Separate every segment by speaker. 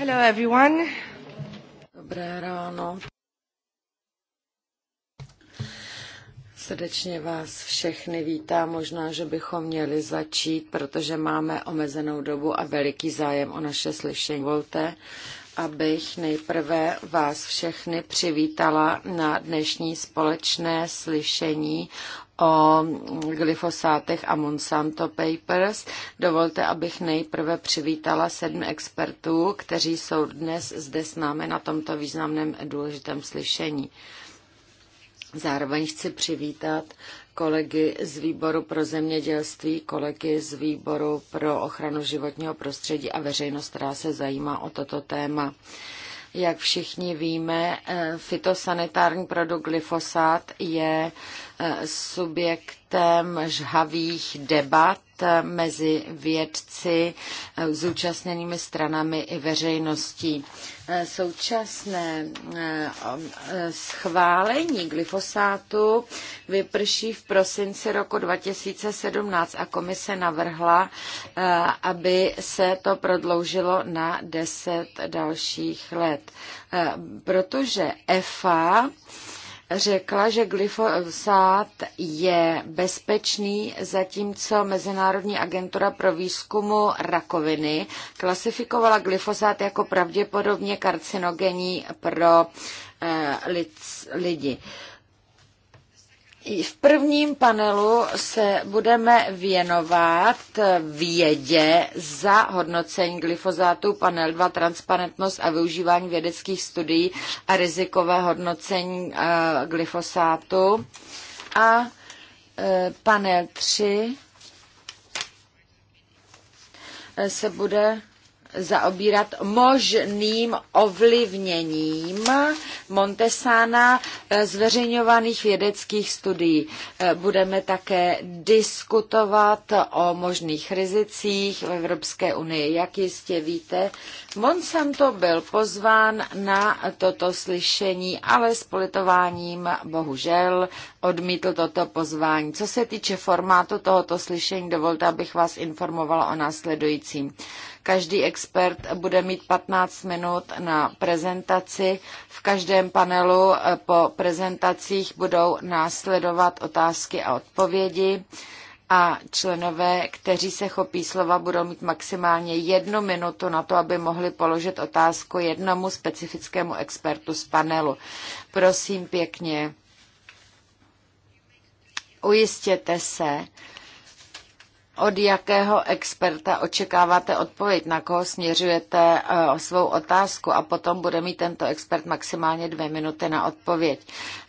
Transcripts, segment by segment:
Speaker 1: Hello everyone. Dobré ráno. Srdečně vás všechny vítám. Možná, že bychom měli začít, protože máme omezenou dobu a veliký zájem o naše slyšení. Volte, abych nejprve vás všechny přivítala na dnešní společné slyšení o glyfosátech a Monsanto Papers. Dovolte, abych nejprve přivítala sedm expertů, kteří jsou dnes zde s námi na tomto významném důležitém slyšení. Zároveň chci přivítat kolegy z výboru pro zemědělství, kolegy z výboru pro ochranu životního prostředí a veřejnost, která se zajímá o toto téma. Jak všichni víme, eh, fitosanitární produkt glyfosát je eh, subjektem žhavých debat mezi vědci, eh, zúčastněnými stranami i veřejností. Eh, současné eh, schválení glyfosátu vyprší v prosinci roku 2017 a komise navrhla, aby se to prodloužilo na 10 dalších let. Protože EFA řekla, že glyfosát je bezpečný, zatímco Mezinárodní agentura pro výzkumu rakoviny klasifikovala glyfosát jako pravděpodobně karcinogenní pro eh, lidi. Eh, v prvním panelu se budeme věnovat vědě za hodnocení glyfozátu, panel 2 transparentnost a využívání vědeckých studií a rizikové hodnocení eh, glyfosátu a eh, panel 3 eh, se bude zaobírat možným ovlivněním Montesana eh, zveřejňovaných vědeckých studií. Eh, budeme také diskutovat o možných rizicích v Evropské unii. Jak jistě víte, Monsanto byl pozván na toto slyšení, ale s politováním bohužel odmítl toto pozvání. Co se týče formátu tohoto slyšení, dovolte, abych vás informovala o následujícím. Každý expert bude mít 15 minut na prezentaci. V každém panelu eh, po prezentacích budou následovat otázky a odpovědi a členové, kteří se chopí slova, budou mít maximálně jednu minutu na to, aby mohli položit otázku jednomu specifickému expertu z panelu. Prosím pěkně, ujistěte se, od jakého experta očekáváte odpověď, na koho směřujete uh, svou otázku a potom bude mít tento expert maximálně dvě minuty na odpověď.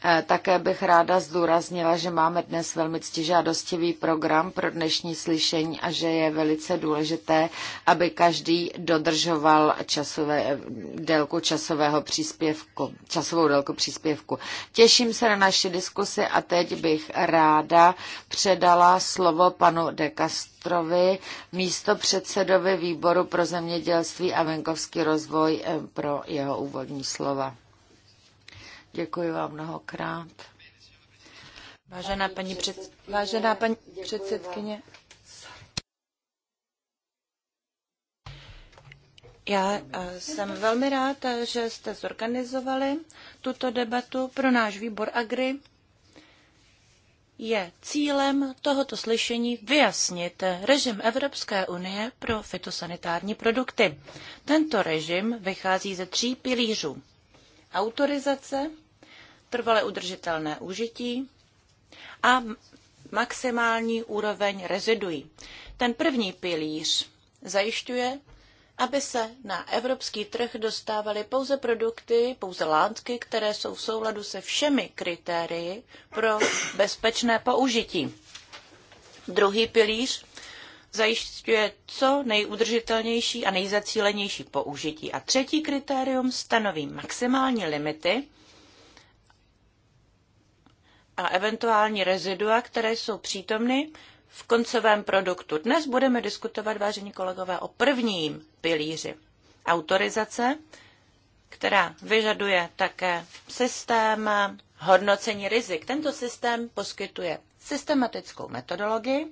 Speaker 1: Uh, také bych ráda zdůraznila, že máme dnes velmi ctižádostivý program pro dnešní slyšení a že je velice důležité, aby každý dodržoval časové, eh, délku časového příspěvku, časovou délku příspěvku. Těším se na naši diskusi a teď bych ráda předala slovo panu Dekas Silvestrovi, místo předsedovi výboru pro zemědělství a venkovský rozvoj eh, pro jeho úvodní slova. Děkuji vám mnohokrát.
Speaker 2: Vážená paní, před, vážená paní předsedkyně, Já eh, jsem velmi rád, eh, že jste zorganizovali tuto debatu pro náš výbor Agri je cílem tohoto slyšení vyjasnit režim Evropské unie pro fitosanitární produkty. Tento režim vychází ze tří pilířů. Autorizace, trvale udržitelné užití a maximální úroveň reziduí. Ten první pilíř zajišťuje, aby se na evropský trh dostávaly pouze produkty, pouze látky, které jsou v souladu se všemi kritérii pro bezpečné použití. Druhý pilíř zajišťuje co nejudržitelnější a nejzacílenější použití. A třetí kritérium stanoví maximální limity a eventuální rezidua, které jsou přítomny v koncovém produktu. Dnes budeme diskutovat, vážení kolegové, o prvním pilíři autorizace, která vyžaduje také systém hodnocení rizik. Tento systém poskytuje systematickou metodologii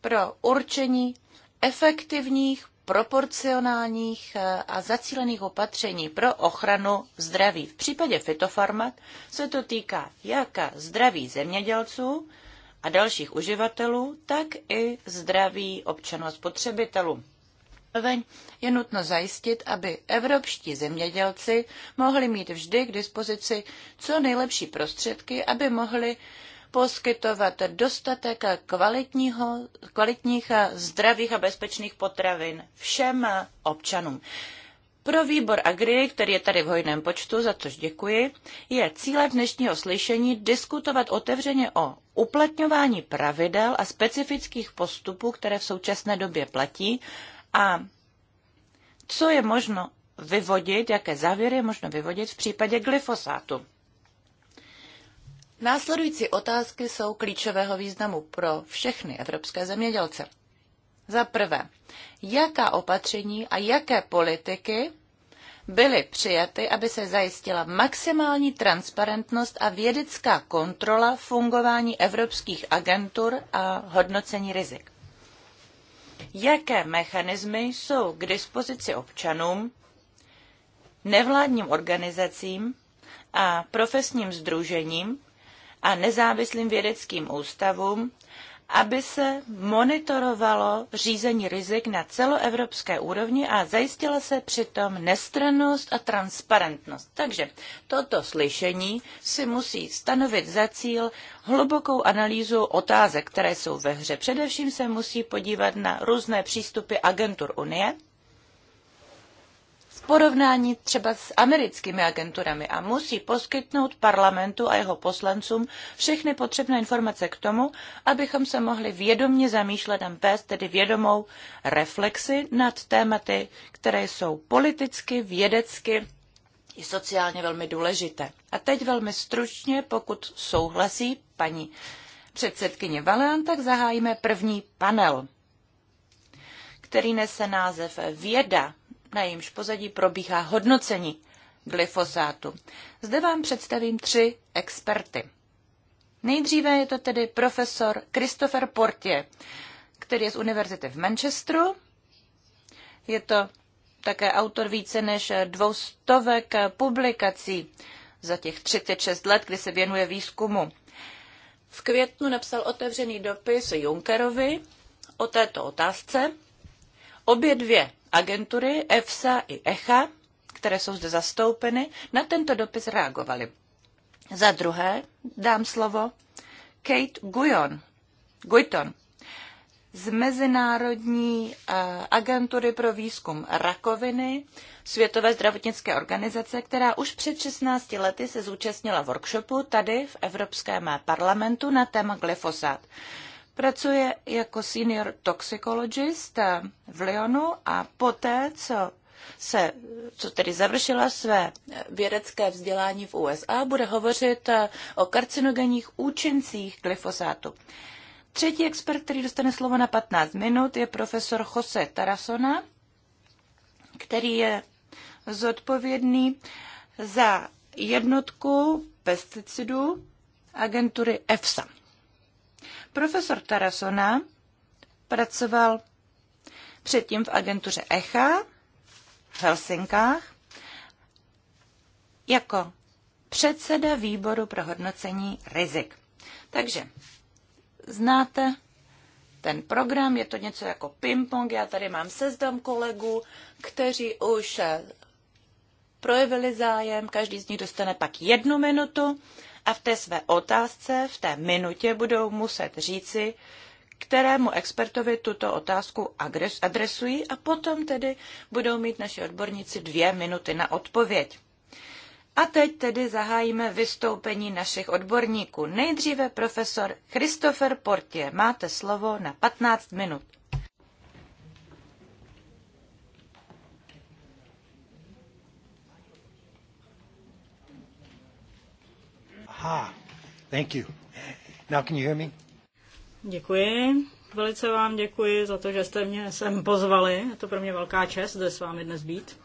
Speaker 2: pro určení efektivních, proporcionálních a zacílených opatření pro ochranu zdraví. V případě fitofarmat se to týká jak zdraví zemědělců, a dalších uživatelů, tak i zdraví občanů a spotřebitelů. Zároveň je nutno zajistit, aby evropští zemědělci mohli mít vždy k dispozici co nejlepší prostředky, aby mohli poskytovat dostatek kvalitního, kvalitních a zdravých a bezpečných potravin všem občanům. Pro výbor Agri, který je tady v hojném počtu, za což děkuji, je cílem dnešního slyšení diskutovat otevřeně o uplatňování pravidel a specifických postupů, které v současné době platí a co je možno vyvodit, jaké závěry je možno vyvodit v případě glyfosátu. Následující otázky jsou klíčového významu pro všechny evropské zemědělce. Za prvé, jaká opatření a jaké politiky byly přijaty, aby se zajistila maximální transparentnost a vědecká kontrola fungování evropských agentur a hodnocení rizik. Jaké mechanismy jsou k dispozici občanům, nevládním organizacím a profesním združením a nezávislým vědeckým ústavům, aby se monitorovalo řízení rizik na celoevropské úrovni a zajistila se přitom nestrannost a transparentnost. Takže toto slyšení si musí stanovit za cíl hlubokou analýzu otázek, které jsou ve hře. Především se musí podívat na různé přístupy agentur Unie, porovnání třeba s americkými agenturami a musí poskytnout parlamentu a jeho poslancům všechny potřebné informace k tomu, abychom se mohli vědomně zamýšlet a vést tedy vědomou reflexi nad tématy, které jsou politicky, vědecky i sociálně velmi důležité. A teď velmi stručně, pokud souhlasí paní předsedkyně Valean, tak zahájíme první panel, který nese název Věda na jejímž pozadí probíhá hodnocení glyfosátu. Zde vám představím tři experty. Nejdříve je to tedy profesor Christopher Portier, který je z univerzity v Manchesteru. Je to také autor více než dvoustovek publikací za těch 36 let, kdy se věnuje výzkumu. V květnu napsal otevřený dopis Junkerovi o této otázce. Obě dvě agentury EFSA i ECHA, které jsou zde zastoupeny, na tento dopis reagovaly. Za druhé dám slovo Kate Guyon, Guyton z Mezinárodní eh, agentury pro výzkum rakoviny Světové zdravotnické organizace, která už před 16 lety se zúčastnila workshopu tady v Evropském parlamentu na téma glyfosát. Pracuje jako senior toxicologist v Lyonu a poté, co se, co tedy završila své vědecké vzdělání v USA, bude hovořit o karcinogenních účincích glyfosátu. Třetí expert, který dostane slovo na 15 minut, je profesor Jose Tarasona, který je zodpovědný za jednotku pesticidů agentury EFSA. Profesor Tarasona pracoval předtím v agentuře ECHA v Helsinkách jako předseda výboru pro hodnocení rizik. Takže znáte ten program, je to něco jako ping-pong. Já tady mám seznam kolegů, kteří už eh, projevili zájem, každý z nich dostane pak jednu minutu a v té své otázce, v té minutě budou muset říci, kterému expertovi tuto otázku adresují a potom tedy budou mít naši odborníci dvě minuty na odpověď. A teď tedy zahájíme vystoupení našich odborníků. Nejdříve profesor Christopher Portě. Máte slovo na 15 minut.
Speaker 3: Aha, thank you. Now can you hear me? Děkuji. Velice vám děkuji za to, že jste mě sem pozvali. Je to pro mě velká čest zde s vámi dnes být.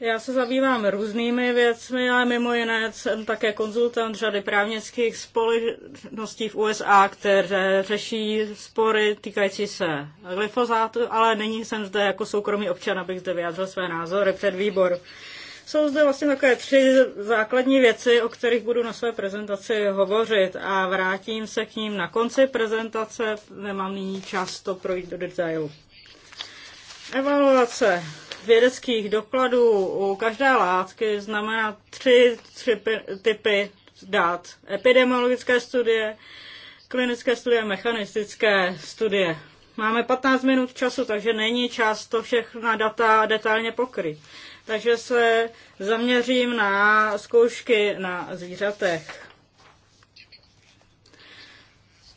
Speaker 3: Já se zabývám různými věcmi, ale mimo jiné jsem také konzultant řady právnických společností v USA, které řeší spory týkající se glyfozátu, ale není jsem zde jako soukromý občan, abych zde vyjádřil své názory před výbor. Jsou zde vlastně takové tři základní věci, o kterých budu na své prezentaci hovořit a vrátím se k ním na konci prezentace. Nemám nyní čas to projít do detailu. Evaluace vědeckých dokladů u každé látky znamená tři, tři typy dát. Epidemiologické studie, klinické studie, mechanistické studie. Máme 15 minut času, takže není čas to všechna data detailně pokryt takže se zaměřím na zkoušky na zvířatech.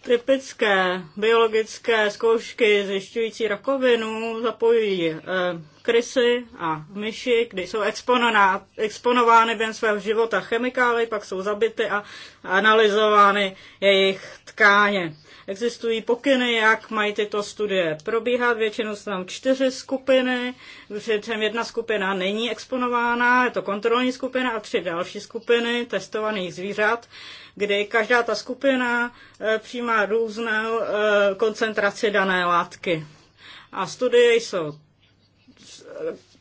Speaker 3: Typické biologické zkoušky zjišťující rakovinu zapojují eh, krysy a myši, kdy jsou exponovány během svého života chemikály, pak jsou zabity a analyzovány jejich tkáně. Existují pokyny, jak mají tyto studie probíhat. Většinou jsou tam čtyři skupiny, přičem jedna skupina není exponována, je to kontrolní skupina a tři další skupiny testovaných zvířat, kdy každá ta skupina eh, přijímá různou eh, koncentraci dané látky. A studie jsou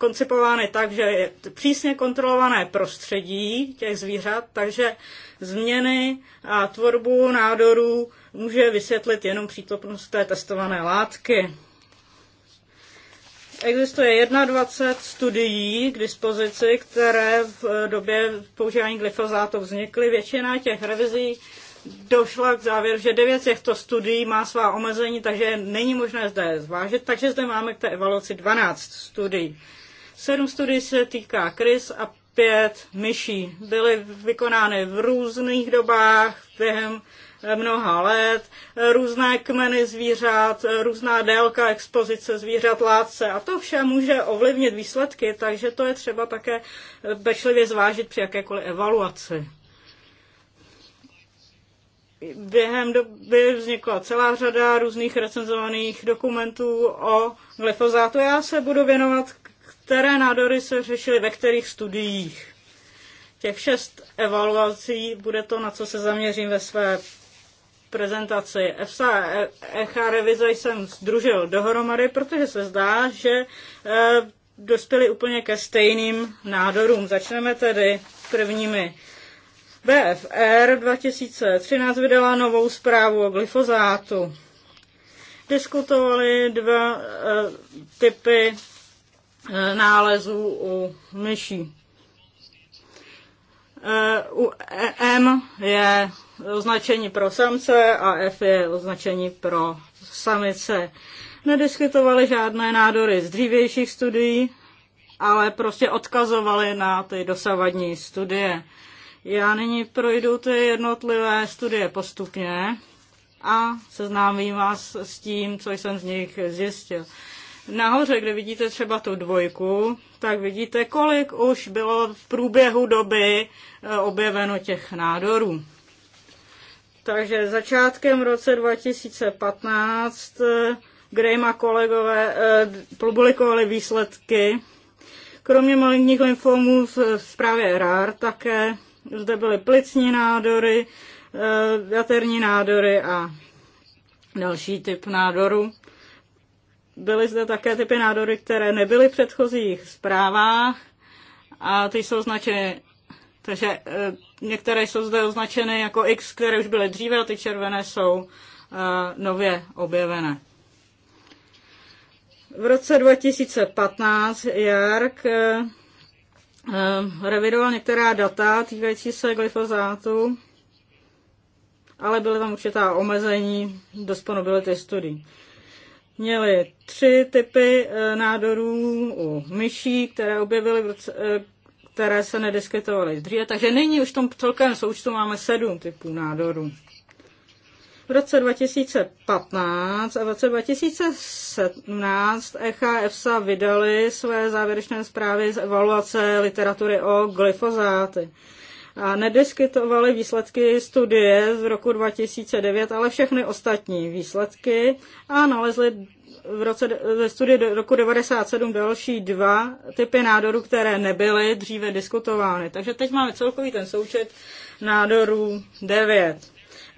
Speaker 3: koncipovány tak, že je přísně kontrolované prostředí těch zvířat, takže změny a tvorbu nádorů může vysvětlit jenom přítomnost té testované látky. Existuje 21 studií k dispozici, které v době používání glyfozátu vznikly. Většina těch revizí došla k závěru, že devět těchto studií má svá omezení, takže není možné zde zvážit, takže zde máme k té evaluaci 12 studií. Sedm studií se týká krys a pět myší. Byly vykonány v různých dobách během eh, mnoha let, různé kmeny zvířat, různá délka expozice zvířat látce a to vše může ovlivnit výsledky, takže to je třeba také eh, pečlivě zvážit při jakékoliv evaluaci. Během doby vznikla celá řada různých recenzovaných dokumentů o glyfozátu. Já se budu věnovat které nádory se řešily ve kterých studiích. Těch šest evaluací bude to, na co se zaměřím ve své prezentaci. EFSA a e ECHA revize jsem združil dohromady, protože se zdá, že eh, dospěli úplně ke stejným nádorům. Začneme tedy prvními. BFR 2013 vydala novou zprávu o glyfozátu. Diskutovali dva e, typy Eh, nálezů u myší. Eh, u e M je označení pro samce a F je označení pro samice. Nediskutovali žádné nádory z dřívějších studií, ale prostě odkazovali na ty dosavadní studie. Já nyní projdu ty jednotlivé studie postupně a seznámím vás s tím, co jsem z nich zjistil. Nahoře, kde vidíte třeba tu dvojku, tak vidíte, kolik už bylo v průběhu doby e, objeveno těch nádorů. Takže začátkem roce 2015 e, Graham a kolegové e, publikovali výsledky. Kromě maligních lymfomů v zprávě RAR také zde byly plicní nádory, jaterní nádory a další typ nádoru byly zde také typy nádory, které nebyly v předchozích zprávách a ty jsou značeny, takže e, některé jsou zde označeny jako X, které už byly dříve a ty červené jsou e, nově objevené. V roce 2015 JARK e, e, revidoval některá data týkající se glyfozátu, ale byly tam určitá omezení disponibility studií měli tři typy eh, nádorů u myší, které objevily, eh, které se nediskutovaly dříve, takže nyní už v tom celkovém součtu máme sedm typů nádorů. V roce 2015 a v roce 2017 ECHA a EFSA vydali své závěrečné zprávy z evaluace literatury o glyfozáty a nediskutovali výsledky studie z roku 2009, ale všechny ostatní výsledky a nalezli v roce, ze studie do roku 1997 další dva typy nádorů, které nebyly dříve diskutovány. Takže teď máme celkový ten součet nádorů 9.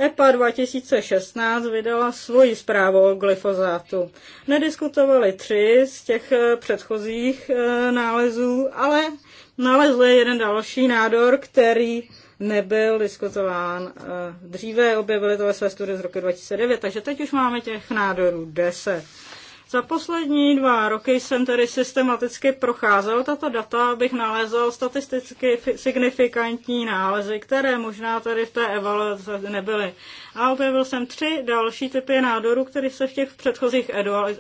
Speaker 3: EPA 2016 vydala svoji zprávu o glyfozátu. Nediskutovali tři z těch eh, předchozích eh, nálezů, ale nalezli no jeden další nádor, který nebyl diskutován eh, dříve, objevili to ve své studii z roku 2009, takže teď už máme těch nádorů 10. Za poslední dva roky jsem tedy systematicky procházel tato data, abych nalezl statisticky signifikantní nálezy, které možná tady v té evaluaci nebyly. A objevil jsem tři další typy nádorů, které se v těch předchozích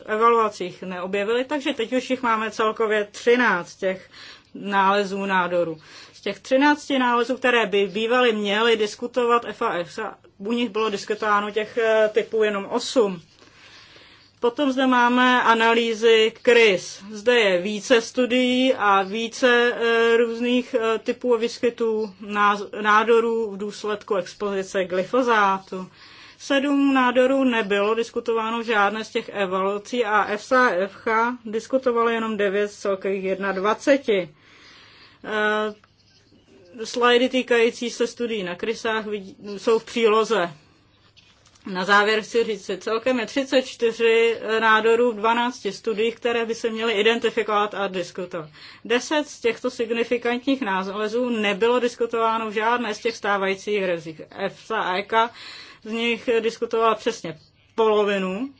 Speaker 3: evaluacích neobjevily, takže teď už jich máme celkově 13 těch nálezů nádoru. Z těch 13 nálezů, které by bývaly měly diskutovat FAF, u nich bylo diskutováno těch eh, typů jenom 8. Potom zde máme analýzy KRIS. Zde je více studií a více eh, různých eh, typů a vyskytů nádorů v důsledku expozice glyfozátu. Sedm nádorů nebylo diskutováno v žádné z těch evolucí a FSA a FH diskutovaly jenom 9 z celkových 21. Eh, slajdy týkající se studií na krysách jsou v příloze. Na závěr chci říct, že celkem je 34 eh, nádorů v 12 studiích, které by se měly identifikovat a diskutovat. Deset z těchto signifikantních nálezů nebylo diskutováno v žádné z těch stávajících rezích. EFSA a EKA z nich diskutovala přesně polovinu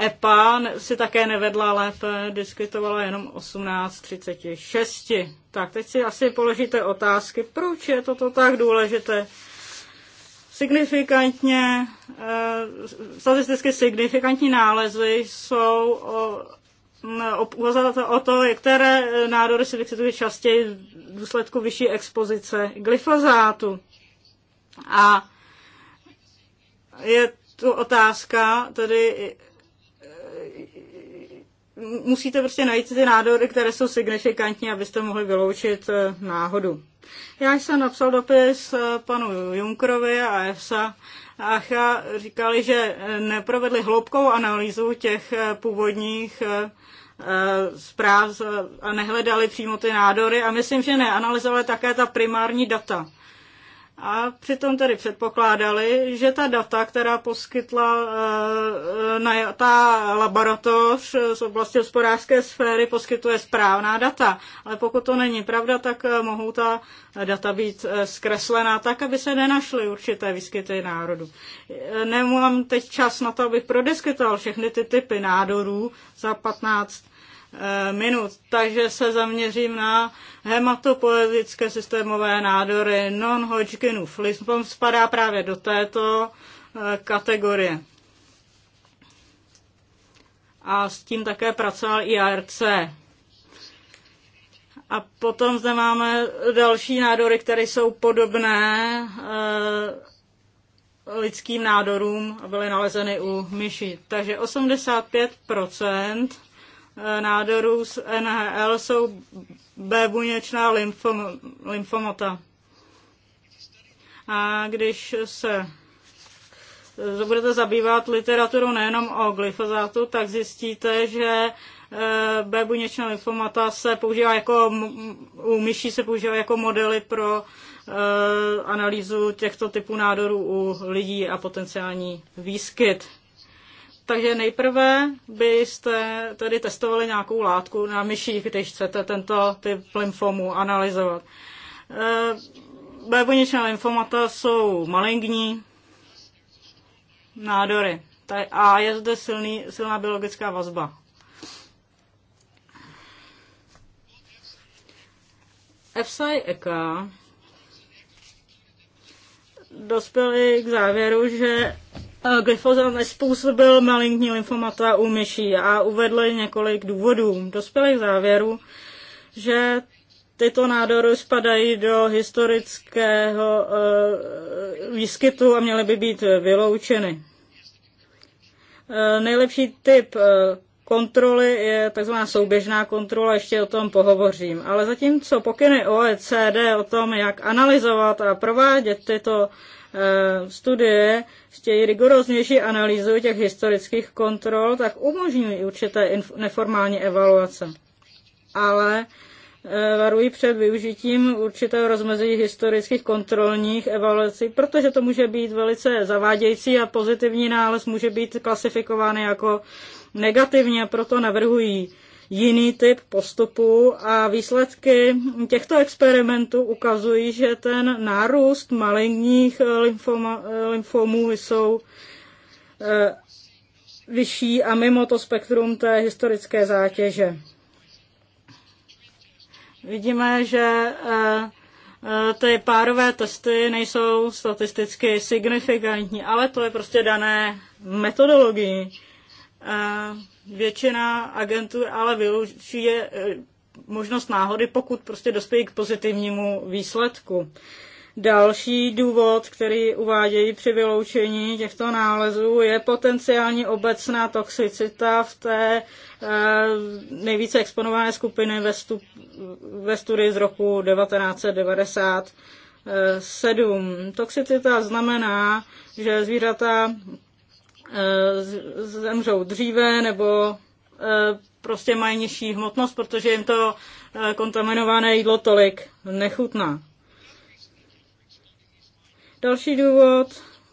Speaker 3: EPA si také nevedla lépe, diskutovala jenom 18.36. Tak teď si asi položíte otázky, proč je toto tak důležité. Signifikantně, eh, statisticky signifikantní nálezy jsou o, o, o to, které eh, nádory se vyskytují častěji v důsledku vyšší expozice glyfozátu. A je tu otázka, tedy musíte prostě najít ty nádory, které jsou signifikantní, abyste mohli vyloučit eh, náhodu. Já jsem napsal dopis eh, panu Junkerovi a EFSA a říkali, že eh, neprovedli hloubkou analýzu těch původních zpráv a nehledali přímo ty nádory a myslím, že neanalyzovali také ta primární data. A přitom tedy předpokládali, že ta data, která poskytla e, ta laboratoř z oblasti hospodářské sféry, poskytuje správná data. Ale pokud to není pravda, tak eh, mohou ta data být eh, zkreslená tak, aby se nenašly určité výskyty národů. Nemám teď čas na to, abych prodiskytoval všechny ty typy nádorů za 15 Eh, minut, takže se zaměřím na hematopoetické systémové nádory non-Hodgkinův lymfom spadá právě do této eh, kategorie. A s tím také pracoval IARC. A potom zde máme další nádory, které jsou podobné eh, lidským nádorům a byly nalezeny u myší. Takže 85 Eh, nádorů z NHL jsou bébuněčná lymfom, lymfomata. A když se eh, budete zabývat literaturou nejenom o glyfozátu, tak zjistíte, že eh, bébuněčná lymfomata se používá jako, u myší se používá jako modely pro analýzu těchto typů nádorů u lidí a potenciální výskyt. Takže nejprve byste tedy testovali nějakou látku na myších, když chcete tento typ lymfomu analyzovat. Eh, B buněčná lymfomata jsou malingní nádory a je zde silný, silná biologická vazba. EFSAI EKA dospěli k závěru, že Eh, Glyfozan nespůsobil malinkní lymfomata u myší a uvedl několik důvodů. Dospěli k závěru, že tyto nádory spadají do historického eh, výskytu a měly by být vyloučeny. Eh, nejlepší typ kontroly je tzv. souběžná kontrola, ještě o tom pohovořím. Ale zatímco pokyny OECD o tom, jak analyzovat a provádět tyto Eh, studie chtějí rigoróznější analýzu těch historických kontrol, tak umožňují určité neformální evaluace. Ale eh, varují před využitím určitého rozmezí historických kontrolních evaluací, protože to může být velice zavádějící a pozitivní nález může být klasifikován jako negativně, proto navrhují jiný typ postupu a výsledky těchto experimentů ukazují, že ten nárůst maligních eh, eh, lymfomů jsou eh, vyšší a mimo to spektrum té historické zátěže. Vidíme, že ty párové testy nejsou statisticky signifikantní, ale to je prostě dané metodologií většina agentů ale využije e, možnost náhody, pokud prostě dospějí k pozitivnímu výsledku. Další důvod, který uvádějí při vyloučení těchto nálezů, je potenciální obecná toxicita v té e, nejvíce exponované skupiny ve, stup, ve studii z roku 1997. Toxicita znamená, že zvířata Eh, zemřou dříve nebo eh, prostě mají nižší hmotnost, protože jim to eh, kontaminované jídlo tolik nechutná. Další důvod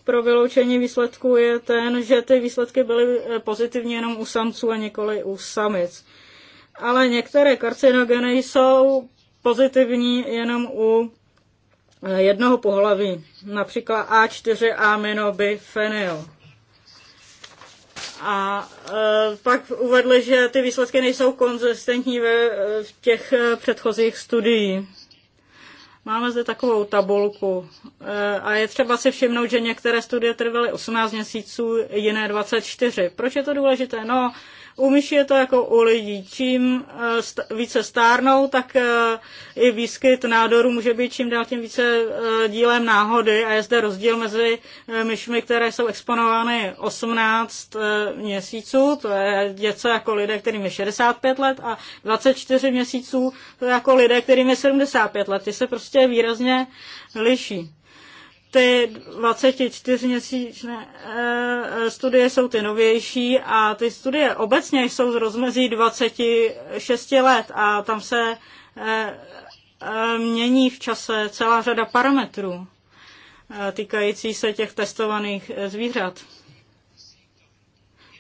Speaker 3: pro vyloučení výsledků je ten, že ty výsledky byly pozitivní jenom u samců a nikoli u samic. Ale některé karcinogeny jsou pozitivní jenom u jednoho pohlaví, například A4 aminobifenyl. A e, pak uvedli, že ty výsledky nejsou konzistentní ve, v těch e, předchozích studiích. Máme zde takovou tabulku e, a je třeba si všimnout, že některé studie trvaly 18 měsíců, jiné 24. Proč je to důležité? No, u je to jako u lidí. Čím eh, více stárnou, tak eh, i výskyt nádoru může být čím dál tím více eh, dílem náhody a je zde rozdíl mezi myšmi, které jsou exponovány 18 měsíců, to je něco jako lidé, kterým je 65 let a 24 měsíců, to je jako lidé, kterým je 75 let. Ty se prostě výrazně liší ty 24-měsíčné eh, studie jsou ty novější a ty studie obecně jsou z rozmezí 26 let a tam se eh, eh, mění v čase celá řada parametrů týkající se těch testovaných zvířat.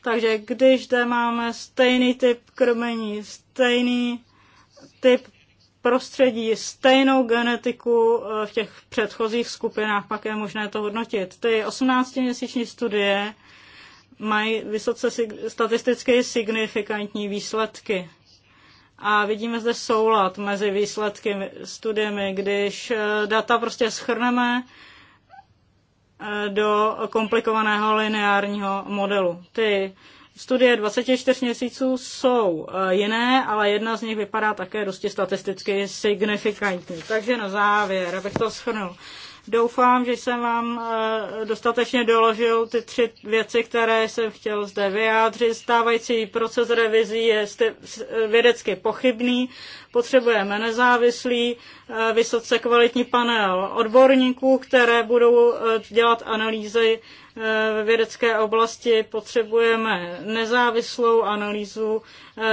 Speaker 3: Takže když zde máme stejný typ krmení, stejný typ prostředí, stejnou genetiku eh, v těch předchozích skupinách, pak je možné to hodnotit. Ty 18-měsíční studie mají vysoce statisticky signifikantní výsledky. A vidíme zde soulad mezi výsledky studiemi, když eh, data prostě schrneme eh, do komplikovaného lineárního modelu. Ty Studie 24 měsíců jsou e, jiné, ale jedna z nich vypadá také dosti statisticky signifikantní. Takže na závěr, abych to shrnul. Doufám, že jsem vám eh, dostatečně doložil ty tři věci, které jsem chtěl zde vyjádřit. Stávající proces revizí je vědecky pochybný. Potřebujeme nezávislý, eh, vysoce kvalitní panel odborníků, které budou eh, dělat analýzy v vědecké oblasti potřebujeme nezávislou analýzu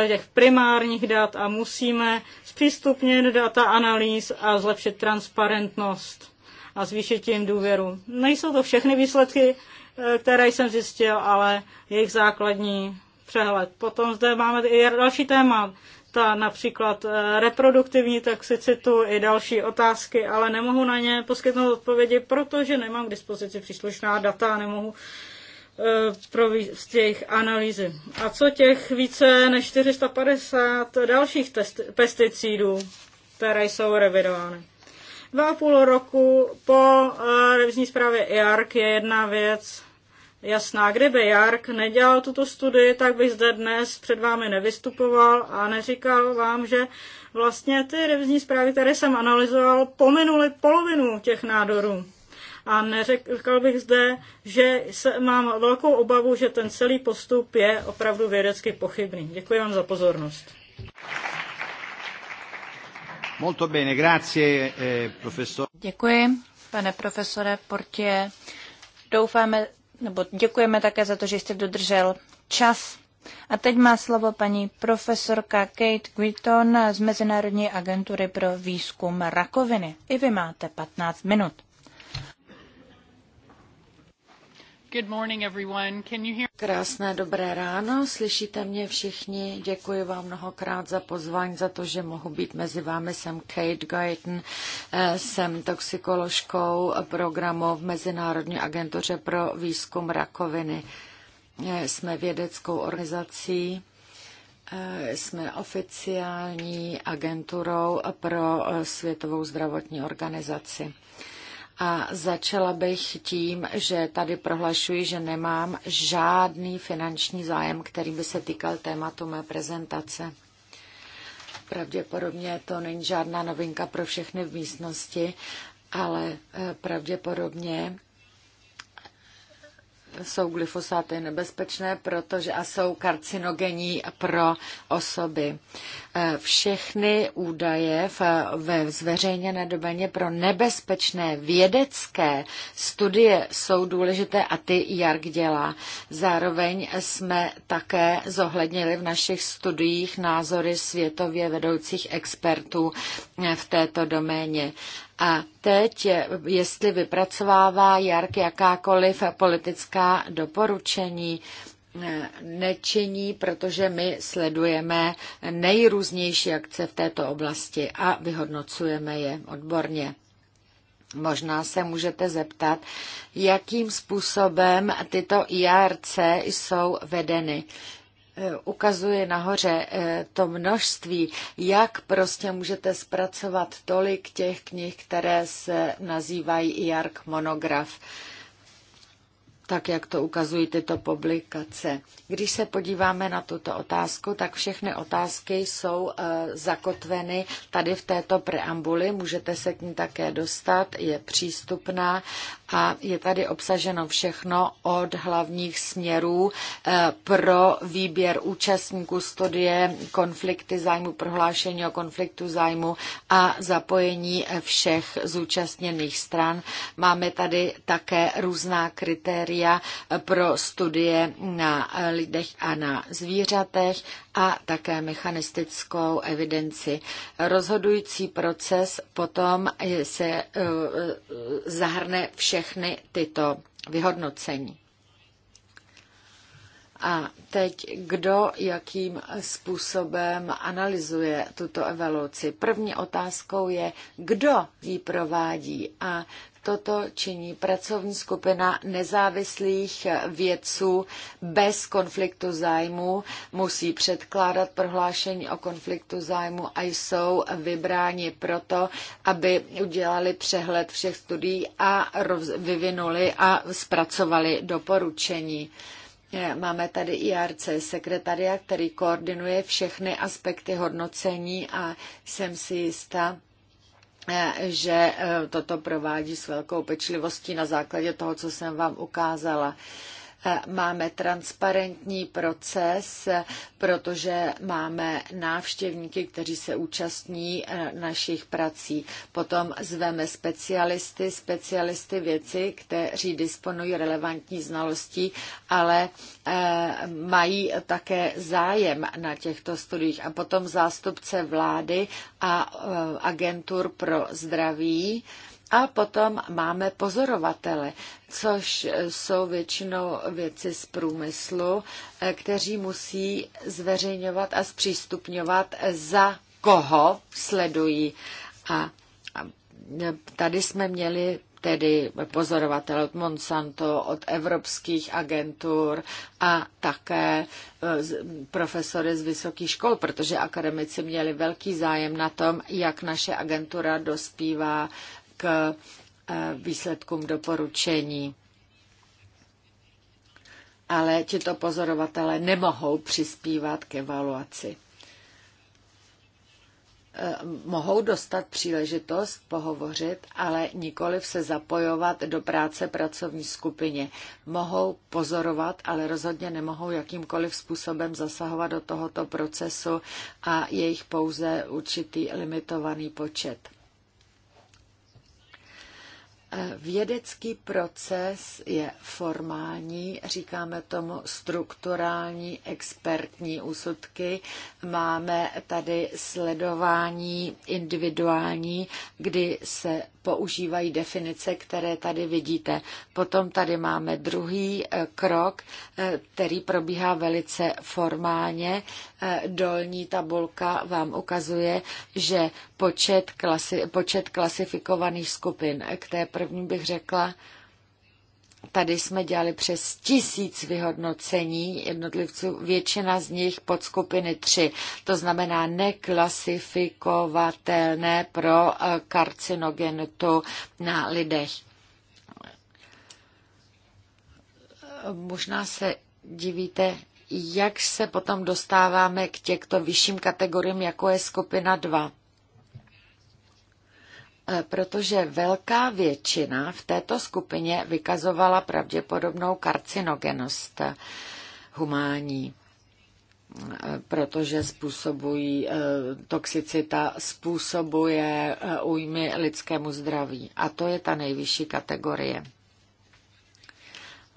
Speaker 3: těch primárních dat a musíme zpřístupnit data analýz a zlepšit transparentnost a zvýšit jim důvěru. Nejsou to všechny výsledky, eh, které jsem zjistil, ale jejich základní přehled. Potom zde máme i další téma, ta například eh, reproduktivní toxicitu i další otázky, ale nemohu na ně poskytnout odpovědi, protože nemám k dispozici příslušná data a nemohu eh, provést jejich analýzy. A co těch více než 450 dalších test, pesticidů, které jsou revidovány? Dva a půl roku po eh, revizní zprávě IARC je jedna věc jasná. Kdyby IARC nedělal tuto studii, tak bych zde dnes před vámi nevystupoval a neříkal vám, že vlastně ty revizní zprávy, které jsem analyzoval, pominuly polovinu těch nádorů. A neřekl bych zde, že se, mám velkou obavu, že ten celý postup je opravdu vědecky pochybný. Děkuji vám za pozornost.
Speaker 1: Molto bene, grazie, eh,
Speaker 2: Děkuji, pane profesore Portě. Doufáme, nebo děkujeme také za to, že jste dodržel čas. A teď má slovo paní profesorka Kate Guiton z Mezinárodní agentury pro výzkum rakoviny. I vy máte 15 minut.
Speaker 1: Good morning, everyone. Can you hear... Krásné dobré ráno, slyšíte mě všichni. Děkuji vám mnohokrát za pozvání, za to, že mohu být mezi vámi. Jsem Kate Guyton, eh, jsem toxikoložkou programu v Mezinárodní agentuře pro výzkum rakoviny. Eh, jsme vědeckou organizací, eh, jsme oficiální agenturou pro Světovou zdravotní organizaci. A začala bych tím, že tady prohlašuji, že nemám žádný finanční zájem, který by se týkal tématu mé prezentace. Pravděpodobně to není žádná novinka pro všechny v místnosti, ale eh, pravděpodobně jsou glyfosáty nebezpečné, protože a jsou karcinogenní pro osoby. Eh, všechny údaje ve zveřejněné dobeně pro nebezpečné vědecké studie jsou důležité a ty Jark dělá. Zároveň jsme také zohlednili v našich studiích názory světově vedoucích expertů eh, v této doméně. A teď, jestli vypracovává Jark jakákoliv politická doporučení, nečiní, protože my sledujeme nejrůznější akce v této oblasti a vyhodnocujeme je odborně. Možná se můžete zeptat, jakým způsobem tyto IRC jsou vedeny. E, ukazuje nahoře e, to množství, jak prostě můžete zpracovat tolik těch knih, které se nazývají jark monograf tak jak to ukazují tyto publikace. Když se podíváme na tuto otázku, tak všechny otázky jsou e, zakotveny tady v této preambuli. Můžete se k ní také dostat, je přístupná a je tady obsaženo všechno od hlavních směrů eh, pro výběr účastníků studie, konflikty zájmu, prohlášení o konfliktu zájmu a zapojení všech zúčastněných stran. Máme tady také různá kritéria eh, pro studie na lidech a na zvířatech a také mechanistickou evidenci. Rozhodující proces potom se eh, zahrne všechny tyto vyhodnocení. A teď kdo jakým způsobem analyzuje tuto evoluci? První otázkou je, kdo ji provádí a Toto činí pracovní skupina nezávislých vědců bez konfliktu zájmu, musí předkládat prohlášení o konfliktu zájmu a jsou vybráni proto, aby udělali přehled všech studií a vyvinuli a zpracovali doporučení. Máme tady IRC sekretaria, který koordinuje všechny aspekty hodnocení a jsem si jistá, Eh, že eh, toto provádí s velkou pečlivostí na základě toho, co jsem vám ukázala. Eh, máme transparentní proces, protože máme návštěvníky, kteří se účastní eh, našich prací. Potom zveme specialisty, specialisty věci, kteří disponují relevantní znalostí, ale eh, mají také zájem na těchto studiích. A potom zástupce vlády a agentur pro zdraví, a potom máme pozorovatele, což jsou většinou věci z průmyslu, eh, kteří musí zveřejňovat a zpřístupňovat, eh, za koho sledují. A tady jsme měli tedy pozorovatel od Monsanto, od evropských agentur a také eh, profesory z vysokých škol, protože akademici měli velký zájem na tom, jak naše agentura dospívá k eh, výsledkům doporučení. Ale tito pozorovatelé nemohou přispívat k evaluaci. Eh, mohou dostat příležitost pohovořit, ale nikoliv se zapojovat do práce pracovní skupině. Mohou pozorovat, ale rozhodně nemohou jakýmkoliv způsobem zasahovat do tohoto procesu a je jich pouze určitý limitovaný počet. Vědecký proces je formální, říkáme tomu strukturální expertní úsudky. Máme tady sledování individuální, kdy se používají definice, které tady vidíte. Potom tady máme druhý eh, krok, eh, který probíhá velice formálně. Eh, dolní tabulka vám ukazuje, že počet, klasi- počet klasifikovaných skupin k té První bych řekla, tady jsme dělali přes tisíc vyhodnocení jednotlivců, většina z nich pod skupiny 3, to znamená neklasifikovatelné pro eh, karcinogenitu na lidech. Možná se divíte, jak se potom dostáváme k těchto vyšším kategoriím, jako je skupina 2. Eh, protože velká většina v této skupině vykazovala pravděpodobnou karcinogenost humání eh, protože způsobují eh, toxicita, způsobuje újmy lidskému zdraví. A to je ta nejvyšší kategorie.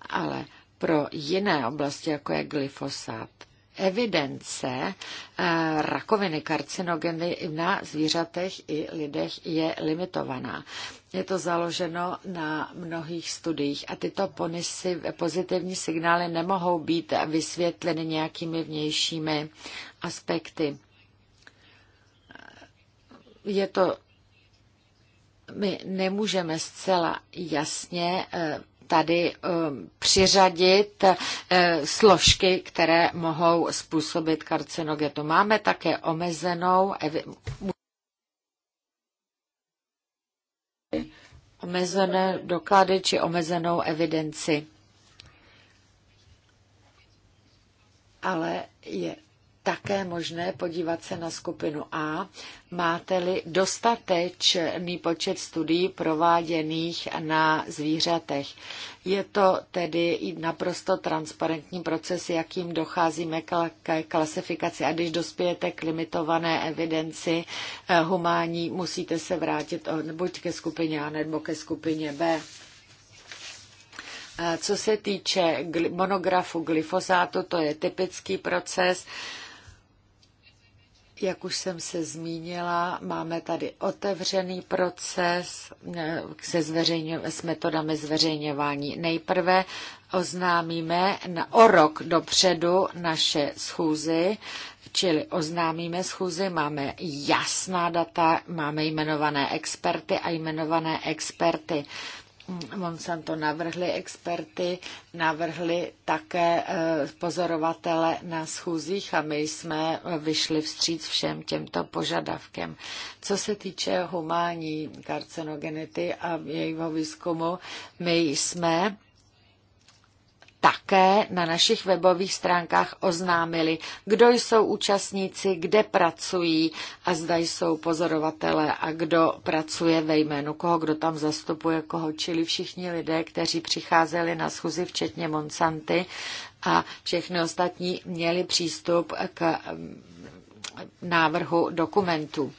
Speaker 1: Ale pro jiné oblasti, jako je glyfosát, evidence eh, rakoviny karcinogeny na zvířatech i lidech je limitovaná. Je to založeno na mnohých studiích a tyto ponisy, pozitivní signály nemohou být vysvětleny nějakými vnějšími aspekty. Je to my nemůžeme zcela jasně eh, tady um, přiřadit uh, složky, které mohou způsobit karcinogetu. Máme také omezenou omezené doklady či omezenou evidenci. Ale je také možné podívat se na skupinu A. Máte-li dostatečný počet studií prováděných na zvířatech? Je to tedy i naprosto transparentní proces, jakým docházíme k klasifikaci. A když dospějete k limitované evidenci eh, humání, musíte se vrátit buď ke skupině A nebo ke skupině B. Eh, co se týče monografu glyfosátu, to je typický proces. Jak už jsem se zmínila, máme tady otevřený proces eh, se zveřejňu, s metodami zveřejňování. Nejprve oznámíme na, o rok dopředu naše schůzy, čili oznámíme schůzy, máme jasná data, máme jmenované experty a jmenované experty Monsanto navrhli experty, navrhli také eh, pozorovatele na schůzích a my jsme vyšli vstříc všem těmto požadavkem. Co se týče humání karcinogenity a jejího výzkumu, my jsme také na našich webových stránkách oznámili, kdo jsou účastníci, kde pracují a zda jsou pozorovatele a kdo pracuje ve jménu koho, kdo tam zastupuje koho, čili všichni lidé, kteří přicházeli na schůzi, včetně Monsanty a všechny ostatní měli přístup k mm, návrhu dokumentů.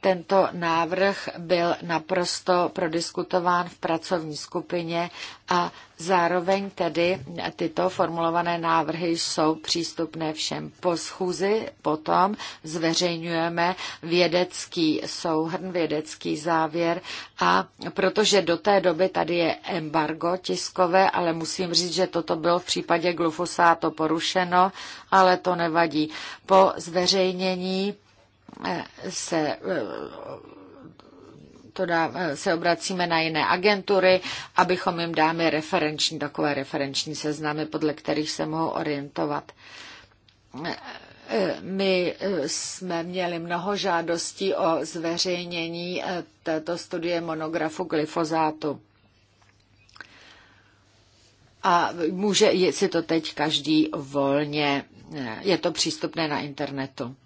Speaker 1: Tento návrh byl naprosto prodiskutován v pracovní skupině a zároveň tedy tyto formulované návrhy jsou přístupné všem. Po schůzi potom zveřejňujeme vědecký souhrn, vědecký závěr a protože do té doby tady je embargo tiskové, ale musím říct, že toto bylo v případě glufosátu porušeno, ale to nevadí. Po zveřejnění se eh, to dá, se obracíme na jiné agentury, abychom jim dáme referenční, takové referenční seznamy, podle kterých se mohou orientovat. Eh, my eh, jsme měli mnoho žádostí o zveřejnění této studie monografu glyfozátu. A může si to teď každý volně, je to přístupné na internetu.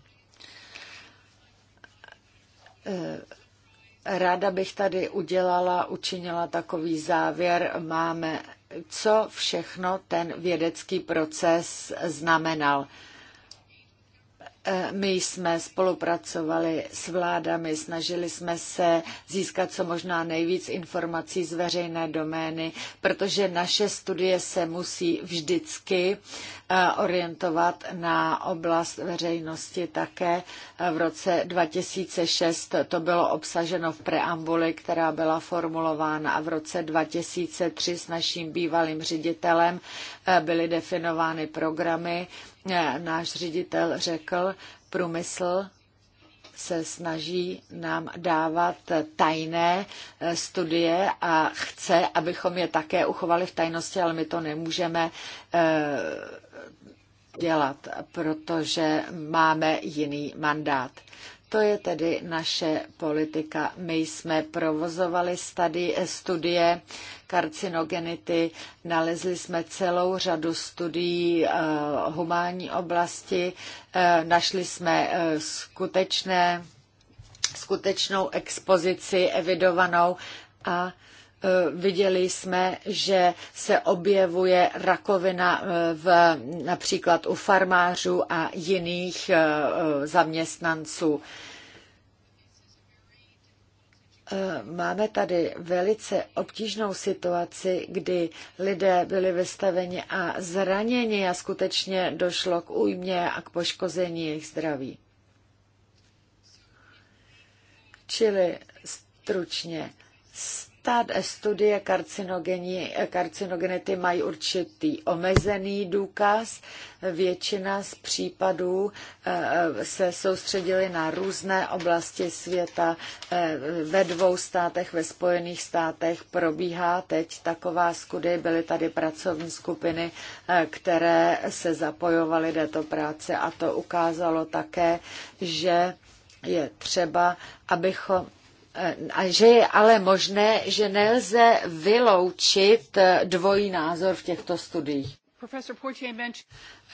Speaker 1: Eh, ráda bych tady udělala, učinila takový závěr. Máme, co všechno ten vědecký proces znamenal. My jsme spolupracovali s vládami, snažili jsme se získat co možná nejvíc informací z veřejné domény, protože naše studie se musí vždycky eh, orientovat na oblast veřejnosti také. V roce 2006 to bylo obsaženo v preambuli, která byla formulována a v roce 2003 s naším bývalým ředitelem eh, byly definovány programy, Eh, náš ředitel řekl, průmysl se snaží nám dávat tajné eh, studie a chce, abychom je také uchovali v tajnosti, ale my to nemůžeme eh, dělat, protože máme jiný mandát. To je tedy naše politika. My jsme provozovali study, studie karcinogenity, nalezli jsme celou řadu studií uh, humánní oblasti, uh, našli jsme uh, skutečné, skutečnou expozici evidovanou a uh, Eh, viděli jsme, že se objevuje rakovina eh, v, například u farmářů a jiných eh, zaměstnanců. Máme tady velice obtížnou situaci, kdy lidé byli vystaveni a zraněni a skutečně došlo k újmě a k poškození jejich zdraví. Čili stručně, ta eh, studie eh, karcinogenity mají určitý omezený důkaz. Většina z případů eh, se soustředily na různé oblasti světa. Ve dvou státech, ve Spojených státech probíhá teď taková studie. Byly tady pracovní skupiny, které se zapojovaly do této práce a to ukázalo také, že je třeba, abychom a že je ale možné, že nelze vyloučit eh, dvojí názor v těchto studiích.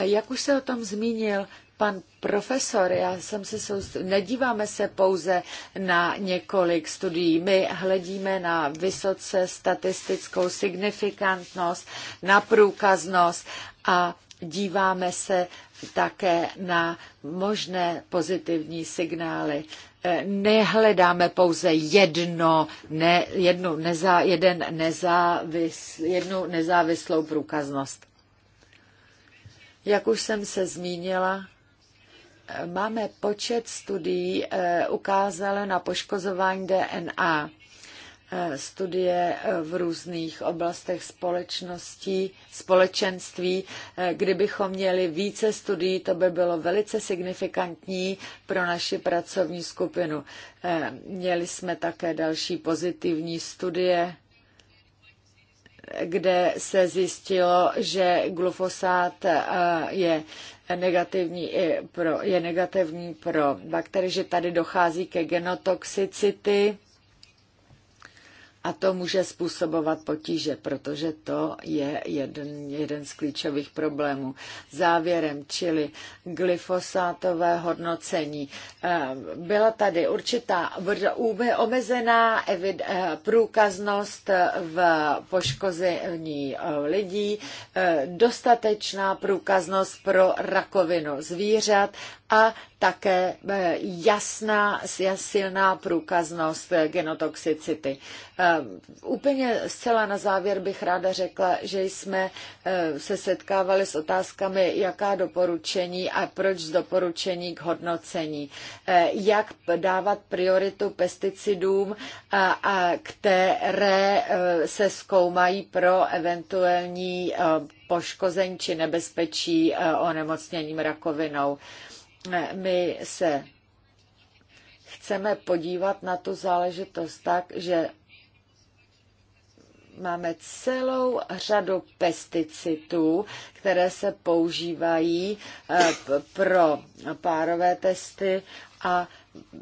Speaker 1: Jak už se o tom zmínil pan profesor, já jsem se soust... nedíváme se pouze na několik studií, my hledíme na vysoce statistickou signifikantnost, na průkaznost a díváme se také na možné pozitivní signály. Eh, nehledáme pouze jedno, ne, jednu, neza, jeden nezávis, jednu nezávislou průkaznost. Jak už jsem se zmínila, eh, máme počet studií eh, ukázalo na poškozování DNA. Eh, studie eh, v různých oblastech společností, společenství. Eh, kdybychom měli více studií, to by bylo velice signifikantní pro naši pracovní skupinu. Měli jsme také další pozitivní studie kde se zjistilo, že glufosát je negativní, pro, je negativní pro bakterie, že tady dochází ke genotoxicity a to může způsobovat potíže, protože to je jeden, jeden z klíčových problémů. Závěrem, čili glyfosátové hodnocení. Eh, byla tady určitá omezená eh, průkaznost v poškození eh, lidí, dostatečná průkaznost pro rakovinu zvířat a také jasná, silná průkaznost genotoxicity Eh, úplně zcela na závěr bych ráda řekla, že jsme eh, se setkávali s otázkami, jaká doporučení a proč z doporučení k hodnocení. Eh, jak dávat prioritu pesticidům, a které se zkoumají pro eventuální poškození či nebezpečí onemocněním rakovinou. My se chceme podívat na tu záležitost tak, že máme celou řadu pesticidů, které se používají eh, pro párové testy a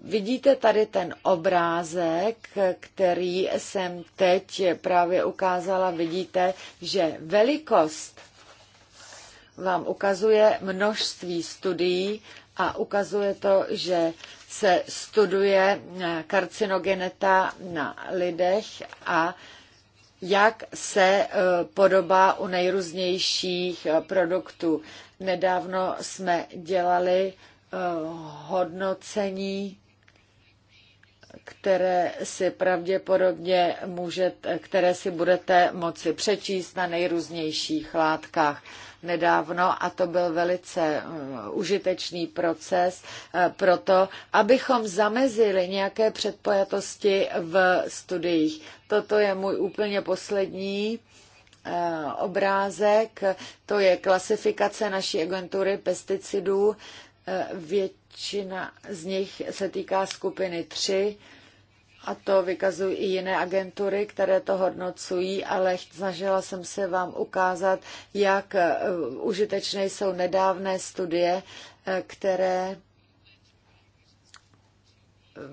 Speaker 1: Vidíte tady ten obrázek, který jsem teď právě ukázala. Vidíte, že velikost vám ukazuje množství studií a ukazuje to, že se studuje eh, karcinogeneta na lidech a jak se e, podobá u nejrůznějších e, produktů. Nedávno jsme dělali e, hodnocení, které si pravděpodobně můžete, které si budete moci přečíst na nejrůznějších látkách nedávno a to byl velice mm, užitečný proces e, pro to, abychom zamezili nějaké předpojatosti v studiích. Toto je můj úplně poslední e, obrázek. To je klasifikace naší agentury pesticidů. E, většina z nich se týká skupiny 3 a to vykazují i jiné agentury, které to hodnocují, ale snažila jsem se vám ukázat, jak e, užitečné jsou nedávné studie, e, které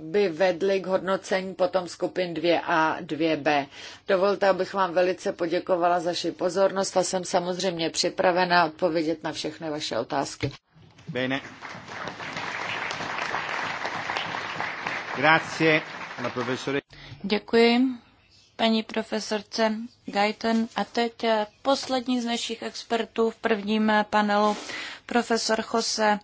Speaker 1: by vedly k hodnocení potom skupin 2A, 2B. Dovolte, abych vám velice poděkovala za vaši pozornost a jsem samozřejmě připravena odpovědět na všechny vaše otázky. Bene. Grazie.
Speaker 2: Děkuji paní profesorce Gajten. A teď eh, poslední z našich expertů v prvním eh, panelu, profesor Jose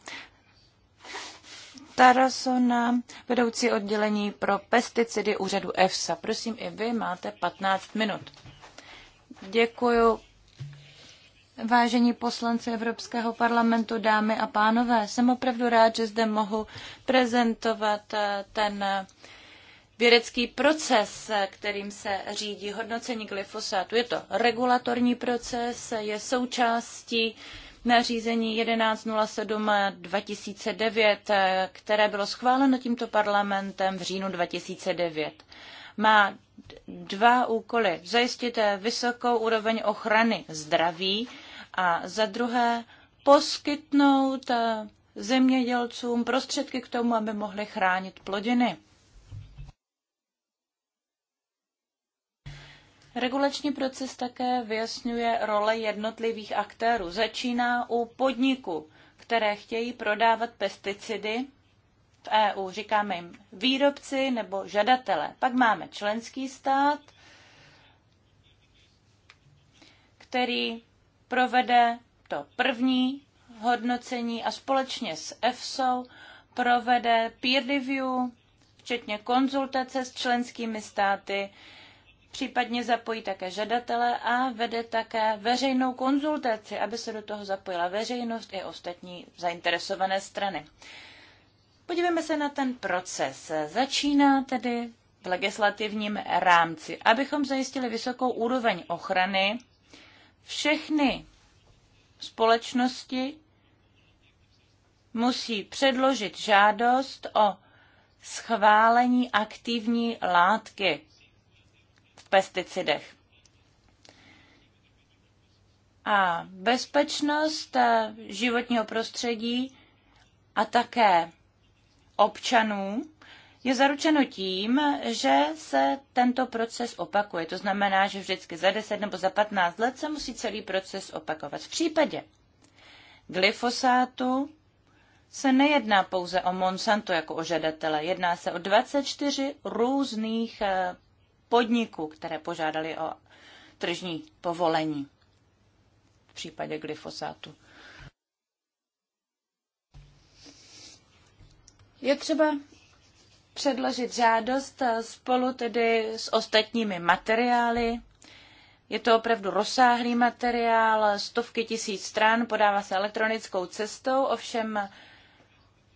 Speaker 2: Tarasona, vedoucí oddělení pro pesticidy úřadu EFSA. Prosím, i vy máte 15 minut. Děkuji. Vážení poslanci Evropského parlamentu, dámy a pánové, jsem opravdu rád, že zde mohu prezentovat eh, ten vědecký proces, kterým se řídí hodnocení glyfosátu. Je to regulatorní proces, je součástí nařízení 1107-2009, které bylo schváleno tímto parlamentem v říjnu 2009. Má dva úkoly. Zajistit vysokou úroveň ochrany zdraví a za druhé poskytnout zemědělcům prostředky k tomu, aby mohli chránit plodiny. Regulační proces také vyjasňuje role jednotlivých aktérů. Začíná u podniků, které chtějí prodávat pesticidy v EU. Říkáme jim výrobci nebo žadatele. Pak máme členský stát, který provede to první hodnocení a společně s EFSO provede peer review, včetně konzultace s členskými státy, případně zapojí také žadatele a vede také veřejnou konzultaci, aby se do toho zapojila veřejnost i ostatní zainteresované strany. Podívejme se na ten proces. Začíná tedy v legislativním rámci. Abychom zajistili vysokou úroveň ochrany, všechny společnosti musí předložit žádost o schválení aktivní látky v pesticidech. A bezpečnost eh, životního prostředí a také občanů je zaručeno tím, že se tento proces opakuje. To znamená, že vždycky za 10 nebo za 15 let se musí celý proces opakovat. V případě glyfosátu se nejedná pouze o Monsanto jako o žadatele, jedná se o 24 různých eh, podniků, které požádali o tržní povolení v případě glyfosátu. Je třeba předložit žádost spolu tedy s ostatními materiály. Je to opravdu rozsáhlý materiál, stovky tisíc stran, podává se elektronickou cestou, ovšem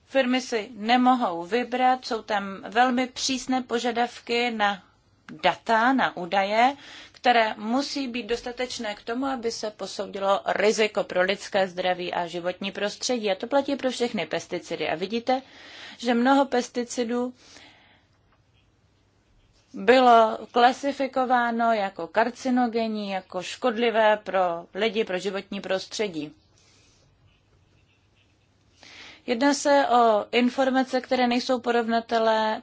Speaker 2: firmy si nemohou vybrat, jsou tam velmi přísné požadavky na data, na údaje, které musí být dostatečné k tomu, aby se posoudilo riziko pro lidské zdraví a životní prostředí. A to platí pro všechny pesticidy. A vidíte, že mnoho pesticidů bylo klasifikováno jako karcinogenní, jako škodlivé pro lidi, pro životní prostředí. Jedná se o informace, které nejsou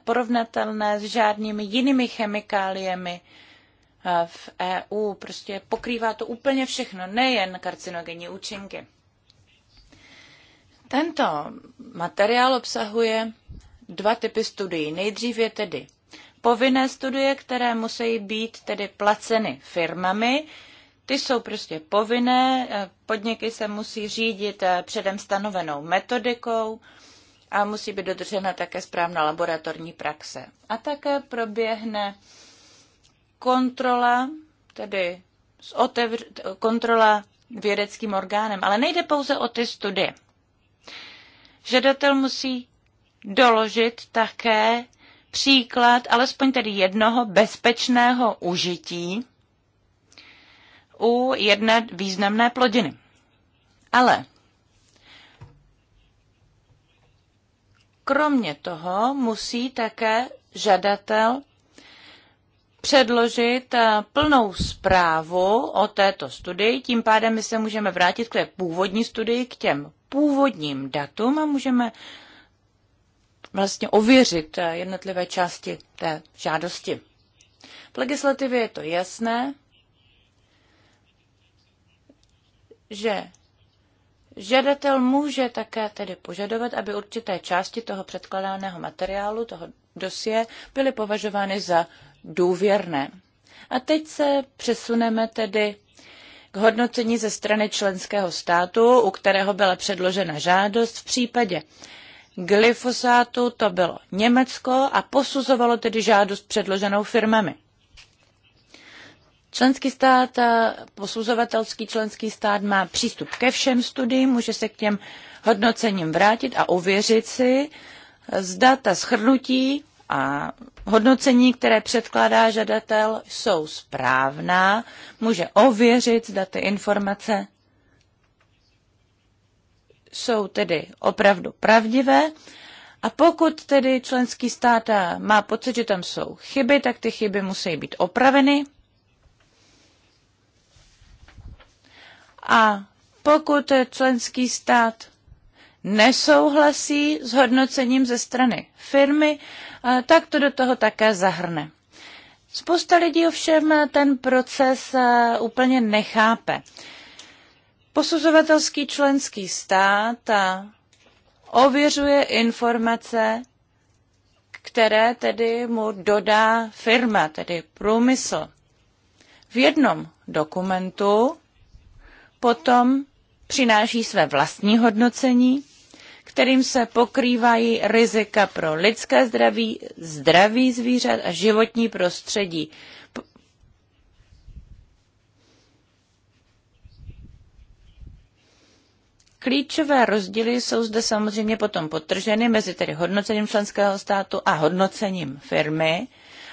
Speaker 2: porovnatelné s žádnými jinými chemikáliemi eh, v EU. Prostě pokrývá to úplně všechno, nejen karcinogenní účinky. Tento materiál obsahuje dva typy studií. Nejdřív je tedy povinné studie, které musí být tedy placeny firmami, ty jsou prostě povinné, eh, podniky se musí řídit eh, předem stanovenou metodikou a musí být dodržena také správná laboratorní praxe. A také proběhne kontrola, tedy z otevř- kontrola vědeckým orgánem, ale nejde pouze o ty studie. Žadatel musí doložit také příklad alespoň tedy jednoho bezpečného užití u jedné významné plodiny. Ale kromě toho musí také žadatel předložit eh, plnou zprávu o této studii. Tím pádem my se můžeme vrátit k té původní studii, k těm původním datům a můžeme vlastně ověřit eh, jednotlivé části té žádosti. V legislativě je to jasné, že žadatel může také tedy požadovat, aby určité části toho předkladaného materiálu, toho dosie, byly považovány za důvěrné. A teď se přesuneme tedy k hodnocení ze strany členského státu, u kterého byla předložena žádost. V případě glyfosátu to bylo Německo a posuzovalo tedy žádost předloženou firmami. Členský stát, posuzovatelský členský stát má přístup ke všem studiím, může se k těm hodnocením vrátit a ověřit si, zda ta schrnutí a hodnocení, které předkládá žadatel, jsou správná, může ověřit, zda ty informace jsou tedy opravdu pravdivé. A pokud tedy členský stát má pocit, že tam jsou chyby, tak ty chyby musí být opraveny A pokud členský stát nesouhlasí s hodnocením ze strany firmy, eh, tak to do toho také zahrne. Spousta lidí ovšem ten proces eh, úplně nechápe. Posuzovatelský členský stát eh, ověřuje informace, které tedy mu dodá firma, tedy průmysl. V jednom dokumentu potom přináší své vlastní hodnocení, kterým se pokrývají rizika pro lidské zdraví, zdraví zvířat a životní prostředí. Klíčové rozdíly jsou zde samozřejmě potom potrženy mezi tedy hodnocením členského státu a hodnocením firmy.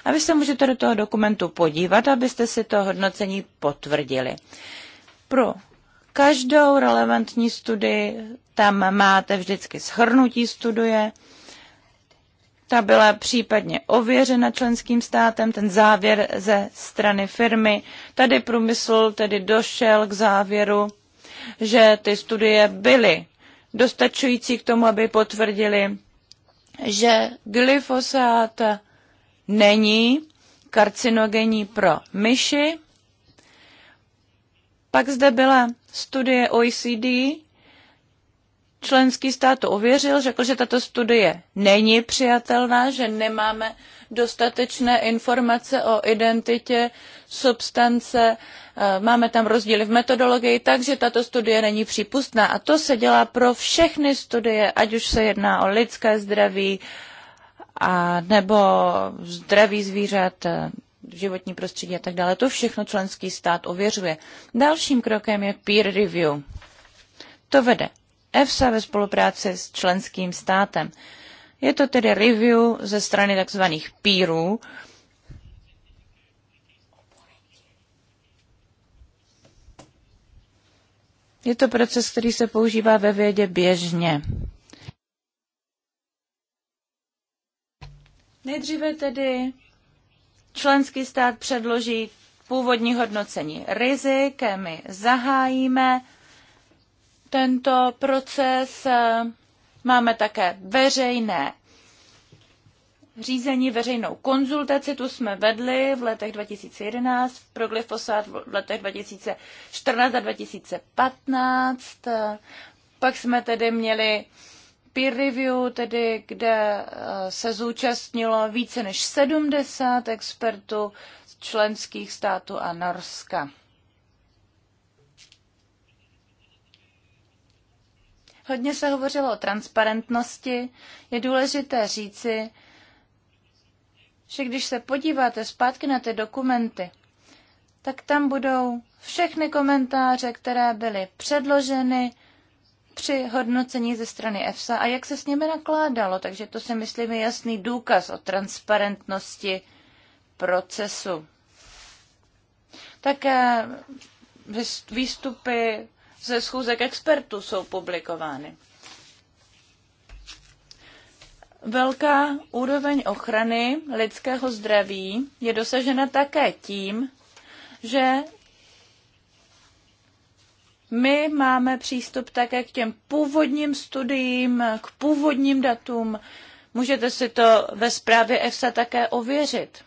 Speaker 2: A vy se můžete do toho dokumentu podívat, abyste si to hodnocení potvrdili. Pro Každou relevantní studii tam máte vždycky shrnutí studie. Ta byla případně ověřena členským státem, ten závěr ze strany firmy. Tady průmysl tedy došel k závěru, že ty studie byly dostačující k tomu, aby potvrdili, že glyfosát není karcinogenní pro myši. Pak zde byla studie OECD členský stát to ověřil, řekl, že tato studie není přijatelná, že nemáme dostatečné informace o identitě substance, eh, máme tam rozdíly v metodologii, takže tato studie není přípustná. A to se dělá pro všechny studie, ať už se jedná o lidské zdraví, a nebo zdraví zvířat eh, životní prostředí a tak dále. To všechno členský stát ověřuje. Dalším krokem je peer review. To vede EFSA ve spolupráci s členským státem. Je to tedy review ze strany tzv. peerů. Je to proces, který se používá ve vědě běžně. Nejdříve tedy Členský stát předloží původní hodnocení rizik, my zahájíme tento proces. Máme také veřejné řízení, veřejnou konzultaci, tu jsme vedli v letech 2011, Progliv posád v letech 2014 a 2015. Pak jsme tedy měli peer review, tedy kde eh, se zúčastnilo více než 70 expertů z členských států a Norska. Hodně se hovořilo o transparentnosti. Je důležité říci, že když se podíváte zpátky na ty dokumenty, tak tam budou všechny komentáře, které byly předloženy při hodnocení ze strany EFSA a jak se s nimi nakládalo. Takže to si myslím je jasný důkaz o transparentnosti procesu. Také výstupy ze schůzek expertů jsou publikovány. Velká úroveň ochrany lidského zdraví je dosažena také tím, že my máme přístup také k těm původním studiím, k původním datům. Můžete si to ve zprávě EFSA také ověřit.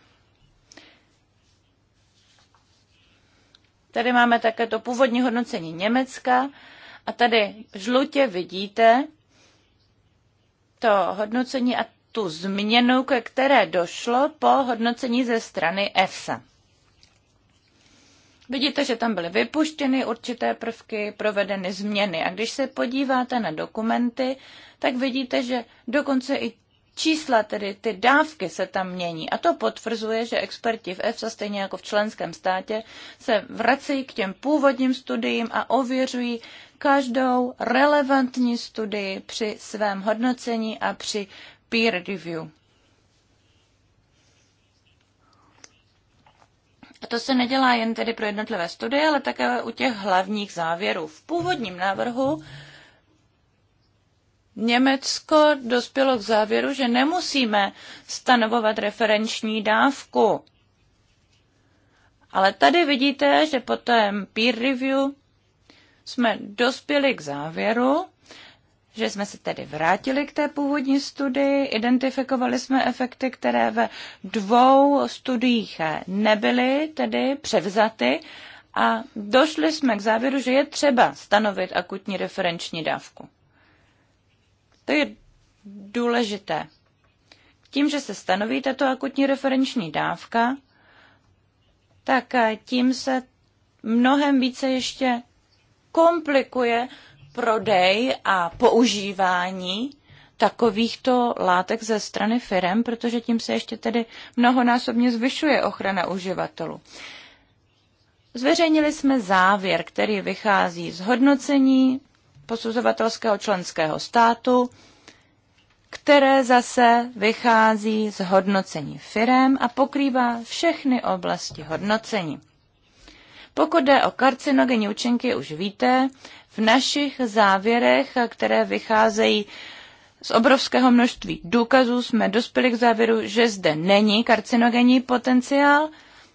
Speaker 2: Tady máme také to původní hodnocení Německa a tady žlutě vidíte to hodnocení a tu změnu, ke které došlo po hodnocení ze strany EFSA. Vidíte, že tam byly vypuštěny určité prvky, provedeny změny. A když se podíváte na dokumenty, tak vidíte, že dokonce i čísla, tedy ty dávky se tam mění. A to potvrzuje, že experti v EFSA, stejně jako v členském státě, se vracejí k těm původním studiím a ověřují každou relevantní studii při svém hodnocení a při peer review. A to se nedělá jen tedy pro jednotlivé studie, ale také u těch hlavních závěrů. V původním návrhu Německo dospělo k závěru, že nemusíme stanovovat referenční dávku. Ale tady vidíte, že po tom peer review jsme dospěli k závěru, že jsme se tedy vrátili k té původní studii, identifikovali jsme efekty, které ve dvou studiích nebyly tedy převzaty a došli jsme k závěru, že je třeba stanovit akutní referenční dávku. To je důležité. Tím, že se stanoví tato akutní referenční dávka, tak tím se mnohem více ještě komplikuje prodej a používání takovýchto látek ze strany firem, protože tím se ještě tedy mnohonásobně zvyšuje ochrana uživatelů. Zveřejnili jsme závěr, který vychází z hodnocení posuzovatelského členského státu, které zase vychází z hodnocení firem a pokrývá všechny oblasti hodnocení. Pokud jde o karcinogenní účinky, už víte, v našich závěrech, které vycházejí z obrovského množství důkazů, jsme dospěli k závěru, že zde není karcinogenní potenciál,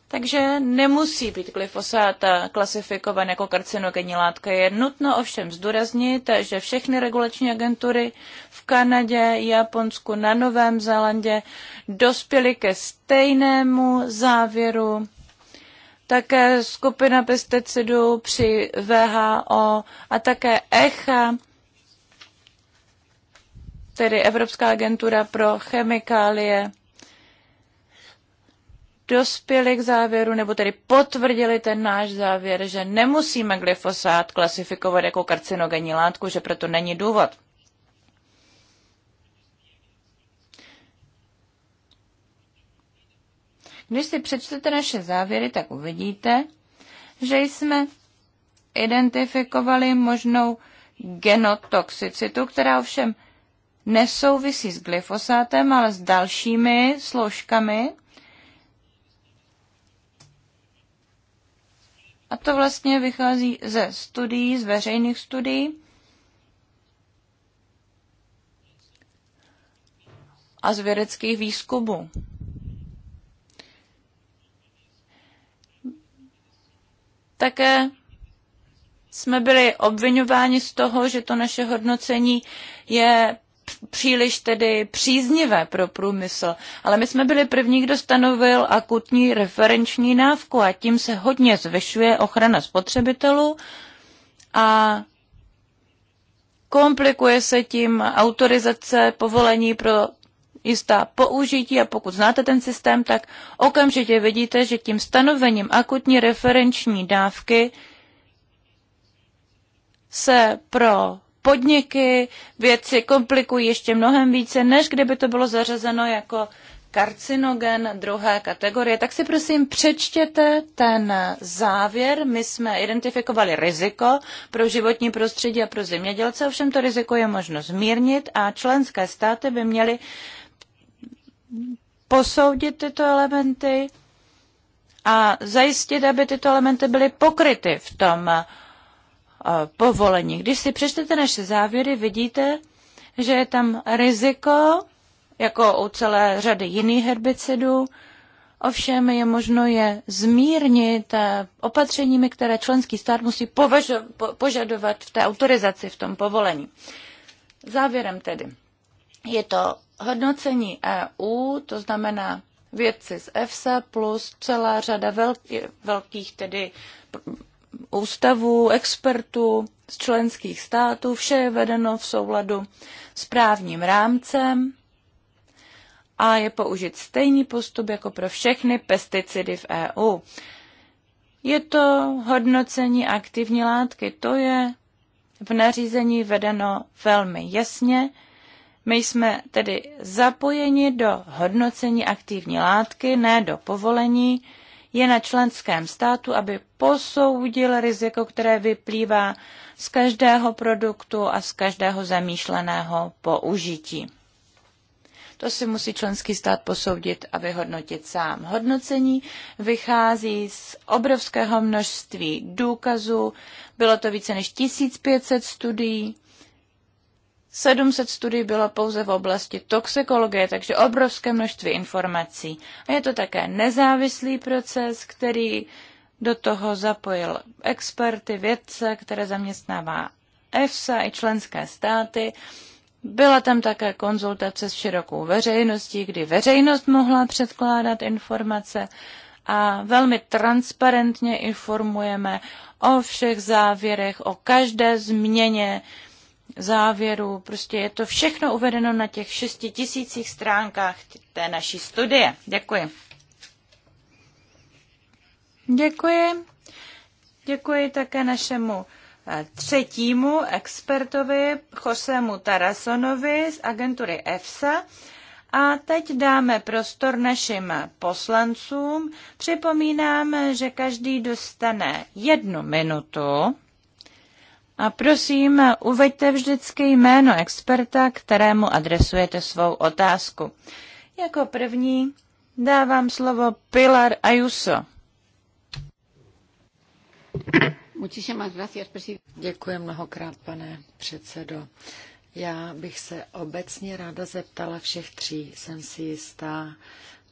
Speaker 2: takže nemusí být glyfosát klasifikován jako karcinogenní látka. Je nutno ovšem zdůraznit, že všechny regulační agentury v Kanadě, Japonsku, na Novém Zélandě dospěly ke stejnému závěru také skupina pesticidů při VHO a také ECHA, tedy Evropská agentura pro chemikálie, dospěli k závěru, nebo tedy potvrdili ten náš závěr, že nemusíme glyfosát klasifikovat jako karcinogenní látku, že proto není důvod. Když si přečtete naše závěry, tak uvidíte, že jsme identifikovali možnou genotoxicitu, která ovšem nesouvisí s glyfosátem, ale s dalšími složkami. A to vlastně vychází ze studií, z veřejných studií. a z vědeckých výzkumů. Také jsme byli obvinováni z toho, že to naše hodnocení je příliš tedy příznivé pro průmysl, ale my jsme byli první, kdo stanovil akutní referenční návku a tím se hodně zvyšuje ochrana spotřebitelů a komplikuje se tím autorizace povolení pro jistá použití a pokud znáte ten systém, tak okamžitě vidíte, že tím stanovením akutní referenční dávky se pro podniky věci komplikují ještě mnohem více, než kdyby to bylo zařazeno jako karcinogen druhé kategorie, tak si prosím přečtěte ten závěr. My jsme identifikovali riziko pro životní prostředí a pro zemědělce, ovšem to riziko je možno zmírnit a členské státy by měly posoudit tyto elementy a zajistit, aby tyto elementy byly pokryty v tom eh, povolení. Když si přečtete naše závěry, vidíte, že je tam riziko, jako u celé řady jiných herbicidů, ovšem je možno je zmírnit eh, opatřeními, které členský stát musí považo- po- požadovat v té autorizaci, v tom povolení. Závěrem tedy. Je to hodnocení EU, to znamená vědci z EFSA plus celá řada velký, velkých tedy ústavů, expertů z členských států. Vše je vedeno v souladu s právním rámcem a je použit stejný postup jako pro všechny pesticidy v EU. Je to hodnocení aktivní látky, to je v nařízení vedeno velmi jasně. My jsme tedy zapojeni do hodnocení aktivní látky, ne do povolení. Je na členském státu, aby posoudil riziko, které vyplývá z každého produktu a z každého zamýšleného použití. To si musí členský stát posoudit a vyhodnotit sám. Hodnocení vychází z obrovského množství důkazů. Bylo to více než 1500 studií 700 studií bylo pouze v oblasti toxikologie, takže obrovské množství informací. A je to také nezávislý proces, který do toho zapojil experty, vědce, které zaměstnává EFSA i členské státy. Byla tam také konzultace s širokou veřejností, kdy veřejnost mohla předkládat informace a velmi transparentně informujeme o všech závěrech, o každé změně, závěrů. Prostě je to všechno uvedeno na těch šesti tisících stránkách té naší studie. Děkuji. Děkuji. Děkuji také našemu eh, třetímu expertovi, Josemu Tarasonovi z agentury EFSA. A teď dáme prostor našim poslancům. Připomínám, že každý dostane jednu minutu a prosím, uveďte vždycky jméno experta, kterému adresujete svou otázku. Jako první dávám slovo Pilar Ayuso.
Speaker 1: Děkuji mnohokrát, pane předsedo. Já bych se obecně ráda zeptala všech tří. Jsem si jistá,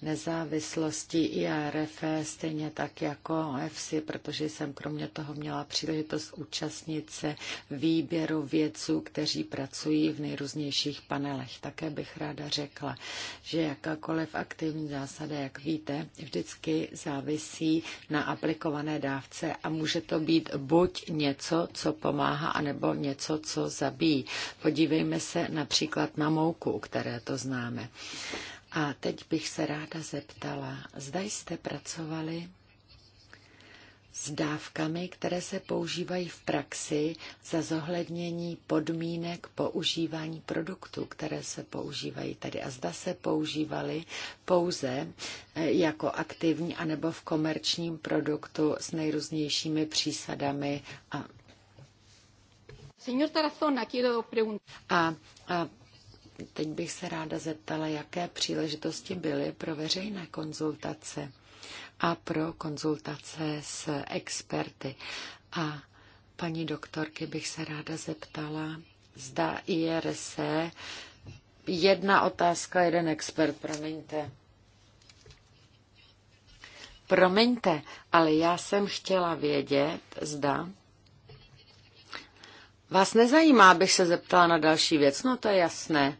Speaker 1: nezávislosti IARF, stejně tak jako EFSI, protože jsem kromě toho měla příležitost účastnit se výběru vědců, kteří pracují v nejrůznějších panelech. Také bych ráda řekla, že jakákoliv aktivní zásada, jak víte, vždycky závisí na aplikované dávce a může to být buď něco, co pomáhá, anebo něco, co zabíjí. Podívejme se například na mouku, u které to známe. A teď bych se ráda zeptala, zda jste pracovali s dávkami, které se používají v praxi za zohlednění podmínek používání produktů, které se používají tady. A zda se používaly pouze eh, jako aktivní anebo v komerčním produktu s nejrůznějšími přísadami. A, a, Teď bych se ráda zeptala, jaké příležitosti byly pro veřejné konzultace a pro konzultace s experty. A paní doktorky bych se ráda zeptala, zda IRC jedna otázka, jeden expert, promiňte. Promiňte, ale já jsem chtěla vědět, zda Vás nezajímá, abych se zeptala na další věc? No to je jasné.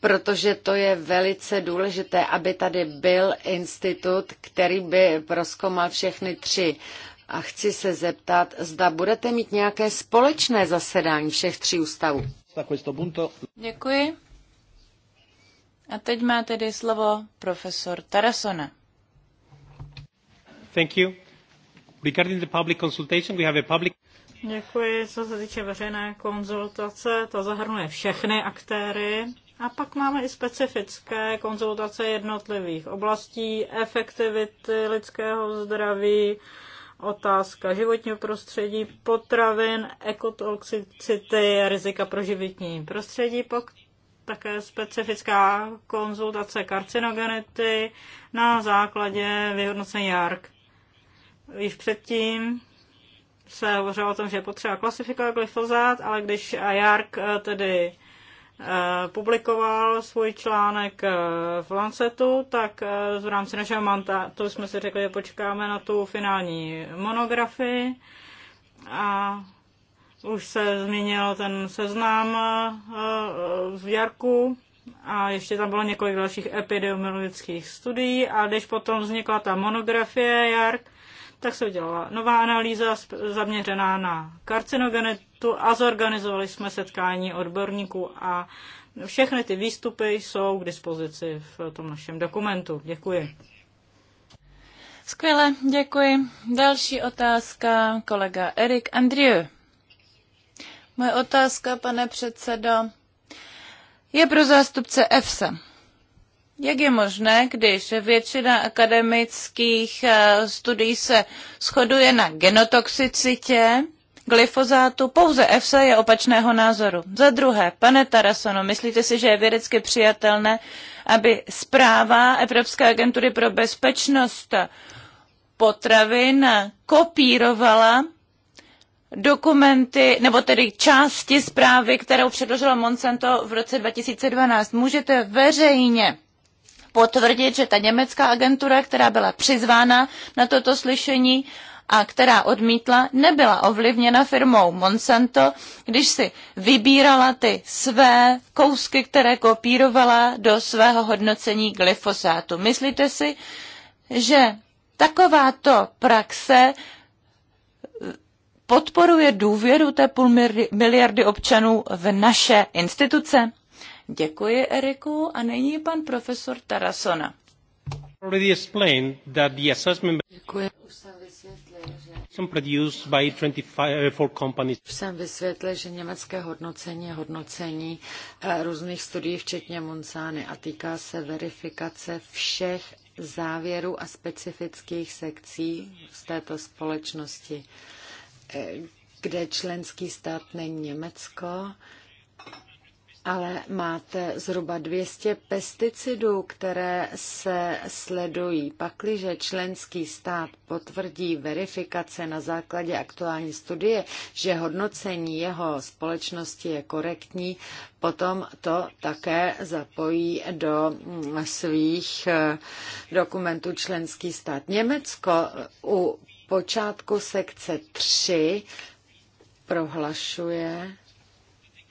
Speaker 1: Protože to je velice důležité, aby tady byl institut, který by proskomal všechny tři. A chci se zeptat, zda budete mít nějaké společné zasedání všech tří ústavů.
Speaker 2: Děkuji. A teď má tedy slovo profesor Tarasona.
Speaker 3: Thank you. Regarding the public consultation, we have a public... Děkuji. Co se týče veřejné konzultace, to zahrnuje všechny aktéry. A pak máme i specifické konzultace jednotlivých oblastí, efektivity lidského zdraví, otázka životního prostředí, potravin, ekotoxicity, rizika pro životní prostředí, pak také specifická konzultace karcinogenity na základě vyhodnocení JARC. Již předtím se hovořilo o tom, že je potřeba klasifikovat jako glyfozát, ale když Jark eh, tedy eh, publikoval svůj článek eh, v Lancetu, tak v rámci našeho mandátu jsme si řekli, že počkáme na tu finální monografii a už se změnil ten seznam v Jarku a ještě tam bylo několik dalších epidemiologických studií a když potom vznikla ta monografie Jark, tak se udělala nová analýza zaměřená na karcinogenetu a zorganizovali jsme setkání odborníků a všechny ty výstupy jsou k dispozici v tom našem dokumentu. Děkuji.
Speaker 2: Skvěle, děkuji. Další otázka, kolega Erik Andrieu. Moje otázka, pane předsedo, je pro zástupce EFSA. Jak je možné, když většina akademických eh, studií se shoduje na genotoxicitě glyfozátu, pouze EFSA je opačného názoru. Za druhé, pane Tarasono, myslíte si, že je vědecky přijatelné, aby zpráva Evropské agentury pro bezpečnost potravin kopírovala dokumenty, nebo tedy části zprávy, kterou předložilo Monsanto v roce 2012. Můžete veřejně potvrdit, že ta německá agentura, která byla přizvána na toto slyšení a která odmítla, nebyla ovlivněna firmou Monsanto, když si vybírala ty své kousky, které kopírovala do svého hodnocení glyfosátu. Myslíte si, že takováto praxe podporuje důvěru té půl miliardy občanů v naše instituce? Děkuji, Eriku. A nyní pan profesor Tarasona.
Speaker 1: Děkuji. Už jsem vysvětlil, že... Uh, Už jsem vysvětlil, že německé hodnocení je hodnocení eh, různých studií, včetně Monsány, a týká se verifikace všech závěrů a specifických sekcí z této společnosti, eh, kde členský stát není Německo, ale máte zhruba 200 pesticidů, které se sledují. Pakliže členský stát potvrdí verifikace na základě aktuální studie, že hodnocení jeho společnosti je korektní, potom to také zapojí do svých eh, dokumentů členský stát. Německo u počátku sekce 3 prohlašuje,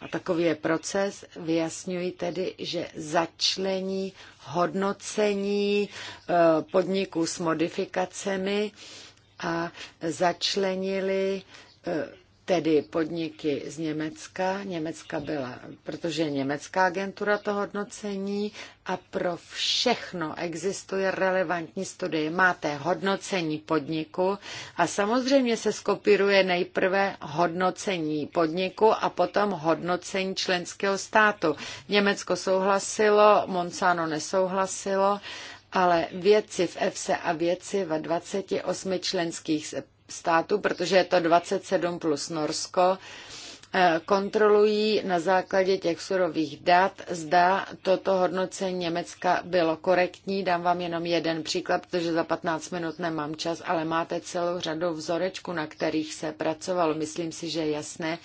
Speaker 1: a takový je proces. Vyjasňuji tedy, že začlení hodnocení eh, podniků s modifikacemi a začlenili eh, tedy podniky z Německa. Německa byla, protože je německá agentura to hodnocení a pro všechno existuje relevantní studie. Máte hodnocení podniku a samozřejmě se skopíruje nejprve hodnocení podniku a potom hodnocení členského státu. Německo souhlasilo, Monsanto nesouhlasilo, ale věci v EFSE a věci ve 28 členských států, protože je to 27 plus Norsko, eh, kontrolují na základě těch surových dat, zda toto hodnocení Německa bylo korektní. Dám vám jenom jeden příklad, protože za 15 minut nemám čas, ale máte celou řadu vzorečků, na kterých se pracovalo. Myslím si, že je jasné,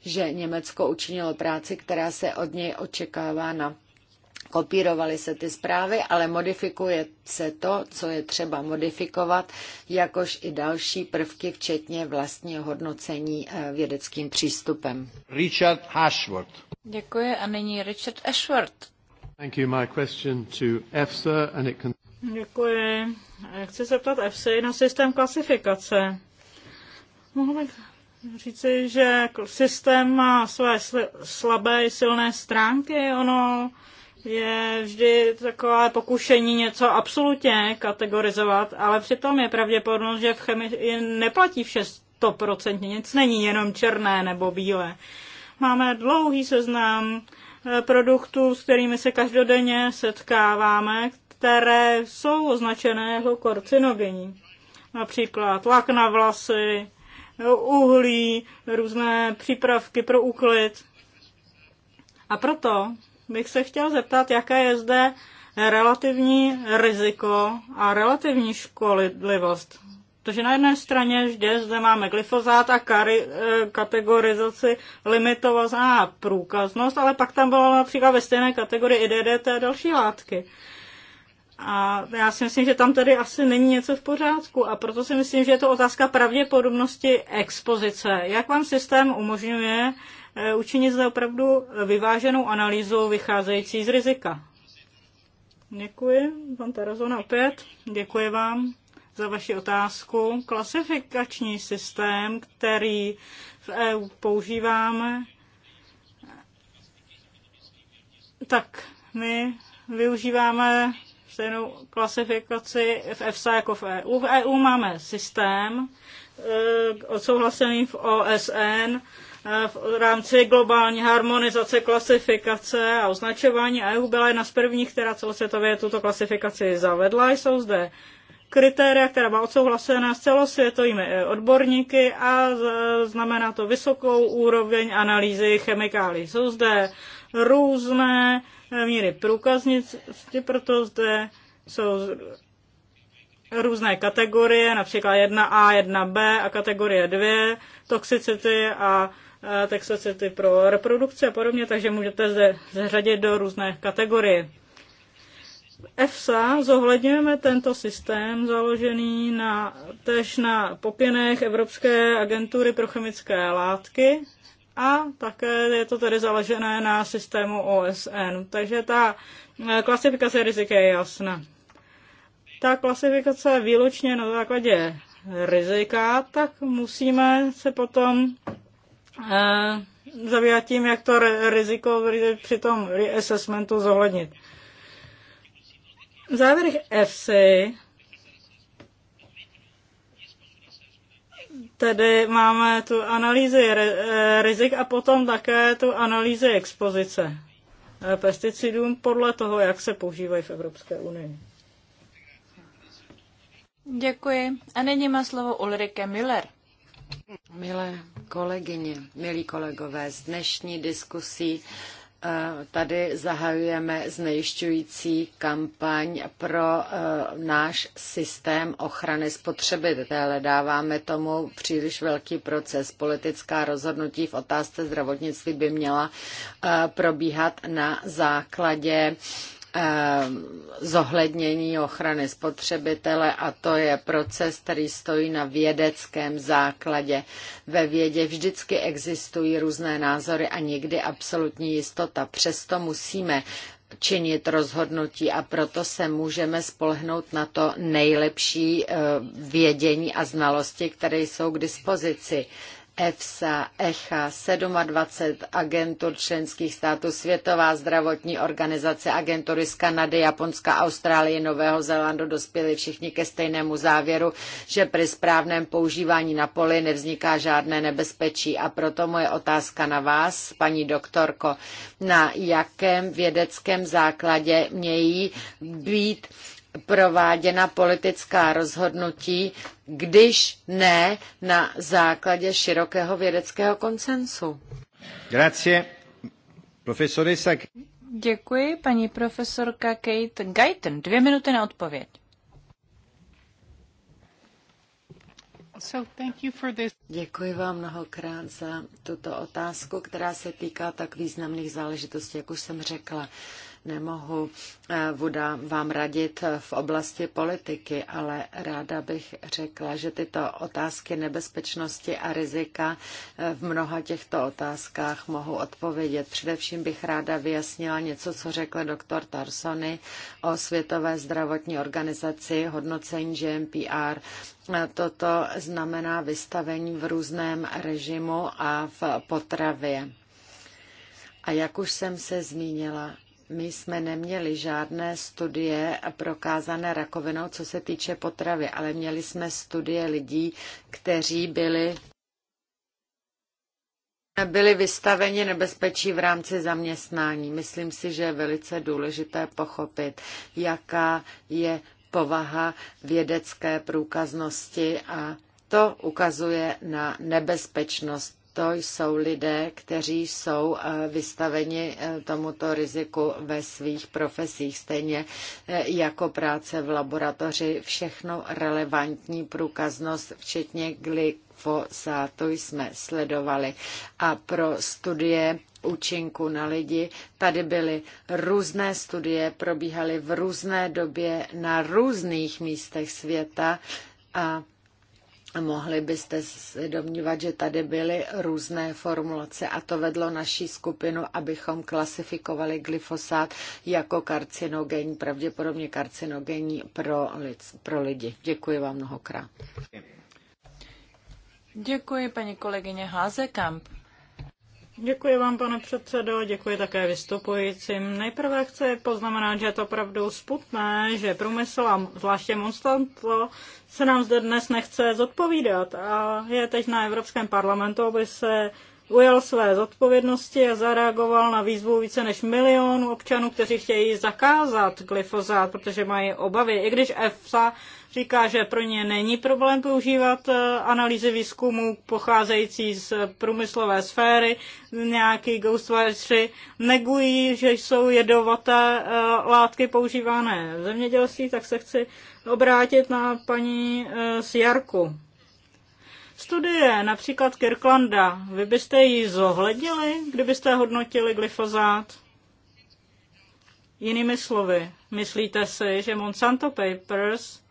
Speaker 1: že Německo učinilo práci, která se od něj očekávána kopírovaly se ty zprávy, ale modifikuje se to, co je třeba modifikovat, jakož i další prvky, včetně vlastního hodnocení eh, vědeckým přístupem. Richard Ashworth.
Speaker 2: Děkuji a nyní Richard Ashworth.
Speaker 1: Thank you. My question to EFSA and it can...
Speaker 3: Děkuji. Chci se ptat EFSA na systém klasifikace. Mohl bych říci, že systém má své slabé i silné stránky. Ono je vždy takové pokušení něco absolutně kategorizovat, ale přitom je pravděpodobnost, že v chemii neplatí vše stoprocentně, nic není jenom černé nebo bílé. Máme dlouhý seznam eh, produktů, s kterými se každodenně setkáváme, které jsou označené jako korcinogení. Například lak na vlasy, uhlí, různé přípravky pro úklid. A proto bych se chtěl zeptat, jaké je zde relativní riziko a relativní škodlivost. Protože na jedné straně vždy zde máme glyfozát a kari, e, kategorizaci limitovost a průkaznost, ale pak tam bylo například ve stejné kategorii i DDT a další látky. A já si myslím, že tam tady asi není něco v pořádku a proto si myslím, že je to otázka pravděpodobnosti expozice. Jak vám systém umožňuje Eh, učinit zde opravdu vyváženou analýzu vycházející z rizika. Děkuji, pan Tarazona opět. Děkuji vám za vaši otázku. Klasifikační systém, který v EU používáme, tak my využíváme stejnou klasifikaci v EFSA jako v EU. V EU máme systém eh, odsouhlasený v OSN, Eh, v rámci globální harmonizace klasifikace a označování a e EU byla jedna z prvních, která celosvětově tuto klasifikaci zavedla. Jsou zde kritéria, která byla odsouhlasena s celosvětovými eh, odborníky a znamená to vysokou úroveň analýzy chemikálií. Jsou zde různé eh, míry průkaznictví, proto zde jsou různé kategorie, například 1A, 1B a kategorie 2, toxicity a taxativity pro reprodukci a podobně, takže můžete zde zařadit do různé kategorie. EFSA zohledňujeme tento systém založený na, tež na pokynech Evropské agentury pro chemické látky a také je to tedy založené na systému OSN. Takže ta eh, klasifikace rizika je jasná. Ta klasifikace výlučně na základě rizika, tak musíme se potom Eh, zabývat tím, jak to riziko při tom reassessmentu zohlednit. V závěrech FC tedy máme tu analýzy eh, rizik a potom také tu analýzy expozice eh, pesticidům podle toho, jak se používají v Evropské unii.
Speaker 1: Děkuji. A nyní má slovo Ulrike Müller. Milé kolegyně, milí kolegové, z dnešní diskusí eh, tady zahajujeme znejišťující kampaň pro eh, náš systém ochrany spotřebitele. Dáváme tomu příliš velký proces. Politická rozhodnutí v otázce zdravotnictví by měla eh, probíhat na základě Ehm, zohlednění ochrany spotřebitele a to je proces, který stojí na vědeckém základě. Ve vědě vždycky existují různé názory a nikdy absolutní jistota. Přesto musíme činit rozhodnutí a proto se můžeme spolehnout na to nejlepší eh, vědění a znalosti, které jsou k dispozici. EFSA, ECHA, 27 agentur členských států, Světová zdravotní organizace, agentury z Kanady, Japonska, Austrálie, Nového Zélandu dospěli všichni ke stejnému závěru, že při správném používání na poli nevzniká žádné nebezpečí. A proto moje otázka na vás, paní doktorko, na jakém vědeckém základě mějí být prováděna politická rozhodnutí, když ne na základě širokého vědeckého koncensu.
Speaker 2: Grazie. Profesoresa... Děkuji, paní profesorka Kate Guyton. Dvě minuty na odpověď.
Speaker 1: So thank you for this. Děkuji vám mnohokrát za tuto otázku, která se týká tak významných záležitostí, jak už jsem řekla nemohu eh, vám radit v oblasti politiky, ale ráda bych řekla, že tyto otázky nebezpečnosti a rizika eh, v mnoha těchto otázkách mohu odpovědět. Především bych ráda vyjasnila něco, co řekl doktor Tarsony o Světové zdravotní organizaci hodnocení GMPR. Eh, toto znamená vystavení v různém režimu a v potravě. A jak už jsem se zmínila, my jsme neměli žádné studie prokázané rakovinou, co se týče potravy, ale měli jsme studie lidí, kteří byli byli vystaveni nebezpečí v rámci zaměstnání. Myslím si, že je velice důležité pochopit, jaká je povaha vědecké průkaznosti a to ukazuje na nebezpečnost to jsou lidé, kteří jsou eh, vystaveni eh, tomuto riziku ve svých profesích, stejně eh, jako práce v laboratoři. Všechno relevantní průkaznost, včetně glyfosátu, jsme sledovali. A pro studie účinku na lidi. Tady byly různé studie, probíhaly v různé době na různých místech světa a Mohli byste se domnívat, že tady byly různé formulace a to vedlo naší skupinu, abychom klasifikovali glyfosát jako karcinogenní, pravděpodobně karcinogenní pro, lid, pro lidi. Děkuji vám mnohokrát.
Speaker 2: Děkuji paní kolegyně Házekamp.
Speaker 3: Děkuji vám, pane předsedo, děkuji také vystupujícím. Nejprve chci poznamenat, že je to opravdu sputné, že průmysl a zvláště monstanto se nám zde dnes nechce zodpovídat a je teď na Evropském parlamentu, aby se ujal své zodpovědnosti a zareagoval na výzvu více než milionu občanů, kteří chtějí zakázat glyfozát, protože mají obavy, i když EFSA Říká, že pro ně není problém používat eh, analýzy výzkumu pocházející z průmyslové sféry, nějaký ghostwateri negují, že jsou jedovaté eh, látky používané v zemědělství, tak se chci obrátit na paní eh, Sjarku. Studie, například Kirklanda, vy byste ji zohlednili, kdybyste hodnotili glyfozát? Jinými slovy, myslíte si, že Monsanto Papers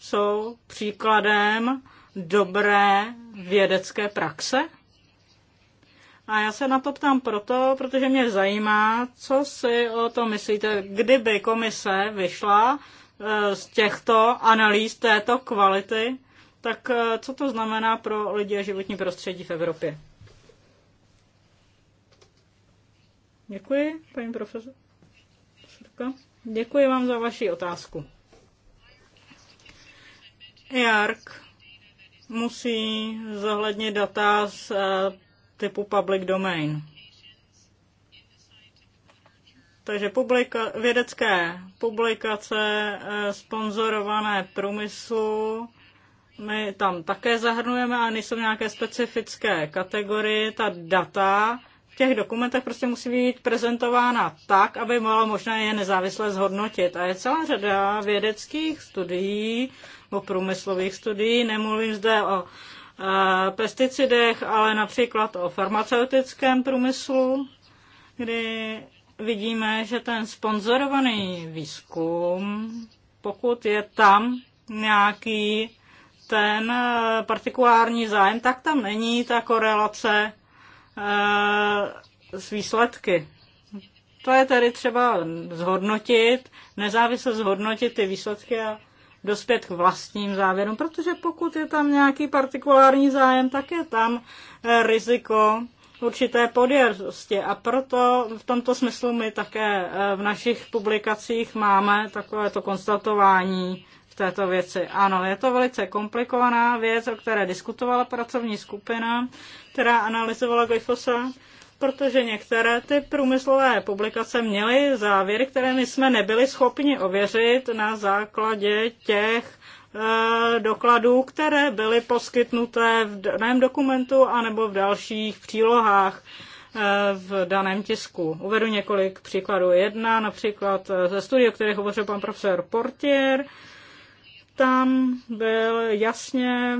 Speaker 3: jsou příkladem dobré vědecké praxe? A já se na to ptám proto, protože mě zajímá, co si o to myslíte, kdyby komise vyšla eh, z těchto analýz této kvality, tak eh, co to znamená pro lidi a životní prostředí v Evropě? Děkuji, paní profesor. Děkuji vám za vaši otázku. IARC e musí zohlednit data z eh, typu public domain. Takže publika, vědecké publikace eh, sponzorované průmyslu my tam také zahrnujeme, ale nejsou nějaké specifické kategorie. Ta data v těch dokumentech prostě musí být prezentována tak, aby bylo možné je nezávisle zhodnotit. A je celá řada vědeckých studií, o průmyslových studií. Nemluvím zde o eh, pesticidech, ale například o farmaceutickém průmyslu, kdy vidíme, že ten sponzorovaný výzkum, pokud je tam nějaký ten eh, partikulární zájem, tak tam není ta korelace eh, s výsledky. To je tedy třeba zhodnotit, nezávisle zhodnotit ty výsledky a dospět k vlastním závěrům, protože pokud je tam nějaký partikulární zájem, tak je tam eh, riziko určité podjatosti. A proto v tomto smyslu my také eh, v našich publikacích máme takovéto konstatování v této věci. Ano, je to velice komplikovaná věc, o které diskutovala pracovní skupina, která analyzovala glyfosát protože některé ty průmyslové publikace měly závěry, které my jsme nebyli schopni ověřit na základě těch e, dokladů, které byly poskytnuté v daném dokumentu anebo v dalších přílohách e, v daném tisku. Uvedu několik příkladů. Jedna například eh, ze studie, o které hovořil pan profesor Portier, tam byl jasně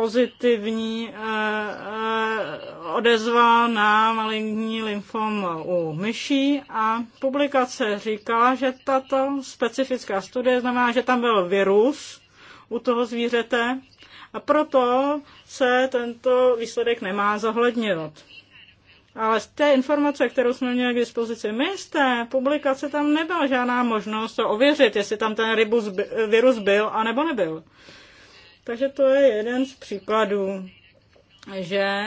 Speaker 3: pozitivní eh, eh, odezva na maligní lymfom u myší a publikace říkala, že tato specifická studie znamená, že tam byl virus u toho zvířete a proto se tento výsledek nemá zohledňovat. Ale z té informace, kterou jsme měli k dispozici my z té publikace, tam nebyla žádná možnost to ověřit, jestli tam ten rybus, virus byl a nebo nebyl. Takže to je jeden z příkladů, že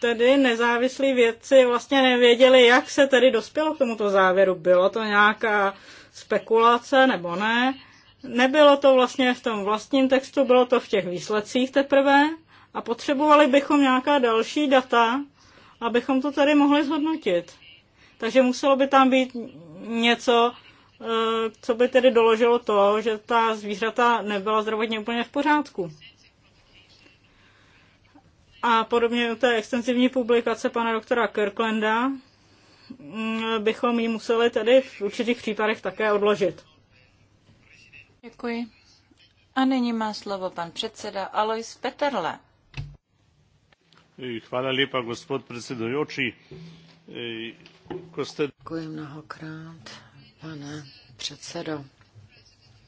Speaker 3: tedy nezávislí vědci vlastně nevěděli, jak se tedy dospělo k tomuto závěru. Bylo to nějaká spekulace nebo ne? Nebylo to vlastně v tom vlastním textu, bylo to v těch výsledcích teprve a potřebovali bychom nějaká další data, abychom to tady mohli zhodnotit. Takže muselo by tam být něco Eh, co by tedy doložilo to, že ta zvířata nebyla zdravotně úplně v pořádku. A podobně u té extenzivní publikace pana doktora Kirklanda mm, bychom ji museli tedy v určitých případech také odložit.
Speaker 2: Děkuji. A nyní má slovo pan předseda Alois Peterle.
Speaker 1: Eh, Hvala lepa, gospod předsedojoči. Eh, Děkuji mnohokrát Pane předsedo,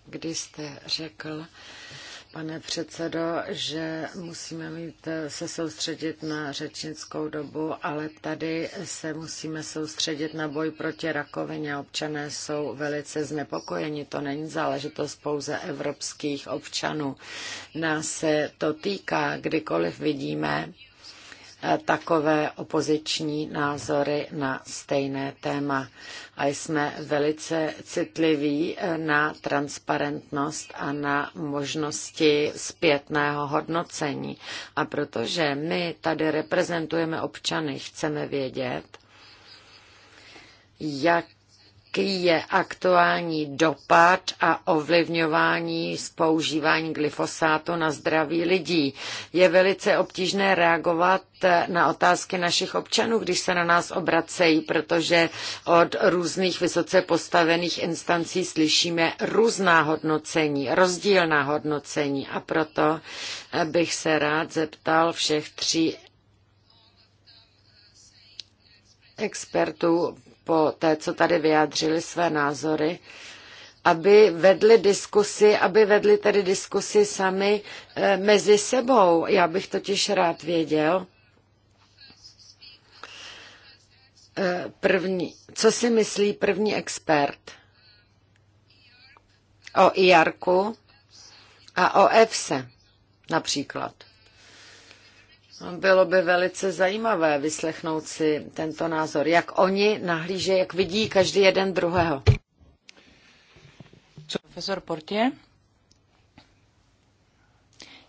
Speaker 1: když jste řekl, pane předsedo, že musíme mít, se soustředit na řečnickou dobu, ale tady se musíme soustředit na boj proti rakovině. Občané jsou velice znepokojeni. To není záležitost pouze evropských občanů. Nás se to týká, kdykoliv vidíme takové opoziční názory na stejné téma. A jsme velice citliví na transparentnost a na možnosti zpětného hodnocení. A protože my tady reprezentujeme občany, chceme vědět, jak jaký je aktuální dopad a ovlivňování z používání glyfosátu na zdraví lidí. Je velice obtížné reagovat na otázky našich občanů, když se na nás obracejí, protože od různých vysoce postavených instancí slyšíme různá hodnocení, rozdílná hodnocení a proto bych se rád zeptal všech tří expertů po té, co tady vyjádřili své názory, aby vedli diskusy, aby vedli tedy diskusy sami eh, mezi sebou. Já bych totiž rád věděl, eh, první, co si myslí první expert o IARku a o EFSE například. Bylo by velice zajímavé vyslechnout si tento názor, jak oni nahlíže, jak vidí každý jeden druhého. Profesor Portě?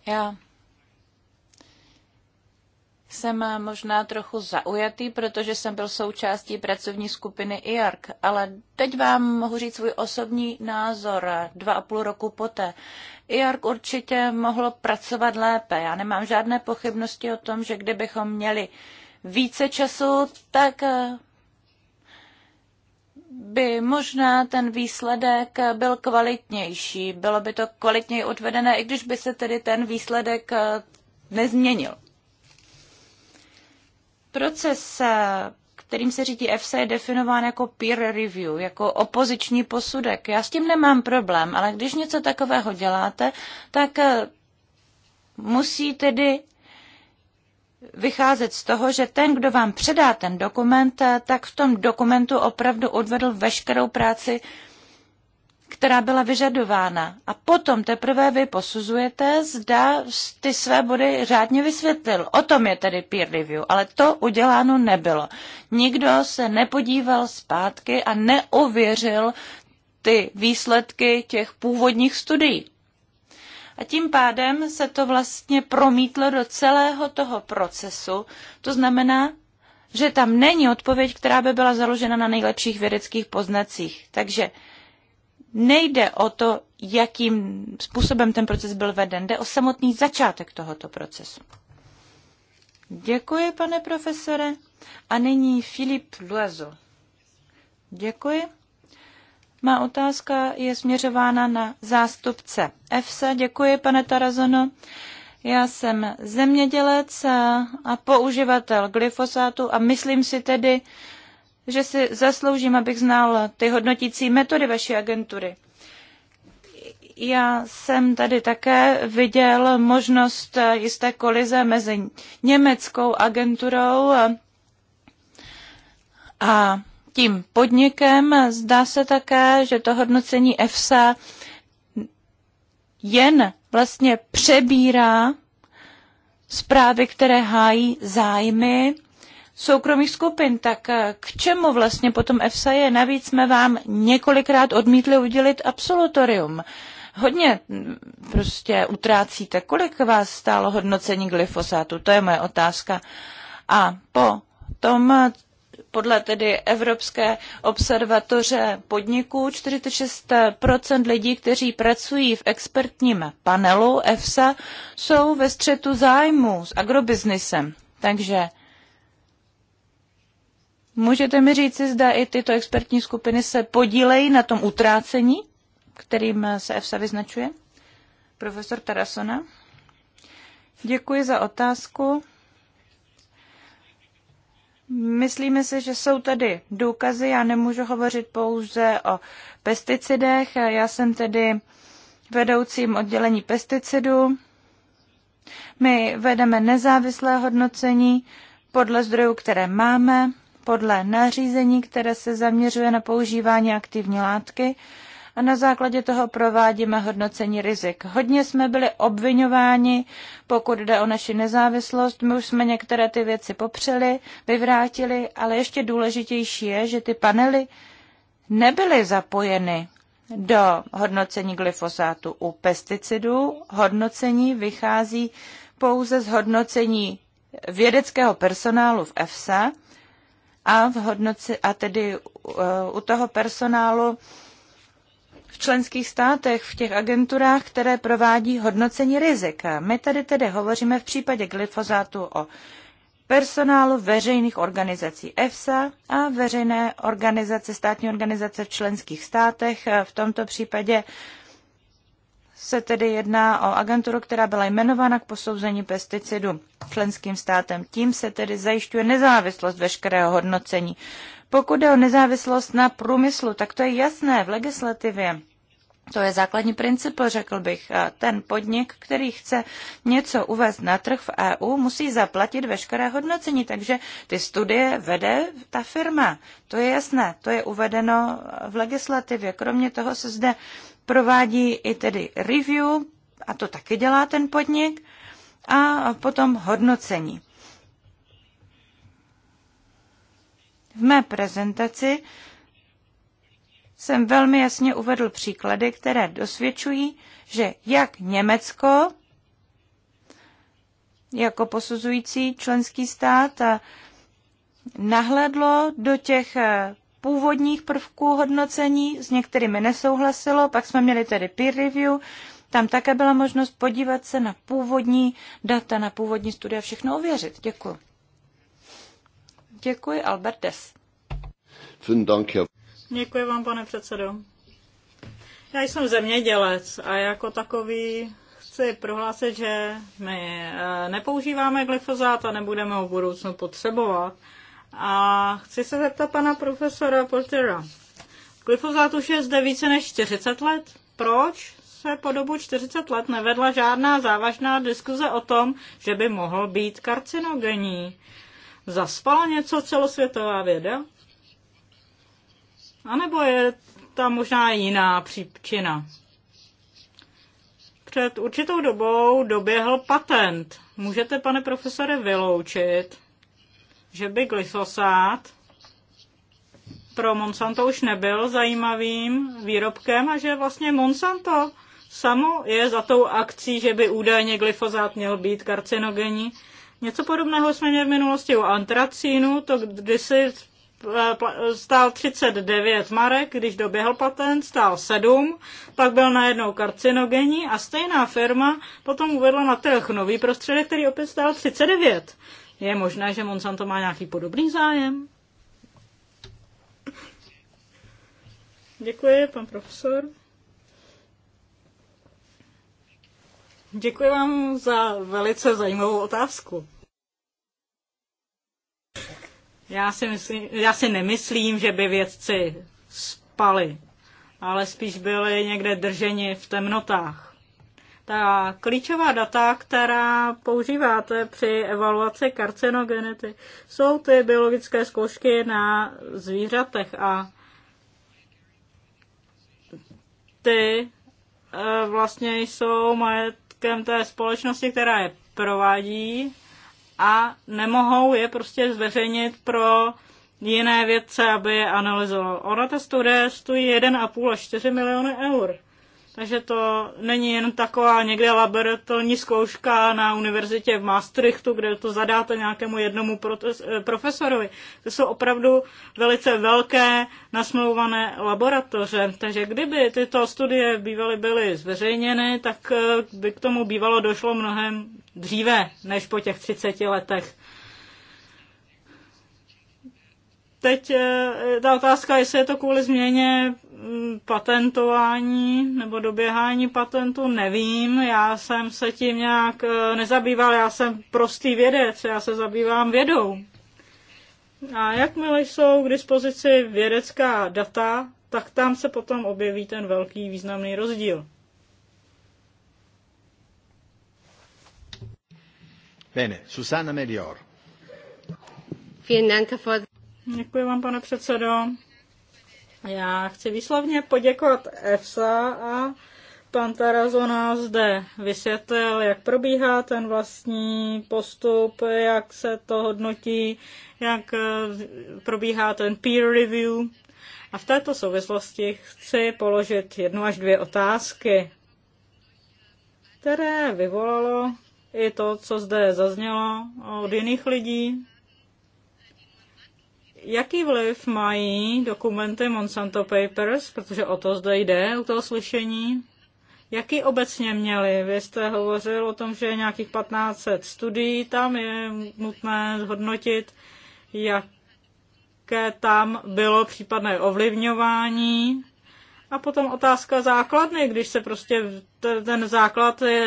Speaker 1: Já
Speaker 2: jsem možná trochu zaujatý, protože jsem byl součástí pracovní skupiny IARC, ale teď vám mohu říct svůj osobní názor dva a půl roku poté. IARC určitě mohlo pracovat lépe. Já nemám žádné pochybnosti o tom, že kdybychom měli více času, tak eh, by možná ten výsledek byl kvalitnější. Bylo by to kvalitněji odvedené, i když by se tedy ten výsledek eh, nezměnil. Proces, eh, kterým se řídí EFSA, je definován jako peer review, jako opoziční posudek. Já s tím nemám problém, ale když něco takového děláte, tak eh, musí tedy vycházet z toho, že ten, kdo vám předá ten dokument, eh, tak v tom dokumentu opravdu odvedl veškerou práci, která byla vyžadována. A potom teprve vy posuzujete, zda ty své body řádně vysvětlil. O tom je tedy peer review, ale to uděláno nebylo. Nikdo se nepodíval zpátky a neověřil ty výsledky těch původních studií. A tím pádem se to vlastně promítlo do celého toho procesu. To znamená, že tam není odpověď, která by byla založena na nejlepších vědeckých poznacích. Takže nejde o to, jakým způsobem ten proces byl veden, jde o samotný začátek tohoto procesu. Děkuji, pane profesore. A nyní Filip Luazo. Děkuji. Má otázka je směřována na zástupce EFSA. Děkuji, pane Tarazono. Já jsem zemědělec a použivatel glyfosátu a myslím si tedy, že si zasloužím, abych znal ty hodnotící metody vaší agentury. Já jsem tady také viděl možnost jisté kolize mezi německou agenturou a tím podnikem. Zdá se také, že to hodnocení EFSA jen vlastně přebírá zprávy, které hájí zájmy soukromých skupin, tak eh, k čemu vlastně potom EFSA je? Navíc jsme vám několikrát odmítli udělit absolutorium. Hodně mm, prostě utrácíte. Kolik vás stálo hodnocení glyfosátu? To je moje otázka. A po tom, eh, podle tedy Evropské observatoře podniků 46% lidí, kteří pracují v expertním panelu EFSA, jsou ve střetu zájmu s agrobiznisem. Takže Můžete mi říci, zda i tyto expertní skupiny se podílejí na tom utrácení, kterým se EFSA vyznačuje? Profesor Tarasona. Děkuji za otázku. Myslíme si, že jsou tady důkazy. Já nemůžu hovořit pouze o pesticidech. Já jsem tedy vedoucím oddělení pesticidů. My vedeme nezávislé hodnocení podle zdrojů, které máme podle nařízení, které se zaměřuje na používání aktivní látky a na základě toho provádíme hodnocení rizik. Hodně jsme byli obvinováni, pokud jde o naši nezávislost. My už jsme některé ty věci popřeli, vyvrátili, ale ještě důležitější je, že ty panely nebyly zapojeny do hodnocení glyfosátu. U pesticidů hodnocení vychází pouze z hodnocení vědeckého personálu v EFSA, a, v hodnoci, a tedy eh, u toho personálu v členských státech, v těch agenturách, které provádí hodnocení rizika. My tady tedy hovoříme v případě glyfozátu o personálu veřejných organizací EFSA a veřejné organizace, státní organizace v členských státech, v tomto případě se tedy jedná o agenturu, která byla jmenována k posouzení pesticidů členským státem. Tím se tedy zajišťuje nezávislost veškerého hodnocení. Pokud je o nezávislost na průmyslu, tak to je jasné v legislativě. To je základní princip, řekl bych. Ten podnik, který chce něco uvést na trh v EU, musí zaplatit veškeré hodnocení, takže ty studie vede ta firma. To je jasné, to je uvedeno v legislativě. Kromě toho se zde provádí i tedy review, a to taky dělá ten podnik, a potom hodnocení. V mé prezentaci jsem velmi jasně uvedl příklady, které dosvědčují, že jak Německo jako posuzující členský stát eh, nahledlo do těch eh, původních prvků hodnocení, s některými nesouhlasilo, pak jsme měli tedy peer review, tam také byla možnost podívat se na původní data, na původní studie, všechno ověřit. Děkuji. Děkuji,
Speaker 3: Dank, Herr Děkuji vám, pane předsedo. Já jsem zemědělec a jako takový chci prohlásit, že my eh, nepoužíváme glyfozát a nebudeme ho v budoucnu potřebovat. A chci se zeptat pana profesora Portera. Glyfozát už je zde více než 40 let. Proč se po dobu 40 let nevedla žádná závažná diskuze o tom, že by mohl být karcinogenní? Zaspala něco celosvětová věda? A nebo je tam možná jiná příčina. Před určitou dobou doběhl patent. Můžete, pane profesore, vyloučit, že by glyfosát pro Monsanto už nebyl zajímavým výrobkem a že vlastně Monsanto samo je za tou akcí, že by údajně glyfozát měl být karcinogenní. Něco podobného jsme měli v minulosti u antracínu, to kdysi stál 39 marek, když doběhl patent, stál 7, pak byl najednou karcinogenní a stejná firma potom uvedla na trh nový prostředek, který opět stál 39. Je možné, že Monsanto má nějaký podobný zájem? Děkuji, pan profesor. Děkuji vám za velice zajímavou otázku. Já si, myslím, já si nemyslím, že by vědci spali, ale spíš byli někde drženi v temnotách. Ta klíčová data, která používáte při evaluaci karcinogenity, jsou ty biologické zkoušky na zvířatech a ty eh, vlastně jsou majetkem té společnosti, která je provádí a nemohou je prostě zveřejnit pro jiné vědce, aby je analyzoval. Ona ta studie stojí 1,5 až 4 miliony eur. Takže to není jen taková někde laboratorní zkouška na univerzitě v Maastrichtu, kde to zadáte nějakému jednomu eh, profesorovi. To jsou opravdu velice velké nasmlouvané laboratoře. Takže kdyby tyto studie bývaly byly zveřejněny, tak eh, by k tomu bývalo došlo mnohem dříve než po těch 30 letech teď eh, ta otázka, jestli je to kvůli změně patentování nebo doběhání patentu, nevím, já jsem se tím nějak eh, nezabýval, já jsem prostý vědec, já se zabývám vědou. A jakmile jsou k dispozici vědecká data, tak tam se potom objeví ten velký významný rozdíl.
Speaker 1: Bene, Susanna Melior.
Speaker 3: Děkuji vám, pane předsedo. Já chci výslovně poděkovat EFSA a pan Tarazona zde vysvětlil, jak probíhá ten vlastní postup, jak se to hodnotí, jak eh, probíhá ten peer review. A v této souvislosti chci položit jednu až dvě otázky, které vyvolalo i to, co zde zaznělo od jiných lidí, jaký vliv mají dokumenty Monsanto Papers, protože o to zde jde u toho slyšení, jaký obecně měli? Vy jste hovořil o tom, že nějakých 1500 studií, tam je nutné zhodnotit, jaké tam bylo případné ovlivňování. A potom otázka základny, když se prostě ten základ je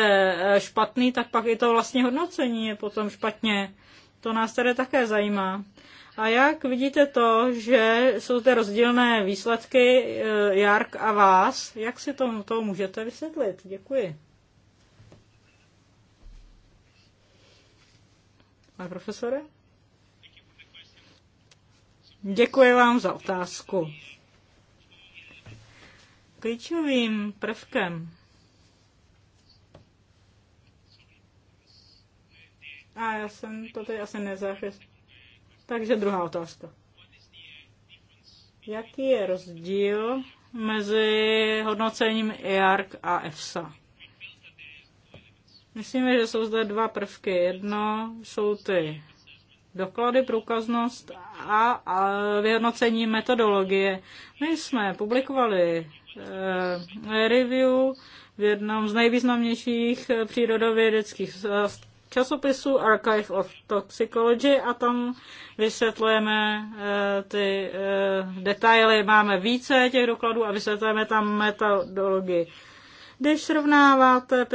Speaker 3: eh, špatný, tak pak i to vlastně hodnocení je potom špatně. To nás tady také zajímá. A jak vidíte to, že jsou zde rozdílné výsledky eh, Jark a vás, jak si to, to můžete vysvětlit? Děkuji. Pane profesore? Děkuji vám za otázku. Klíčovým prvkem a já jsem to tady asi nezařešil takže druhá otázka. Jaký je rozdíl mezi hodnocením EARC a EFSA? Myslím, že jsou zde dva prvky. Jedno jsou ty doklady, průkaznost a, a vyhodnocení metodologie. My jsme publikovali e, review v jednom z nejvýznamnějších přírodovědeckých časopisu Archive of Toxicology a tam vysvětlujeme eh, ty eh, detaily. Máme více těch dokladů a vysvětlujeme tam metodologii. Když srovnáváte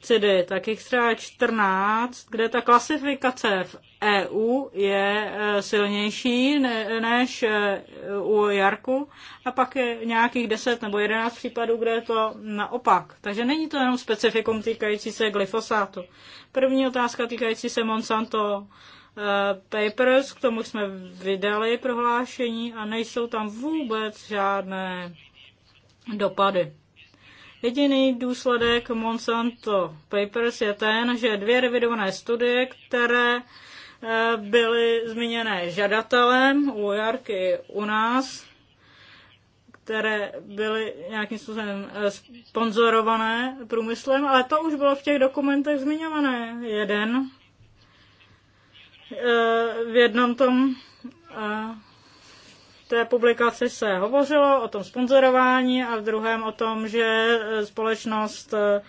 Speaker 3: cidy, tak jich třeba 14, kde ta klasifikace v EU je e, silnější než e, u Jarku a pak je nějakých 10 nebo 11 případů, kde je to naopak. Takže není to jenom specifikum týkající se glyfosátu. První otázka týkající se Monsanto e, Papers, k tomu jsme vydali prohlášení a nejsou tam vůbec žádné dopady. Jediný důsledek Monsanto Papers je ten, že dvě revidované studie, které eh, byly zmíněné žadatelem u Jarky u nás, které byly nějakým způsobem eh, sponzorované průmyslem, ale to už bylo v těch dokumentech zmiňované. Jeden eh, v jednom tom té publikaci se hovořilo o tom sponzorování a v druhém o tom, že eh, společnost eh,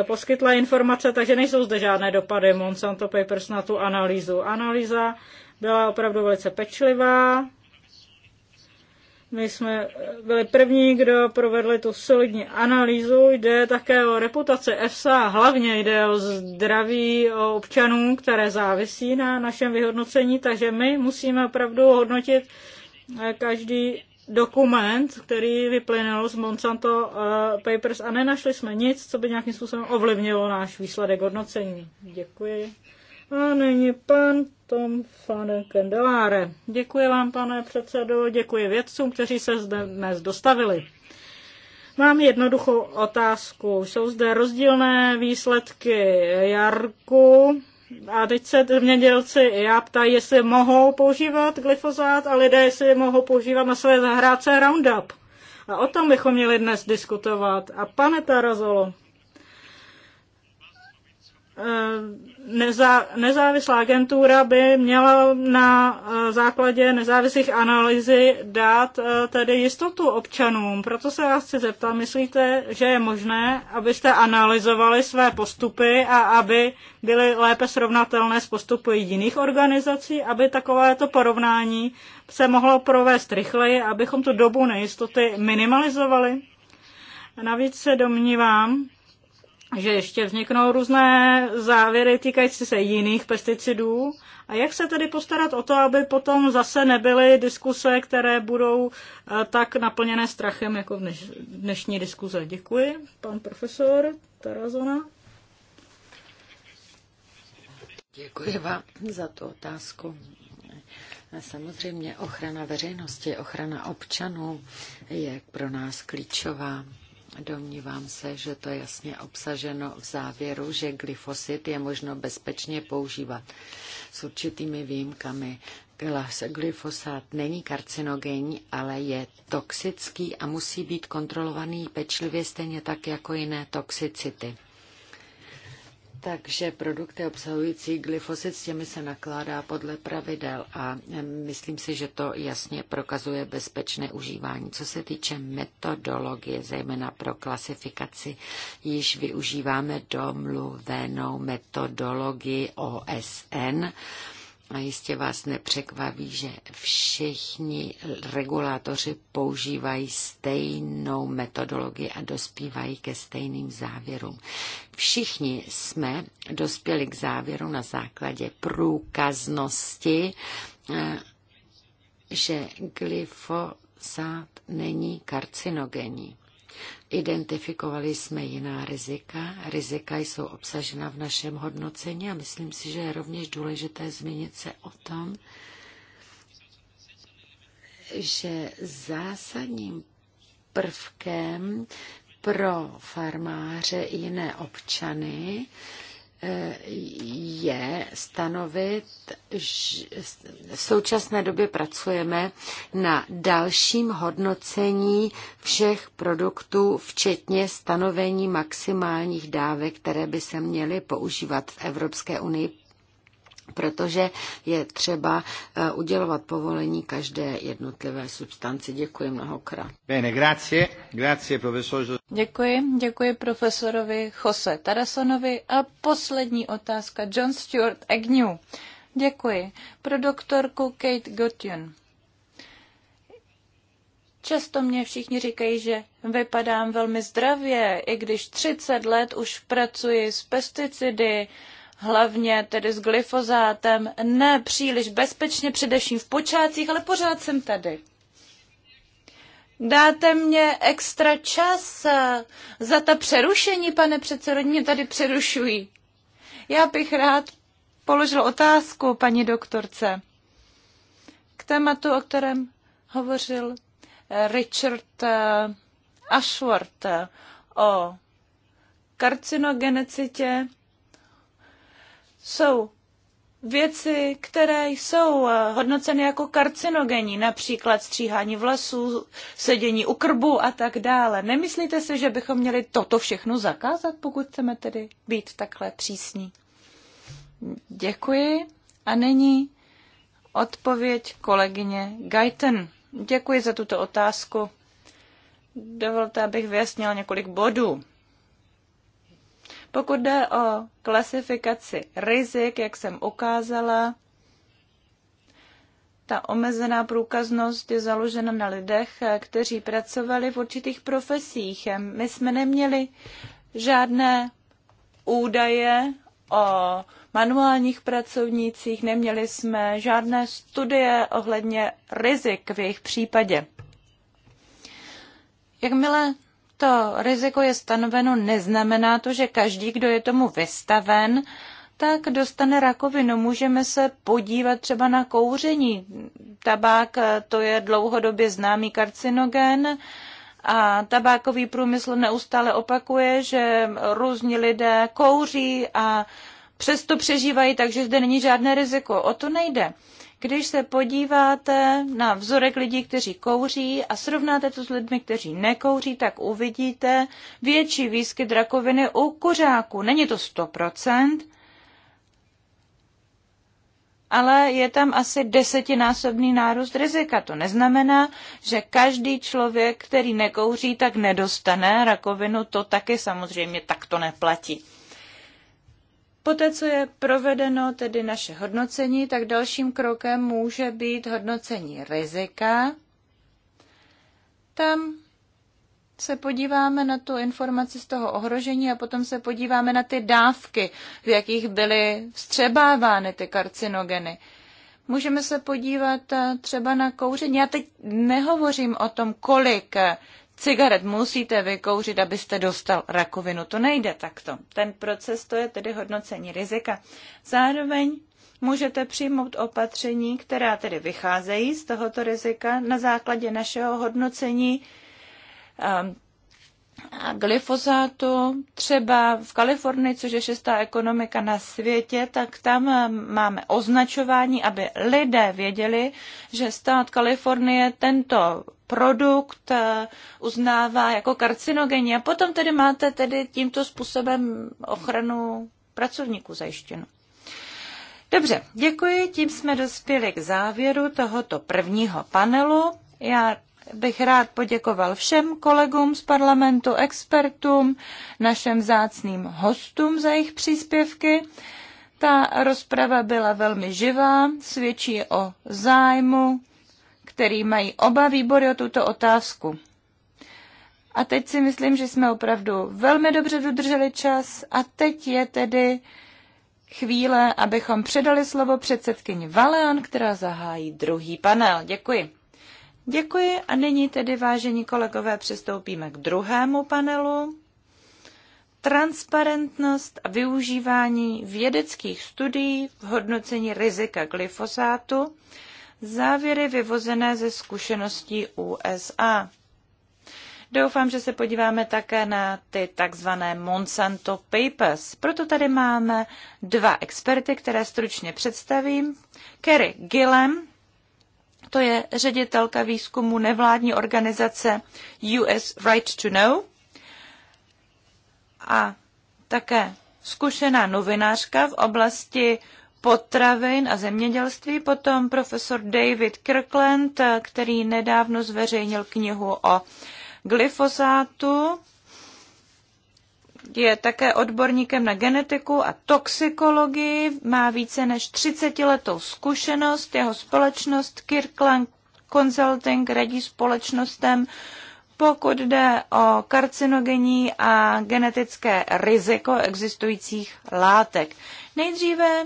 Speaker 3: eh, poskytla informace, takže nejsou zde žádné dopady Monsanto Papers na tu analýzu. Analýza byla opravdu velice pečlivá. My jsme byli první, kdo provedli tu solidní analýzu. Jde také o reputaci EFSA, hlavně jde o zdraví o občanů, které závisí na našem vyhodnocení, takže my musíme opravdu hodnotit každý dokument, který vyplynul z Monsanto eh, Papers a nenašli jsme nic, co by nějakým způsobem ovlivnilo náš výsledek hodnocení. Děkuji. A nyní pan Tom Fane Kendeláre. Děkuji vám, pane předsedo, děkuji vědcům, kteří se zde dnes dostavili. Mám jednoduchou otázku. Jsou zde rozdílné výsledky jarku a teď se zemědělci i já ptají, jestli mohou používat glyfozát a lidé, jestli mohou používat na své zahrádce Roundup. A o tom bychom měli dnes diskutovat. A pane Tarazolo, Eh, nezá, nezávislá agentura by měla na eh, základě nezávislých analýzy dát eh, tedy jistotu občanům. Proto se vás chci zeptat, myslíte, že je možné, abyste analyzovali své postupy a aby byly lépe srovnatelné s postupy jiných organizací, aby takovéto porovnání se mohlo provést rychleji, abychom tu dobu nejistoty minimalizovali? Navíc se domnívám, že ještě vzniknou různé závěry týkající se jiných pesticidů. A jak se tedy postarat o to, aby potom zase nebyly diskuse, které budou eh, tak naplněné strachem jako v dnešní diskuze? Děkuji, pan profesor
Speaker 1: Tarazona. Děkuji vám za tu otázku. Samozřejmě ochrana veřejnosti, ochrana občanů je pro nás klíčová. Domnívám se, že to je jasně obsaženo v závěru, že glyfosit je možno bezpečně používat s určitými výjimkami. Glyfosát není karcinogenní, ale je toxický a musí být kontrolovaný pečlivě stejně tak jako jiné toxicity. Takže produkty obsahující glyfosit, s těmi se nakládá podle pravidel a myslím si, že to jasně prokazuje bezpečné užívání. Co se týče metodologie, zejména pro klasifikaci, již využíváme domluvenou metodologii OSN a jistě vás nepřekvaví, že všichni regulátoři používají stejnou metodologii a dospívají ke stejným závěrům. Všichni jsme dospěli k závěru na základě průkaznosti, eh, že glyfosát není karcinogenní. Identifikovali jsme jiná rizika. Rizika jsou obsažena v našem hodnocení a myslím si, že je rovněž důležité zmínit se o tom, že zásadním prvkem pro farmáře i jiné občany je stanovit, v současné době pracujeme na dalším hodnocení všech produktů, včetně stanovení maximálních dávek, které by se měly používat v Evropské unii protože je třeba eh, udělovat povolení každé jednotlivé substanci. Děkuji mnohokrát. Bene, grazie. Grazie, profesor. Děkuji, děkuji profesorovi
Speaker 2: Jose Tarasonovi a poslední otázka John Stuart Agnew. Děkuji. Pro doktorku Kate Gottion. Často mě všichni říkají, že vypadám velmi zdravě, i když 30 let už pracuji s pesticidy, hlavně tedy s glyfozátem, ne příliš bezpečně, především v počátcích, ale pořád jsem tady. Dáte mě extra čas eh, za ta přerušení, pane předsedo, mě tady přerušují. Já bych rád položil otázku paní doktorce k tématu, o kterém hovořil eh, Richard eh, Ashworth o karcinogenicitě jsou věci, které jsou eh, hodnoceny jako karcinogenní, například stříhání vlasů, sedění u krbu a tak dále. Nemyslíte si, že bychom měli toto všechno zakázat, pokud chceme tedy být takhle přísní? Děkuji. A nyní odpověď kolegyně Gajten. Děkuji za tuto otázku. Dovolte, abych vyjasnil několik bodů. Pokud jde o klasifikaci rizik, jak jsem ukázala, ta omezená průkaznost je založena na lidech, kteří pracovali v určitých profesích. My jsme neměli žádné údaje o manuálních pracovnících, neměli jsme žádné studie ohledně rizik v jejich případě. Jakmile to riziko je stanoveno, neznamená to, že každý, kdo je tomu vystaven, tak dostane rakovinu. Můžeme se podívat třeba na kouření. Tabák to je dlouhodobě známý karcinogen a tabákový průmysl neustále opakuje, že různí lidé kouří a přesto přežívají, takže zde není žádné riziko. O to nejde. Když se podíváte na vzorek lidí, kteří kouří a srovnáte to s lidmi, kteří nekouří, tak uvidíte větší výskyt rakoviny u kuřáků. Není to 100%, ale je tam asi desetinásobný nárůst rizika. To neznamená, že každý člověk, který nekouří, tak nedostane rakovinu, to taky samozřejmě takto neplatí. Poté, co je provedeno tedy naše hodnocení, tak dalším krokem může být hodnocení rizika. Tam se podíváme na tu informaci z toho ohrožení a potom se podíváme na ty dávky, v jakých byly vstřebávány ty karcinogeny. Můžeme se podívat eh, třeba na kouření. Já teď nehovořím o tom, kolik cigaret musíte vykouřit, abyste dostal rakovinu. To nejde takto. Ten proces to je tedy hodnocení rizika. Zároveň můžete přijmout opatření, která tedy vycházejí z tohoto rizika na základě našeho hodnocení ehm, glyfosátu, třeba v Kalifornii, což je šestá ekonomika na světě, tak tam eh, máme označování, aby lidé věděli, že stát Kalifornie tento produkt eh, uznává jako karcinogenní. A potom tedy máte tedy tímto způsobem ochranu pracovníků zajištěnu. Dobře, děkuji. Tím jsme dospěli k závěru tohoto prvního panelu. Já bych rád poděkoval všem kolegům z parlamentu, expertům, našem vzácným hostům za jejich příspěvky. Ta rozprava byla velmi živá, svědčí o zájmu, který mají oba výbory o tuto otázku. A teď si myslím, že jsme opravdu velmi dobře dodrželi čas a teď je tedy chvíle, abychom předali slovo předsedkyni Valean, která zahájí druhý panel. Děkuji. Děkuji a nyní tedy, vážení kolegové, přistoupíme k druhému panelu. Transparentnost a využívání vědeckých studií v hodnocení rizika glyfosátu, závěry vyvozené ze zkušeností USA. Doufám, že se podíváme také na ty takzvané Monsanto Papers. Proto tady máme dva experty, které stručně představím. Kerry Gillem, to je ředitelka výzkumu nevládní organizace US Right to Know a také zkušená novinářka v oblasti potravin a zemědělství, potom profesor David Kirkland, který nedávno zveřejnil knihu o glyfosátu je také odborníkem na genetiku a toxikologii, má více než 30 letou zkušenost, jeho společnost Kirkland Consulting radí společnostem, pokud jde o karcinogenní a genetické riziko existujících látek. Nejdříve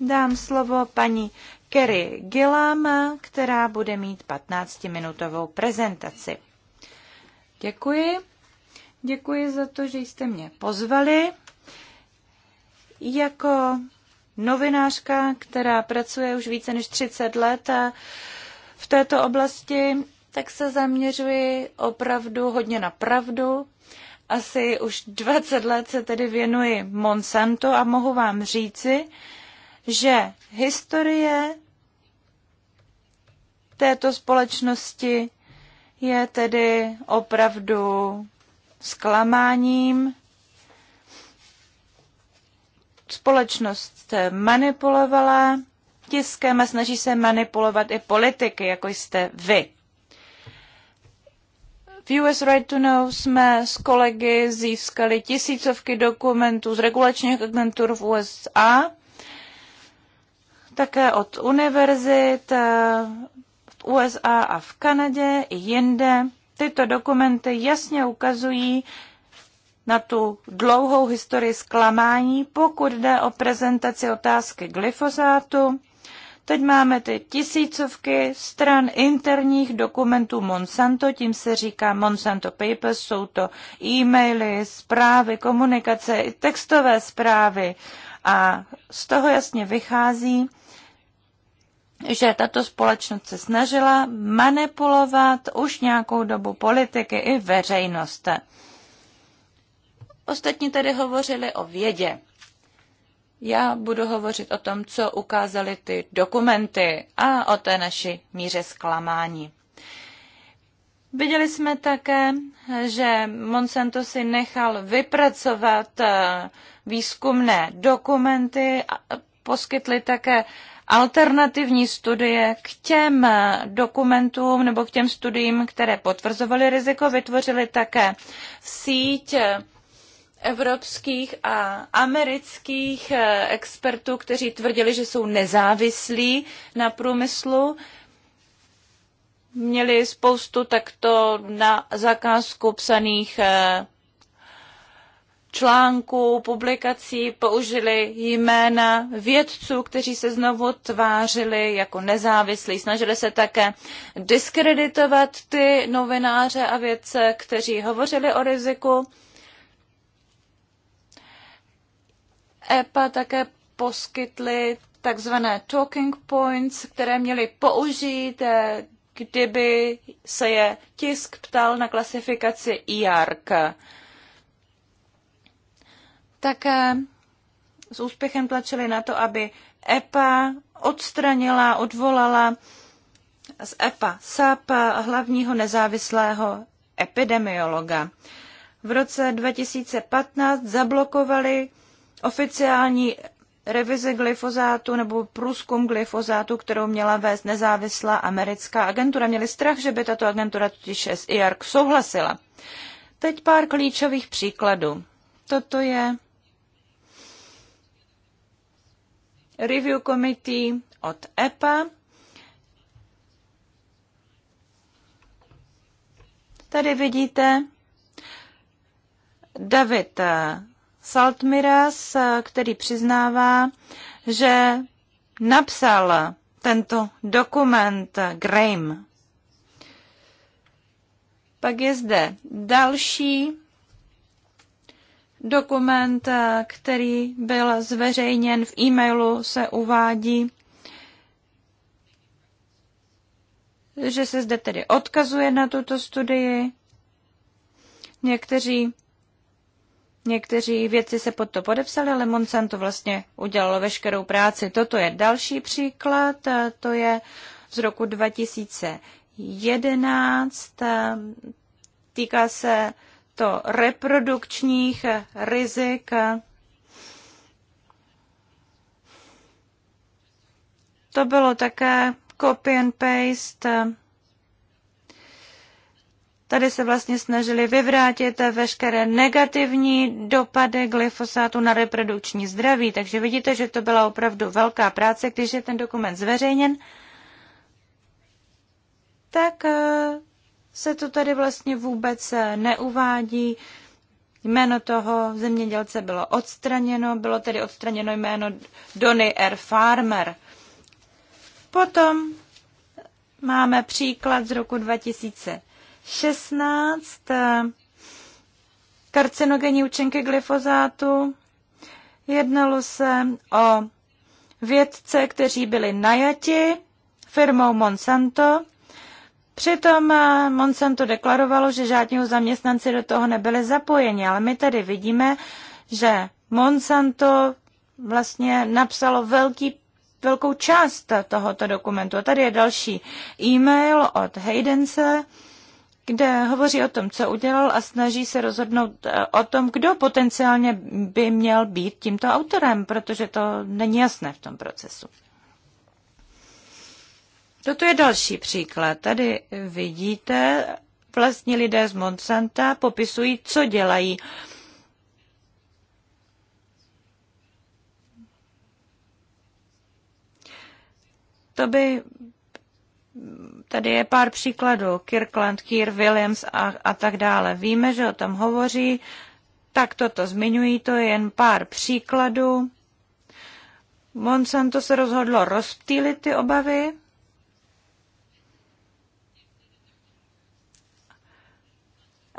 Speaker 2: dám slovo paní Kerry Gillam, která bude mít 15-minutovou prezentaci. Děkuji. Děkuji za to, že jste mě pozvali. Jako novinářka, která pracuje už více než 30 let a v této oblasti, tak se zaměřuji opravdu hodně na pravdu. Asi už 20 let se tedy věnuji Monsanto a mohu vám říci, že historie této společnosti je tedy opravdu zklamáním. Společnost manipulovala tiskem a snaží se manipulovat i politiky, jako jste vy. V US Right to Know jsme s kolegy získali tisícovky dokumentů z regulačních agentur v USA, také od univerzit eh, v USA a v Kanadě i jinde tyto dokumenty jasně ukazují na tu dlouhou historii zklamání, pokud jde o prezentaci otázky glyfosátu. Teď máme ty tisícovky stran interních dokumentů Monsanto, tím se říká Monsanto Papers, jsou to e-maily, zprávy, komunikace, i textové zprávy. A z toho jasně vychází, že tato společnost se snažila manipulovat už nějakou dobu politiky i veřejnost. Ostatní tedy hovořili o vědě. Já budu hovořit o tom, co ukázaly ty dokumenty a o té naší míře zklamání. Viděli jsme také, že Monsanto si nechal vypracovat eh, výzkumné dokumenty a poskytli také alternativní studie k těm dokumentům nebo k těm studiím, které potvrzovaly riziko, vytvořili také síť evropských a amerických expertů, kteří tvrdili, že jsou nezávislí na průmyslu. Měli spoustu takto na zakázku psaných článků, publikací použili jména vědců, kteří se znovu tvářili jako nezávislí. Snažili se také diskreditovat ty novináře a vědce, kteří hovořili o riziku. EPA také poskytly takzvané talking points, které měly použít, eh, kdyby se je tisk ptal na klasifikaci IARC. Také s úspěchem tlačili na to, aby EPA odstranila, odvolala z EPA SAP hlavního nezávislého epidemiologa. V roce 2015 zablokovali oficiální revizi glyfozátu nebo průzkum glyfozátu, kterou měla vést nezávislá americká agentura. Měli strach, že by tato agentura totiž s IARC souhlasila. Teď pár klíčových příkladů. Toto je review committee od EPA. Tady vidíte David Saltmiras, který přiznává, že napsal tento dokument Graham. Pak je zde další dokument, eh, který byl zveřejněn v e-mailu, se uvádí, že se zde tedy odkazuje na tuto studii. Někteří, někteří věci se pod to podepsali, ale Monsanto vlastně udělalo veškerou práci. Toto je další příklad, eh, to je z roku 2011. Eh, týká se to reprodukčních rizik To bylo také copy and paste. Tady se vlastně snažili vyvrátit veškeré negativní dopady glyfosátu na reprodukční zdraví. Takže vidíte, že to byla opravdu velká práce. Když je ten dokument zveřejněn, tak eh, se to tady vlastně vůbec eh, neuvádí. Jméno toho zemědělce bylo odstraněno, bylo tedy odstraněno jméno Donny R. Farmer. Potom máme příklad z roku 2016, eh, karcinogenní účinky glyfozátu. Jednalo se o vědce, kteří byli najati firmou Monsanto Přitom eh, Monsanto deklarovalo, že žádní zaměstnanci do toho nebyli zapojeni, ale my tady vidíme, že Monsanto vlastně napsalo velký, velkou část tohoto dokumentu. A tady je další e-mail od Haydense, kde hovoří o tom, co udělal a snaží se rozhodnout eh, o tom, kdo potenciálně by měl být tímto autorem, protože to není jasné v tom procesu. Toto je další příklad. Tady vidíte, vlastní lidé z Monsanta popisují, co dělají. To by tady je pár příkladů. Kirkland, Kier, Williams a, a tak dále. Víme, že o tom hovoří, tak toto zmiňují, to je jen pár příkladů. Monsanto se rozhodlo rozptýlit ty obavy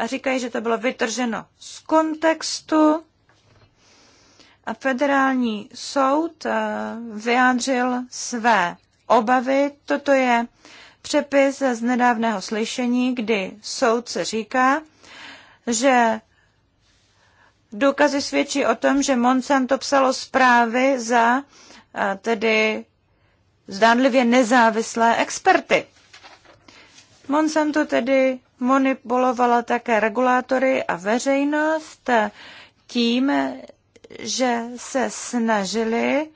Speaker 2: a říkají, že to bylo vytrženo z kontextu a federální soud eh, vyjádřil své obavy. Toto je přepis z nedávného slyšení, kdy soudce říká, že důkazy svědčí o tom, že Monsanto psalo zprávy za eh, tedy zdánlivě nezávislé experty. Monsanto tedy manipulovala také regulátory a veřejnost tím, že se snažili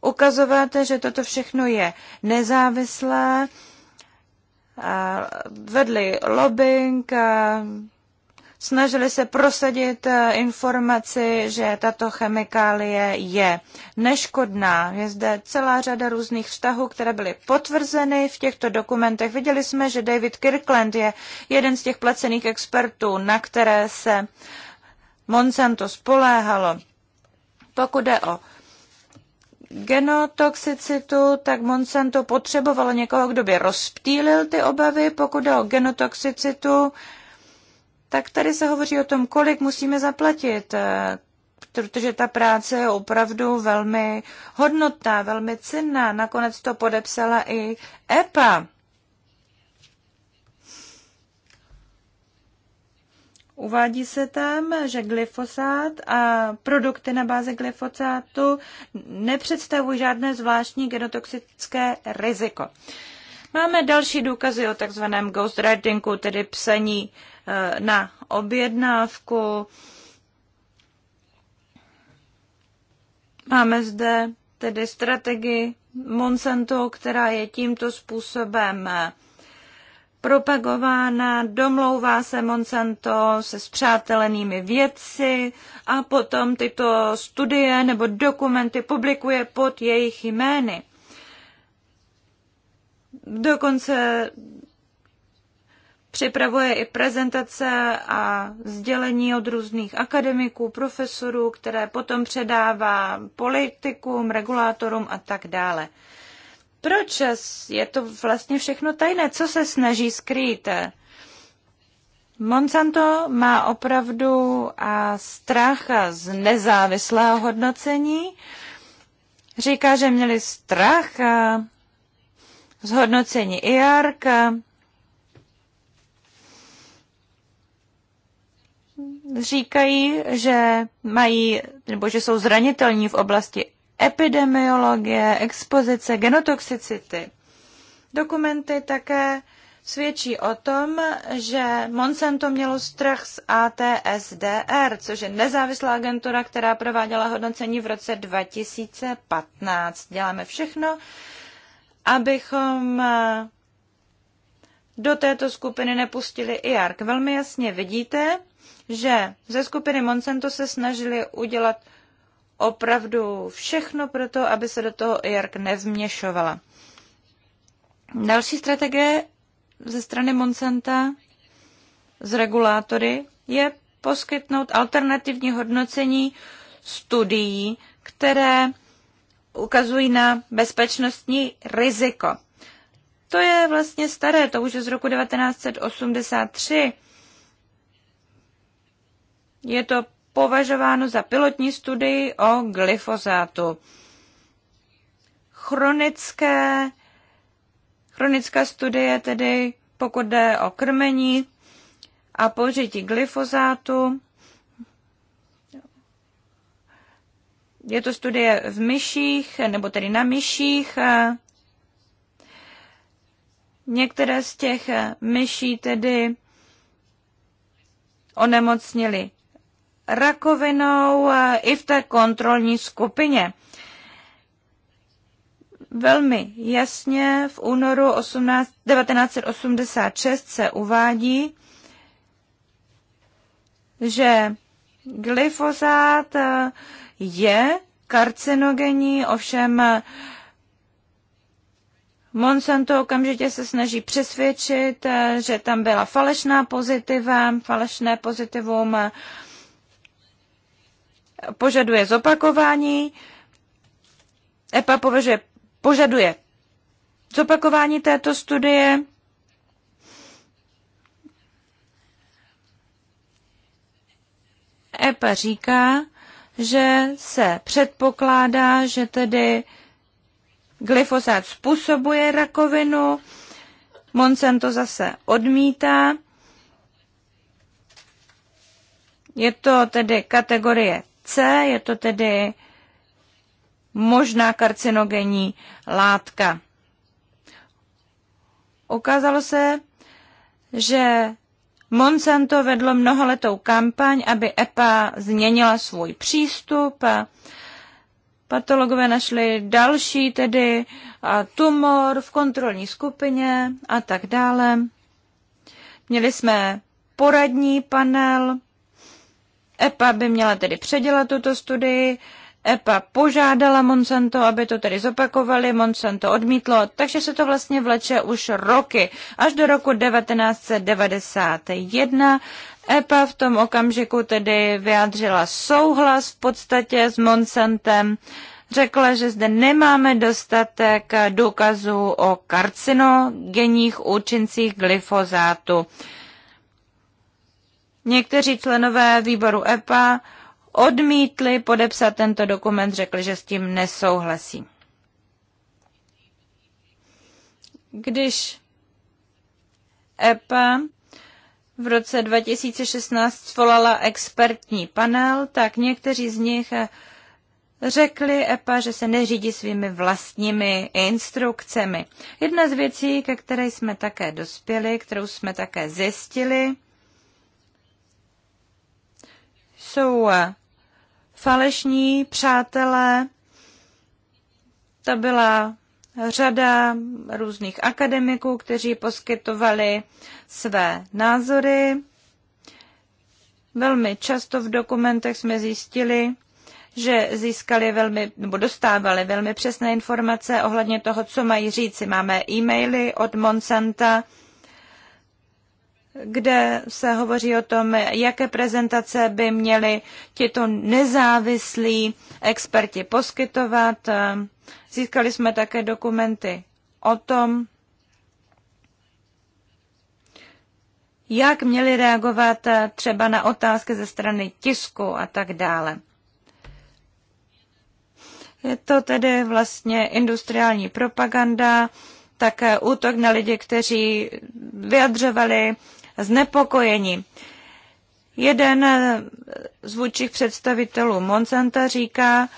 Speaker 2: ukazovat, že toto všechno je nezávislé, vedli lobbying, snažili se prosadit eh, informaci, že tato chemikálie je neškodná. Je zde celá řada různých vztahů, které byly potvrzeny v těchto dokumentech. Viděli jsme, že David Kirkland je jeden z těch placených expertů, na které se Monsanto spoléhalo. Pokud jde o genotoxicitu, tak Monsanto potřebovalo někoho, kdo by rozptýlil ty obavy. Pokud jde o genotoxicitu, tak tady se hovoří o tom, kolik musíme zaplatit, eh, protože ta práce je opravdu velmi hodnotná, velmi cenná. Nakonec to podepsala i EPA. Uvádí se tam, že glyfosát a produkty na bázi glyfosátu nepředstavují žádné zvláštní genotoxické riziko. Uh, Máme další důkazy o takzvaném ghostwritingu, tedy psaní e, na objednávku. Máme zde tedy strategii Monsanto, která je tímto způsobem e, propagována, domlouvá se Monsanto se spřátelenými vědci a potom tyto studie nebo dokumenty publikuje pod jejich jmény. Dokonce připravuje i prezentace a sdělení od různých akademiků, profesorů, které potom předává politikům, regulátorům a tak dále. Proč je to vlastně všechno tajné? Co se snaží skrýt? Monsanto má opravdu a strach z nezávislého hodnocení. Říká, že měli strach zhodnocení IARC. Říkají, že mají, nebo že jsou zranitelní v oblasti epidemiologie, expozice, genotoxicity. Dokumenty také svědčí o tom, že Monsanto mělo strach z ATSDR, což je nezávislá agentura, která prováděla hodnocení v roce 2015. Děláme všechno, abychom eh, do této skupiny nepustili i Jark, Velmi jasně vidíte, že ze skupiny Monsanto se snažili udělat opravdu všechno pro to, aby se do toho IARC nevměšovala. Další strategie ze strany Monsanta z regulátory je poskytnout alternativní hodnocení studií, které ukazují na bezpečnostní riziko. To je vlastně staré, to už je z roku 1983. Je to považováno za pilotní studii o glyfozátu. Chronické, chronická studie tedy, pokud jde o krmení a použití glyfozátu, Je to studie v myších, nebo tedy na myších. Některé z těch myší tedy onemocnili rakovinou i v té kontrolní skupině. Velmi jasně v únoru 18, 1986 se uvádí, že glyfozát je karcinogenní, ovšem Monsanto okamžitě se snaží přesvědčit, že tam byla falešná pozitiva, falešné pozitivum, požaduje zopakování, EPA považuje, požaduje zopakování této studie, EPA říká, že se předpokládá, že tedy glyfosát způsobuje rakovinu, Monsanto zase odmítá. Je to tedy kategorie C, je to tedy možná karcinogenní látka. Ukázalo se, že Monsanto vedlo mnoholetou kampaň, aby EPA změnila svůj přístup. A patologové našli další tedy tumor v kontrolní skupině a tak dále. Měli jsme poradní panel. EPA by měla tedy předělat tuto studii EPA požádala Monsanto, aby to tedy zopakovali, Monsanto odmítlo, takže se to vlastně vleče už roky, až do roku 1991. EPA v tom okamžiku tedy vyjádřila souhlas v podstatě s Monsantem, řekla, že zde nemáme dostatek důkazů o karcinogenních účincích glyfozátu. Někteří členové výboru EPA odmítli podepsat tento dokument, řekli, že s tím nesouhlasí. Když EPA v roce 2016 zvolala expertní panel, tak někteří z nich řekli EPA, že se neřídí svými vlastními instrukcemi. Jedna z věcí, ke které jsme také dospěli, kterou jsme také zjistili, jsou eh, falešní přátelé. To byla řada různých akademiků, kteří poskytovali své názory. Velmi často v dokumentech jsme zjistili, že získali velmi, nebo dostávali velmi přesné informace ohledně toho, co mají říci. Máme e-maily od Monsanta, kde se hovoří o tom, jaké prezentace by měli tito nezávislí experti poskytovat. Získali jsme také dokumenty o tom, jak měli reagovat třeba na otázky ze strany tisku a tak dále. Je to tedy vlastně industriální propaganda, také útok na lidi, kteří vyjadřovali znepokojeni. Jeden z vůdčích představitelů Monsanta říká,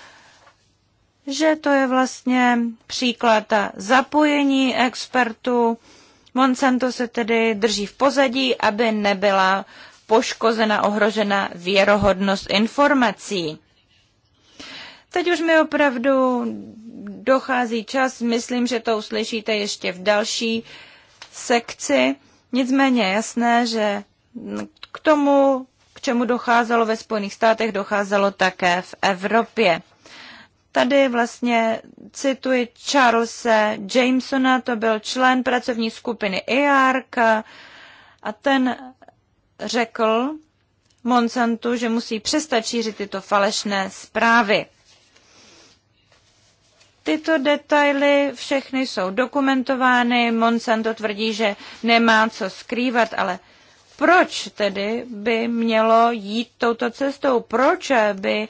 Speaker 2: že to je vlastně příklad zapojení expertů. Monsanto se tedy drží v pozadí, aby nebyla poškozena, ohrožena věrohodnost informací. Teď už mi opravdu dochází čas, myslím, že to uslyšíte ještě v další sekci. Nicméně je jasné, že k tomu, k čemu docházelo ve Spojených státech, docházelo také v Evropě. Tady vlastně cituji Charlesa Jamesona, to byl člen pracovní skupiny IARC a ten řekl Monsantu, že musí přestat šířit tyto falešné zprávy. Tyto detaily všechny jsou dokumentovány. Monsanto tvrdí, že nemá co skrývat, ale proč tedy by mělo jít touto cestou? Proč by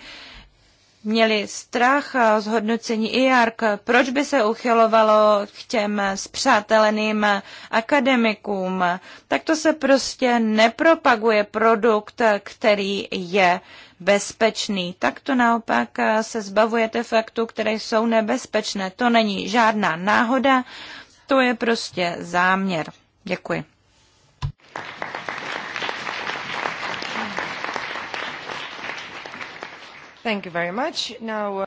Speaker 2: měli strach z hodnocení IARC? Proč by se uchylovalo k těm spřáteleným akademikům? Tak to se prostě nepropaguje produkt, který je bezpečný. Tak to naopak eh, se zbavujete faktů, které jsou nebezpečné. To není žádná náhoda, to je prostě záměr. Děkuji. Thank you very much. Now... Uh,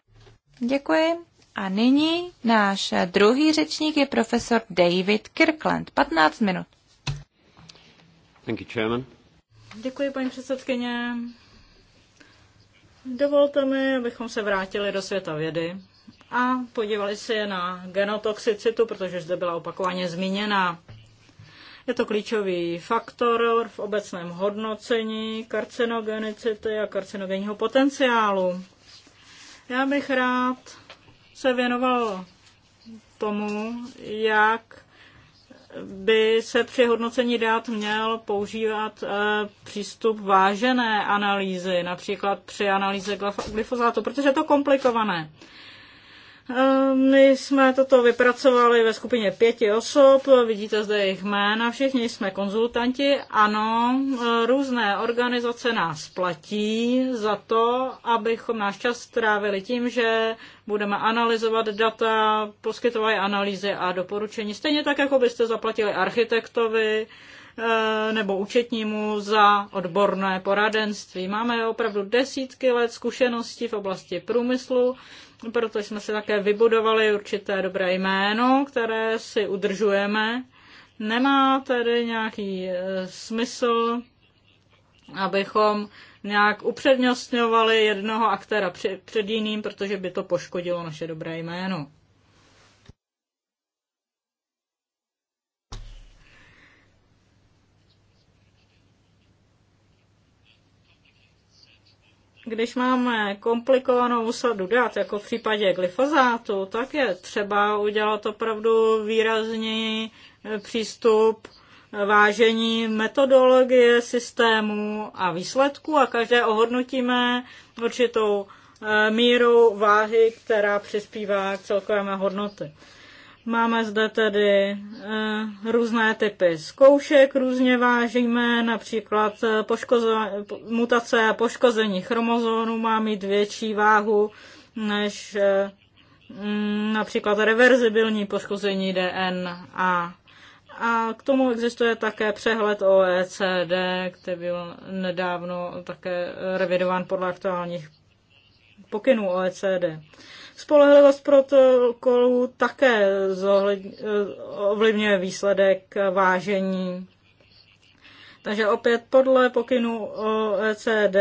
Speaker 2: Děkuji. A nyní náš druhý řečník je profesor David Kirkland. 15 minut.
Speaker 3: Thank you, chairman. Děkuji, paní předsedkyně. Dovolte mi, abychom se vrátili do světa vědy a podívali se na genotoxicitu, protože zde byla opakovaně zmíněna. Je to klíčový faktor v obecném hodnocení karcinogenicity a karcinogenního potenciálu. Já bych rád se věnoval tomu, jak by se při hodnocení dát měl používat eh, přístup vážené analýzy, například při analýze glyfozátu, protože je to komplikované. Ehm, my jsme toto vypracovali ve skupině pěti osob, vidíte zde jejich jména, všichni jsme konzultanti. Ano, e, různé organizace nás platí za to, abychom náš čas strávili tím, že budeme analyzovat data, poskytovat analýzy a doporučení. Stejně tak, jako byste zaplatili architektovi, e, nebo účetnímu za odborné poradenství. Máme opravdu desítky let zkušeností v oblasti průmyslu proto jsme si také vybudovali určité dobré jméno, které si udržujeme. Nemá tedy nějaký e, smysl, abychom nějak upřednostňovali jednoho aktéra před jiným, protože by to poškodilo naše dobré jméno. když máme komplikovanou sadu dat, jako v případě glyfozátu, tak je třeba udělat opravdu výrazný eh, přístup eh, vážení metodologie systému a výsledku a každé ohodnotíme určitou eh, míru váhy, která přispívá k celkovému hodnoty. Máme zde tedy eh, různé typy zkoušek, různě vážíme, například eh, poškozo- mutace a poškození chromozónu má mít větší váhu než eh, mm, například reverzibilní poškození DNA. A k tomu existuje také přehled OECD, který byl nedávno také revidován podle aktuálních pokynů OECD. Spolehlivost protokolů také ovlivňuje výsledek vážení. Takže opět podle pokynu OECD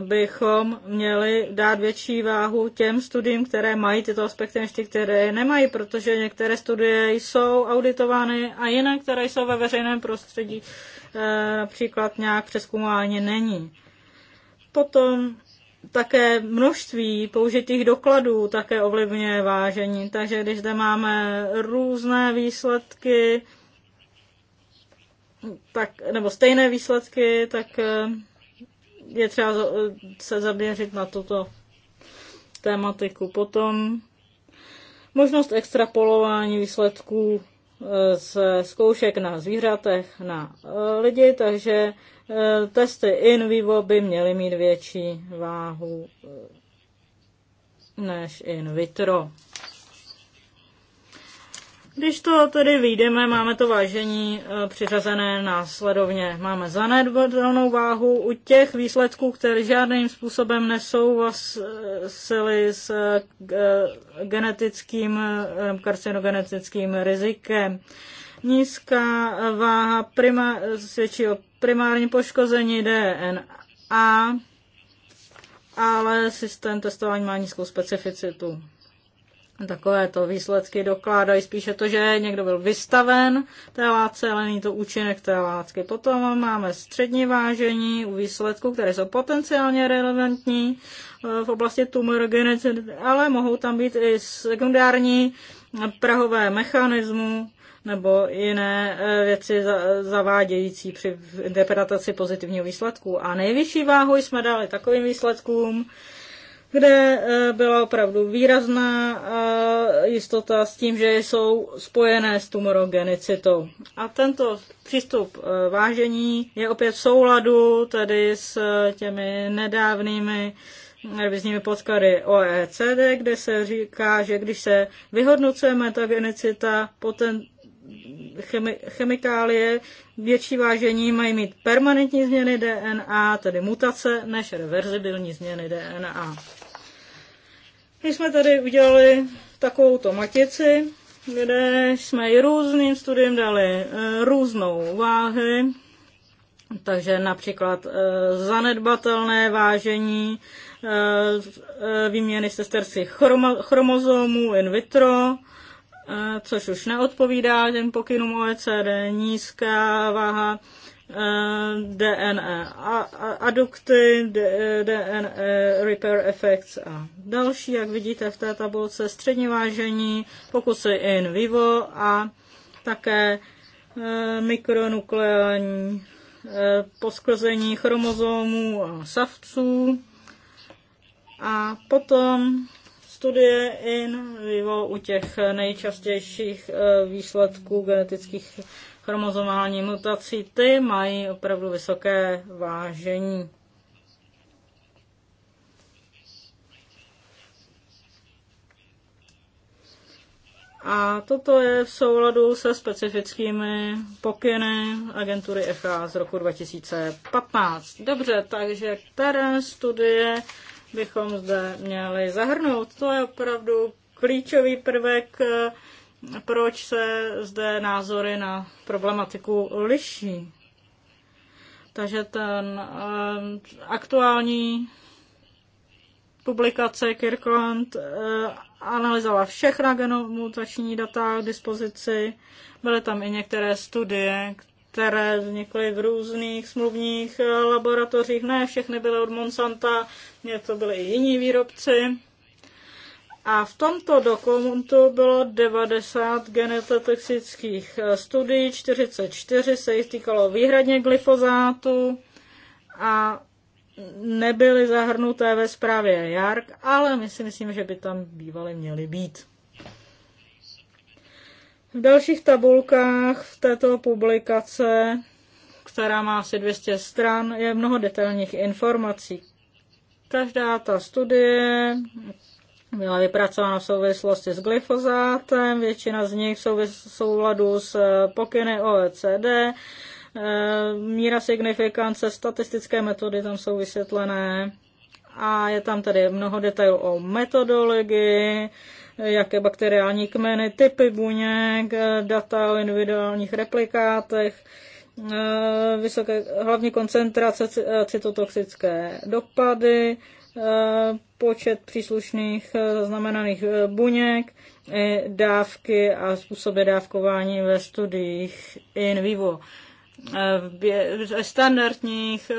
Speaker 3: bychom měli dát větší váhu těm studiím, které mají tyto aspekty, než ty, které nemají, protože některé studie jsou auditovány a jiné, které jsou ve veřejném prostředí, e, například nějak přeskumování není. Potom také množství použitých dokladů také ovlivňuje vážení. Takže když zde máme různé výsledky, tak, nebo stejné výsledky, tak eh, je třeba eh, se zaměřit na tuto tématiku. Potom možnost extrapolování výsledků z zkoušek na zvířatech na e, lidi, takže e, testy in vivo by měly mít větší váhu e, než in vitro. Když to tedy vyjdeme, máme to vážení eh, přiřazené následovně. Máme zanedbatelnou váhu u těch výsledků, které žádným způsobem nesouvisely s eh, eh, genetickým, karcinogenetickým rizikem. Nízká váha prima, svědčí o primární poškození DNA, ale systém testování má nízkou specificitu. Takové to výsledky dokládají spíše to, že někdo byl vystaven té látce, ale není to účinek té látky. Potom máme střední vážení u výsledků, které jsou potenciálně relevantní e, v oblasti tumorogenice, ale mohou tam být i sekundární prahové mechanismy nebo jiné e, věci zavádějící při interpretaci pozitivního výsledku. A nejvyšší váhu jsme dali takovým výsledkům, kde eh, byla opravdu výrazná eh, jistota s tím, že jsou spojené s tumorogenicitou. A tento přístup eh, vážení je opět v souladu tedy s těmi nedávnými revizními podklady OECD, kde se říká, že když se vyhodnocuje metagenicita, poten, chemikálie větší vážení mají mít permanentní změny DNA, tedy mutace, než reverzibilní změny DNA. My jsme tady udělali takovou matici, kde jsme i různým studiem dali eh, různou váhy, takže například eh, zanedbatelné vážení eh, výměny sesterci chromozomů in vitro, což už neodpovídá těm pokynům OECD, nízká váha DNA e, adukty, DNA e, repair effects a další, jak vidíte v té tabulce, střední vážení, pokusy in vivo a také e, mikronukleální poskození chromozomů a savců. A potom studie in vivo u těch nejčastějších výsledků genetických chromozomální mutací, ty mají opravdu vysoké vážení. A toto je v souladu se specifickými pokyny agentury EFA z roku 2015. Dobře, takže které studie bychom zde měli zahrnout? To je opravdu klíčový prvek eh, proč se zde názory na problematiku liší. Takže ten eh, aktuální publikace Kirkland eh, analyzovala všechna genomutační data k dispozici. Byly tam i některé studie, které vznikly v různých smluvních eh, laboratořích. Ne všechny byly od Monsanta, něco byly i jiní výrobci. A v tomto dokumentu bylo 90 genetotoxických eh, studií, 44 se jich týkalo výhradně glyfozátu a nebyly zahrnuté ve zprávě JARK, ale my si myslím, že by tam bývaly měly být. V dalších tabulkách v této publikace, která má asi 200 stran, je mnoho detailních informací. Každá ta studie byla vypracována v souvislosti s glyfozátem, většina z nich v souladu s eh, pokyny OECD, eh, míra signifikance, statistické metody tam jsou vysvětlené a je tam tedy mnoho detailů o metodologii, eh, jaké bakteriální kmeny, typy buněk, data o individuálních replikátech, vysoké, hlavně koncentrace cytotoxické dopady, Eh, počet příslušných eh, zaznamenaných eh, buněk, dávky a způsoby dávkování ve studiích in vivo. Ve standardních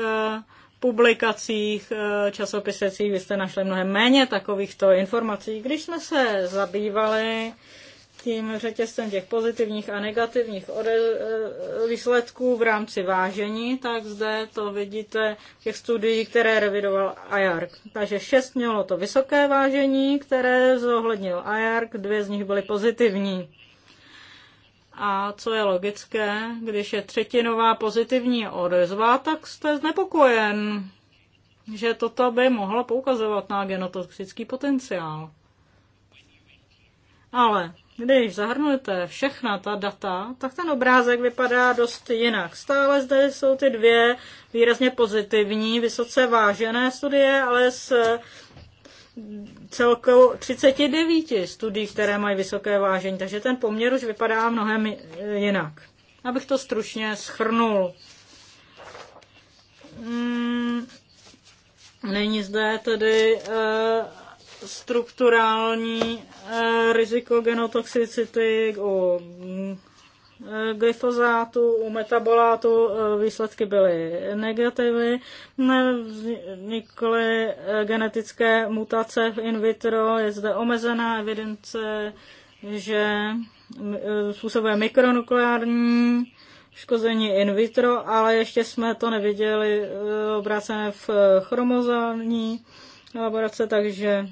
Speaker 3: publikacích, časopisecích byste jste našli mnohem méně takovýchto informací. Když jsme se zabývali tím řetězcem těch pozitivních a negativních eh, výsledků v rámci vážení, tak zde to vidíte v těch studií, které revidoval IARC. Takže šest mělo to vysoké vážení, které zohlednil IARC, dvě z nich byly pozitivní. A co je logické, když je třetinová pozitivní odezva, tak jste znepokojen, že toto by mohlo poukazovat na genotoxický potenciál. Ale když zahrnujete všechna ta data, tak ten obrázek vypadá dost jinak. Stále zde jsou ty dvě výrazně pozitivní, vysoce vážené studie, ale s eh, celkou 39 studií, které mají vysoké vážení, takže ten poměr už vypadá mnohem eh, jinak. Abych to stručně schrnul. Hmm, není zde tedy uh, strukturální eh, riziko genotoxicity, o eh, glyfozátu, u metabolátu eh, výsledky byly negativy, nevznikly genetické mutace v in vitro, je zde omezená evidence, že způsobuje mikronukleární škození in vitro, ale ještě jsme to neviděli obrácené v chromozální laborace, takže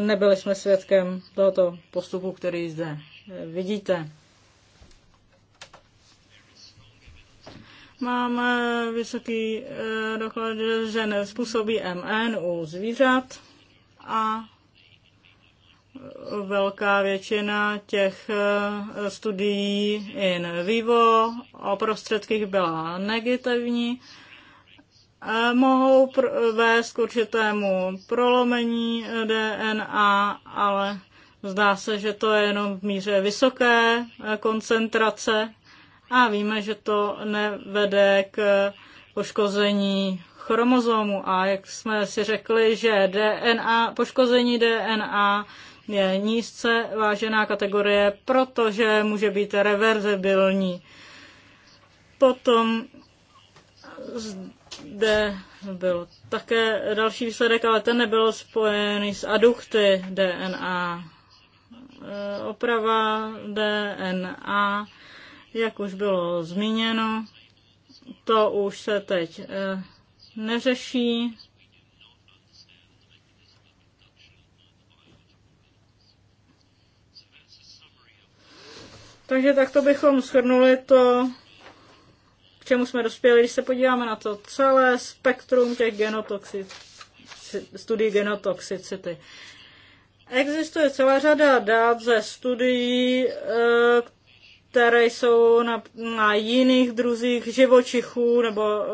Speaker 3: nebyli jsme svědkem tohoto postupu, který zde eh, vidíte. Máme eh, vysoký eh, doklad, že nezpůsobí MN u zvířat a velká většina těch studií in vivo o prostředkých byla negativní Eh, mohou vést k určitému prolomení eh, DNA, ale zdá se, že to je jenom v míře vysoké eh, koncentrace a víme, že to nevede k poškození chromozomu. A jak jsme si řekli, že DNA, poškození DNA je nízce vážená kategorie, protože může být reverzibilní. Potom zde byl také další výsledek, ale ten nebyl spojený s adukty DNA. E, oprava DNA, jak už bylo zmíněno, to už se teď e, neřeší. Takže takto bychom shrnuli to čemu jsme dospěli, když se podíváme na to celé spektrum těch genotoxic, studií genotoxicity. Existuje celá řada dát ze studií, eh, které jsou na, na jiných druzích živočichů nebo eh,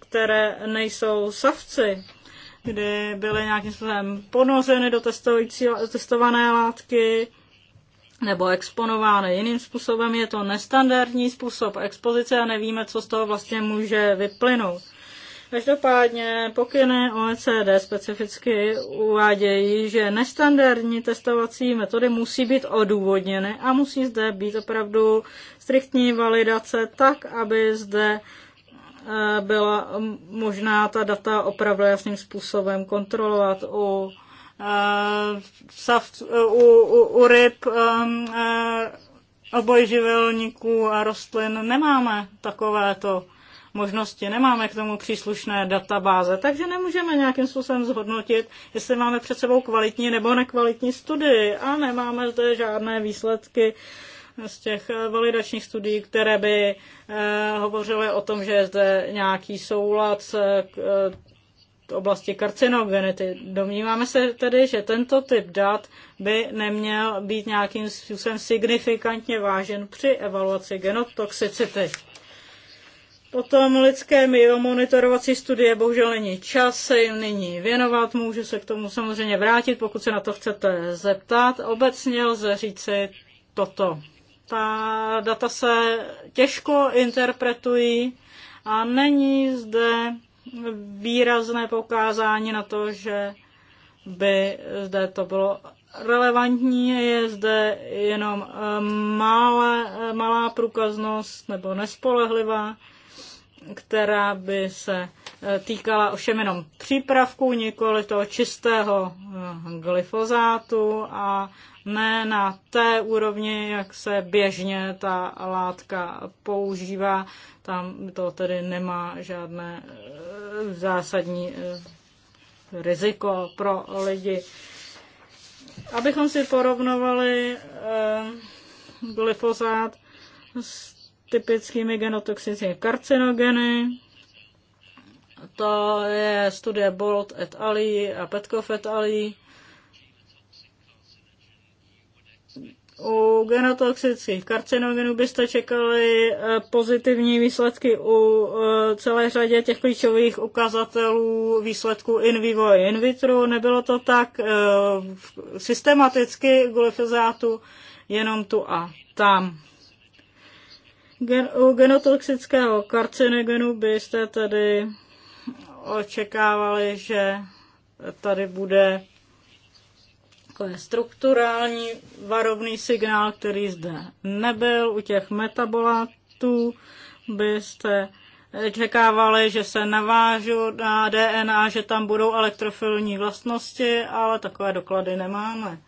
Speaker 3: které nejsou savci, kdy byly nějakým způsobem ponořeny do testovací, testované látky, nebo exponovány jiným způsobem. Je to nestandardní způsob expozice a nevíme, co z toho vlastně může vyplynout. Každopádně pokyny OECD specificky uvádějí, že nestandardní testovací metody musí být odůvodněny a musí zde být opravdu striktní validace tak, aby zde eh, byla možná ta data opravdu jasným způsobem kontrolovat u Eh, sav, u, u, u ryb, eh, obojživelníků a rostlin nemáme takovéto možnosti, nemáme k tomu příslušné databáze, takže nemůžeme nějakým způsobem zhodnotit, jestli máme před sebou kvalitní nebo nekvalitní studii a nemáme zde žádné výsledky z těch eh, validačních studií, které by eh, hovořily o tom, že je zde nějaký soulad s eh, oblasti karcinogenity. Domníváme se tedy, že tento typ dat by neměl být nějakým způsobem signifikantně vážen při evaluaci genotoxicity. Potom lidské monitorovací studie bohužel není čas se jim nyní věnovat, můžu se k tomu samozřejmě vrátit, pokud se na to chcete zeptat. Obecně lze říci toto. Ta data se těžko interpretují a není zde výrazné poukázání na to, že by zde to bylo relevantní, je zde jenom eh, malé, eh, malá průkaznost nebo nespolehlivá, která by se eh, týkala ovšem jenom přípravků, nikoli toho čistého glyfozátu a ne na té úrovni, jak se běžně ta látka používá tam to tedy nemá žádné eh, zásadní eh, riziko pro lidi. Abychom si porovnovali eh, glyfosát s typickými genotoxickými karcinogeny, to je studie Bolt et al. a Petkov et al. U genotoxických karcinogenů byste čekali eh, pozitivní výsledky u eh, celé řadě těch klíčových ukazatelů výsledků in vivo a in vitro. Nebylo to tak eh, systematicky glyfizátu, jenom tu a tam. Gen, u genotoxického karcinogenu byste tedy očekávali, že tady bude takový strukturální varovný signál, který zde nebyl u těch metabolátů, byste čekávali, že se navážu na DNA, že tam budou elektrofilní vlastnosti, ale takové doklady nemáme.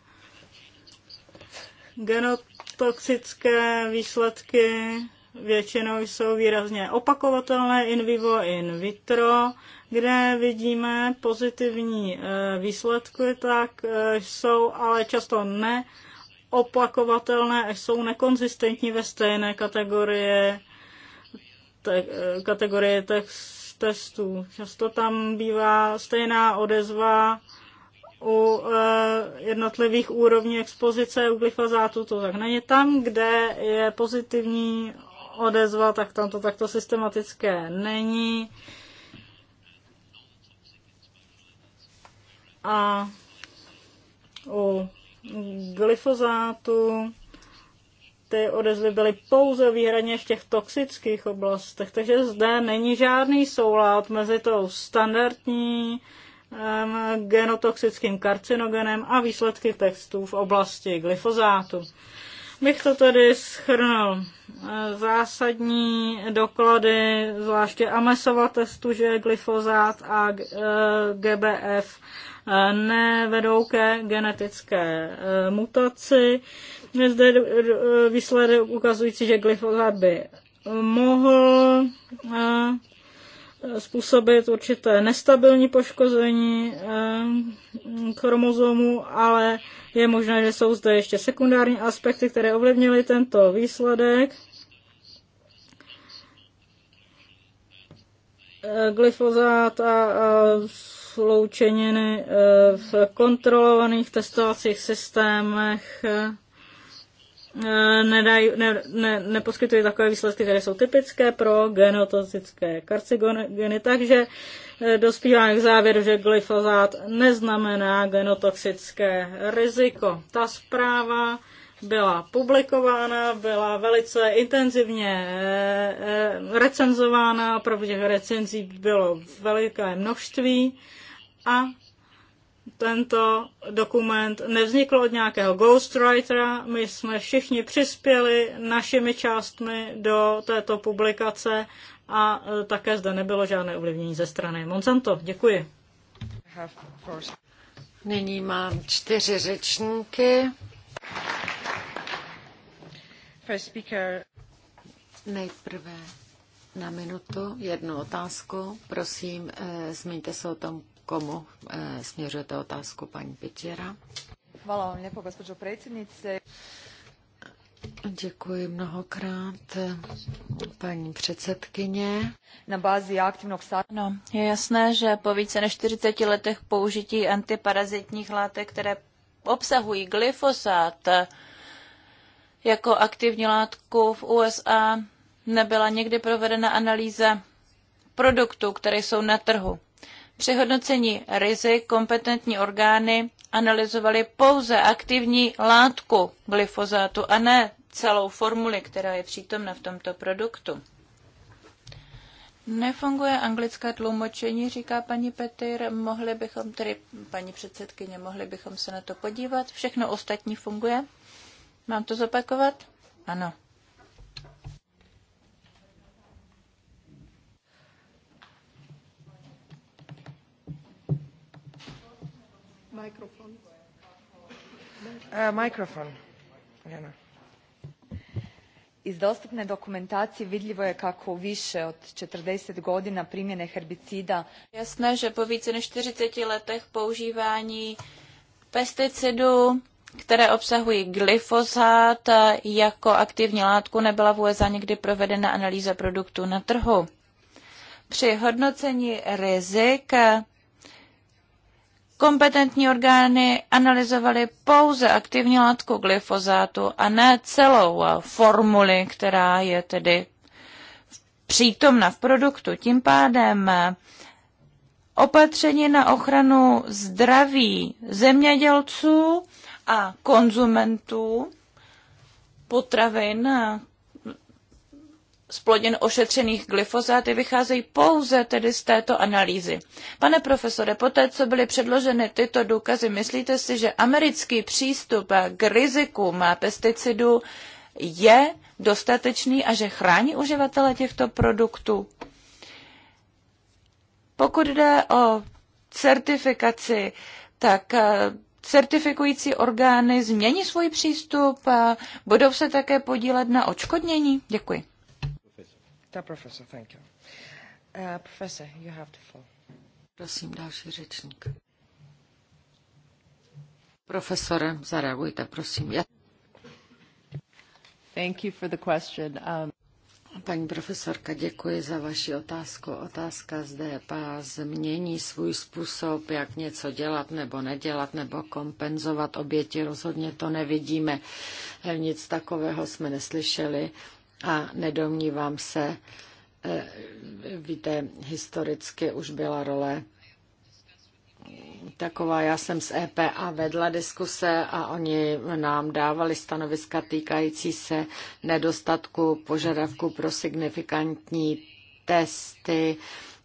Speaker 3: Genotoxické výsledky většinou jsou výrazně opakovatelné in vivo, in vitro, kde vidíme pozitivní eh, výsledky, tak eh, jsou ale často ne opakovatelné a jsou nekonzistentní ve stejné kategorie, te, eh, kategorie text, testů. Často tam bývá stejná odezva u e, jednotlivých úrovní expozice u glyfazátu, to tak není. Tam, kde je pozitivní odezva, tak tam to takto systematické není. A u glyfozátu ty odezvy byly pouze výhradně v těch toxických oblastech, takže zde není žádný soulad mezi tou standardní um, genotoxickým karcinogenem a výsledky textů v oblasti glyfozátu bych to tedy schrnul. Eh, zásadní doklady, zvláště Amesova testu, že glyfozát a GBF eh, eh, nevedou ke genetické mutaci. Je zde výsledek ukazující, že glyfozát by mohl způsobit určité nestabilní poškození eh, chromozomu, ale je možné, že jsou zde ještě sekundární aspekty, které ovlivnily tento výsledek. Eh, glyfozát a sloučeniny eh, v kontrolovaných testovacích systémech nedaj, ne, ne, neposkytují takové výsledky, které jsou typické pro genotoxické karcinogeny. takže eh, dospívám k závěru, že glyfozát neznamená genotoxické riziko. Ta zpráva byla publikována, byla velice intenzivně eh, eh, recenzována, protože recenzí bylo veliké množství a tento dokument nevznikl od nějakého ghostwritera, my jsme všichni přispěli našimi částmi do této publikace a e, také zde nebylo žádné ovlivnění ze strany Monsanto. Děkuji.
Speaker 1: Nyní mám čtyři řečníky. First speaker. Nejprve na minutu jednu otázku. Prosím, e, zmiňte se o tom komu eh, směřujete otázku, paní Pětěra. Hvala vám lepo, gospođo predsjednice. Děkuji mnohokrát, paní předsedkyně. Na bázi aktivnog
Speaker 2: no, Je jasné, že po více než 40 letech použití antiparazitních látek, které obsahují glyfosát jako aktivní látku v USA, nebyla nikdy provedena analýza produktů, které jsou na trhu. Při hodnocení rizik kompetentní orgány analyzovaly pouze aktivní látku glyfozátu a ne celou formuli, která je přítomna v tomto produktu. Nefunguje anglické tlumočení, říká paní Petýr. Mohli bychom, tedy paní předsedkyně, mohli bychom se na to podívat. Všechno ostatní funguje? Mám to zopakovat? Ano.
Speaker 1: Eh, Iz dostupne dokumentacije vidljivo je kako u vie od forty godina primjene
Speaker 2: herbicida... je že po více než forty letech používání pesticidů, které obsahují glyfosát jako aktivní látku, nebyla v USA nikdy provedena analýza produktů na trhu. Při hodnocení rizik kompetentní orgány analyzovaly pouze aktivní látku glyfozátu a ne celou eh, formuli, která je tedy přítomna v produktu. Tím pádem eh, opatření na ochranu zdraví zemědělců a konzumentů potravin, eh, plodin ošetřených glyfozáty vycházejí pouze tedy z této analýzy. Pane profesore, poté, co byly předloženy tyto důkazy, myslíte si, že americký přístup k rizikům pesticidů je dostatečný a že chrání uživatele těchto produktů? Pokud jde o certifikaci, tak eh, certifikující orgány změní svůj přístup a budou se také podílet na
Speaker 1: očkodnění? Děkuji. Ta profesor, thank you. Uh, professor, you have the floor. Prosím, další řečník. Profesore, zareagujte, prosím. Já... Thank you for the question. Um... Paní profesorka, děkuji za vaši otázku. Otázka z DPA změní svůj způsob, jak něco dělat nebo nedělat nebo kompenzovat oběti. Rozhodně to nevidíme. Nic takového jsme neslyšeli a nedomnívám se, eh, víte, historicky už byla role taková. Já jsem z EPA vedla diskuse a oni nám dávali stanoviska týkající se nedostatku požadavku pro signifikantní testy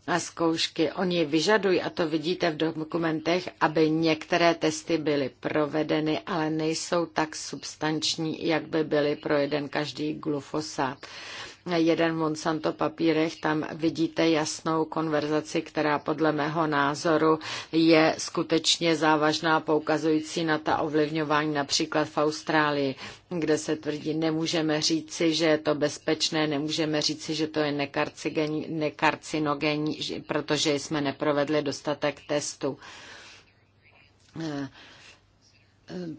Speaker 1: a zkoušky. Oni vyžadují, a to vidíte v dokumentech, aby některé testy byly provedeny, ale nejsou tak substanční, jak by byly pro jeden každý glufosát jeden Monsanto papírech, tam vidíte jasnou konverzaci, která podle mého názoru je skutečně závažná, poukazující na ta ovlivňování například v Austrálii, kde se tvrdí, nemůžeme říci, že je to bezpečné, nemůžeme říci, že to je nekarcinogenní, protože jsme neprovedli dostatek testů eh, eh,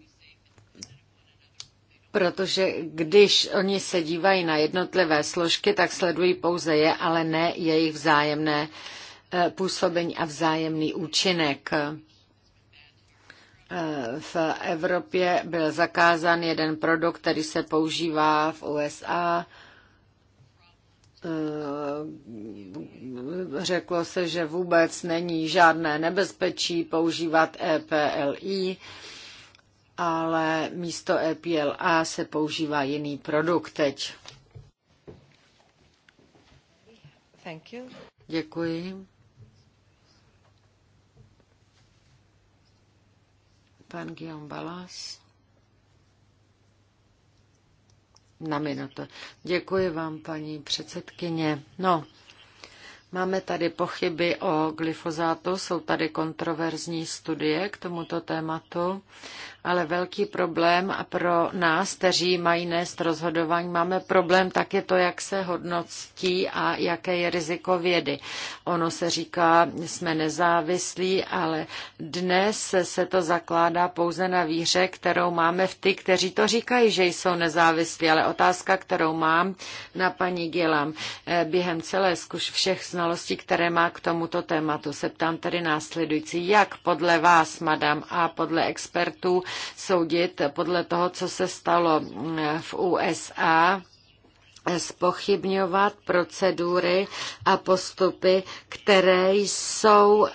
Speaker 1: Protože když oni se dívají na jednotlivé složky, tak sledují pouze je, ale ne jejich vzájemné eh, působení a vzájemný účinek. Eh, v Evropě byl zakázán jeden produkt, který se používá v USA. Eh, řeklo se, že vůbec není žádné nebezpečí používat EPLI ale místo EPLA se používá jiný produkt teď. Thank you. Děkuji. Pan Guillaume Balas. Na minutu. Děkuji vám, paní předsedkyně. No, Máme tady pochyby o glyfozátu, jsou tady kontroverzní studie k tomuto tématu ale velký problém a pro nás, kteří mají nést rozhodování, máme problém také to, jak se hodnotí a jaké je riziko vědy. Ono se říká, jsme nezávislí, ale dnes se to zakládá pouze na víře, kterou máme v ty, kteří to říkají, že jsou nezávislí, ale otázka, kterou mám na paní Gilam, eh, během celé zkuš všech znalostí, které má k tomuto tématu, se ptám tedy následující, jak podle vás, madam, a podle expertů, soudit podle toho, co se stalo mm, v USA, spochybňovat procedury a postupy, které jsou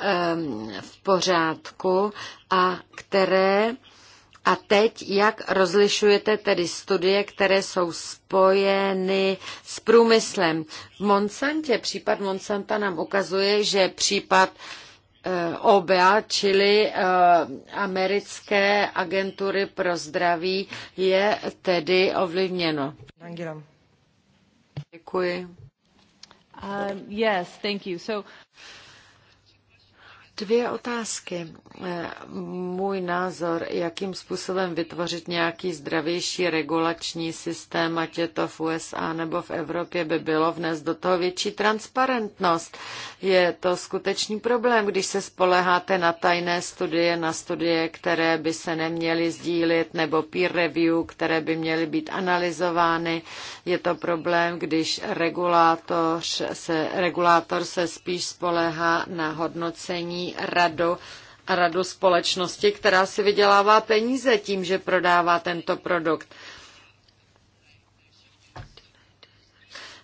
Speaker 1: v pořádku a které a teď, jak rozlišujete tedy studie, které jsou spojeny s průmyslem? V Monsantě, případ Monsanta nám ukazuje, že případ Eh, OBA, čili eh, americké agentury pro zdraví, je tedy ovlivněno. Děkuji. Um, yes, thank you. So... Dvě otázky. Eh, můj názor, jakým způsobem vytvořit nějaký zdravější regulační systém, ať je to v USA nebo v Evropě, by bylo vnes do toho větší transparentnost. Je to skutečný problém, když se spoleháte na tajné studie, na studie, které by se neměly sdílit, nebo peer review, které by měly být analyzovány. Je to problém, když regulátor se, regulátor se spíš spolehá na hodnocení dozorčí radu, radu společnosti, která si vydělává peníze tím, že prodává tento produkt.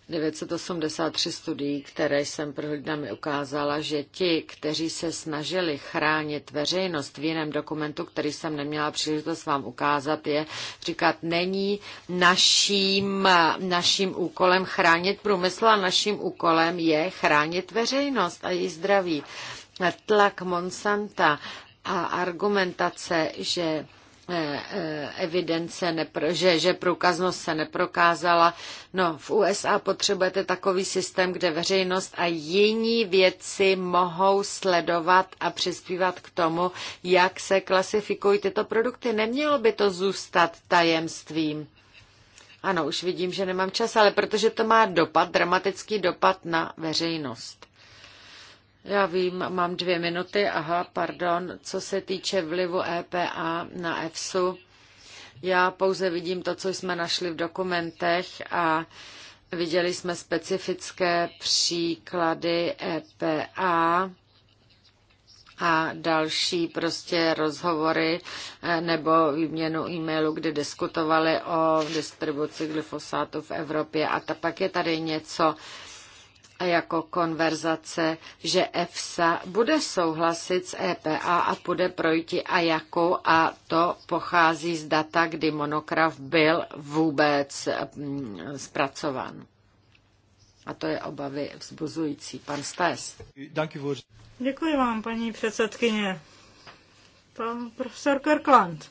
Speaker 1: 983 studií, které jsem prohlídla, mi ukázala, že ti, kteří se snažili chránit veřejnost v jiném dokumentu, který jsem neměla příležitost vám ukázat, je říkat, není naším, naším úkolem chránit průmysl a naším úkolem je chránit veřejnost a její zdraví tlak Monsanta a argumentace, že eh, eh, evidence, nepro, že, že průkaznost se neprokázala. No, v USA potřebujete takový systém, kde veřejnost a jiní věci mohou sledovat a přispívat k tomu, jak se klasifikují tyto produkty. Nemělo by to zůstat tajemstvím. Ano, už vidím, že nemám čas, ale protože to má dopad, dramatický dopad na veřejnost. Já vím, mám dvě minuty, aha, pardon. Co se týče vlivu EPA na EFSU, já pouze vidím to, co jsme našli v dokumentech a viděli jsme specifické příklady EPA a další prostě rozhovory eh, nebo výměnu e-mailu, kde diskutovali o distribuci glyfosátu v Evropě. A ta pak je tady něco, a jako konverzace, že EFSA bude souhlasit s EPA a půjde projti a jakou a to pochází z data, kdy monograf byl vůbec mm, zpracován. A to je obavy vzbuzující. Pan Stes.
Speaker 3: Děkuji vám,
Speaker 1: paní předsedkyně. Pan profesor Kirkland.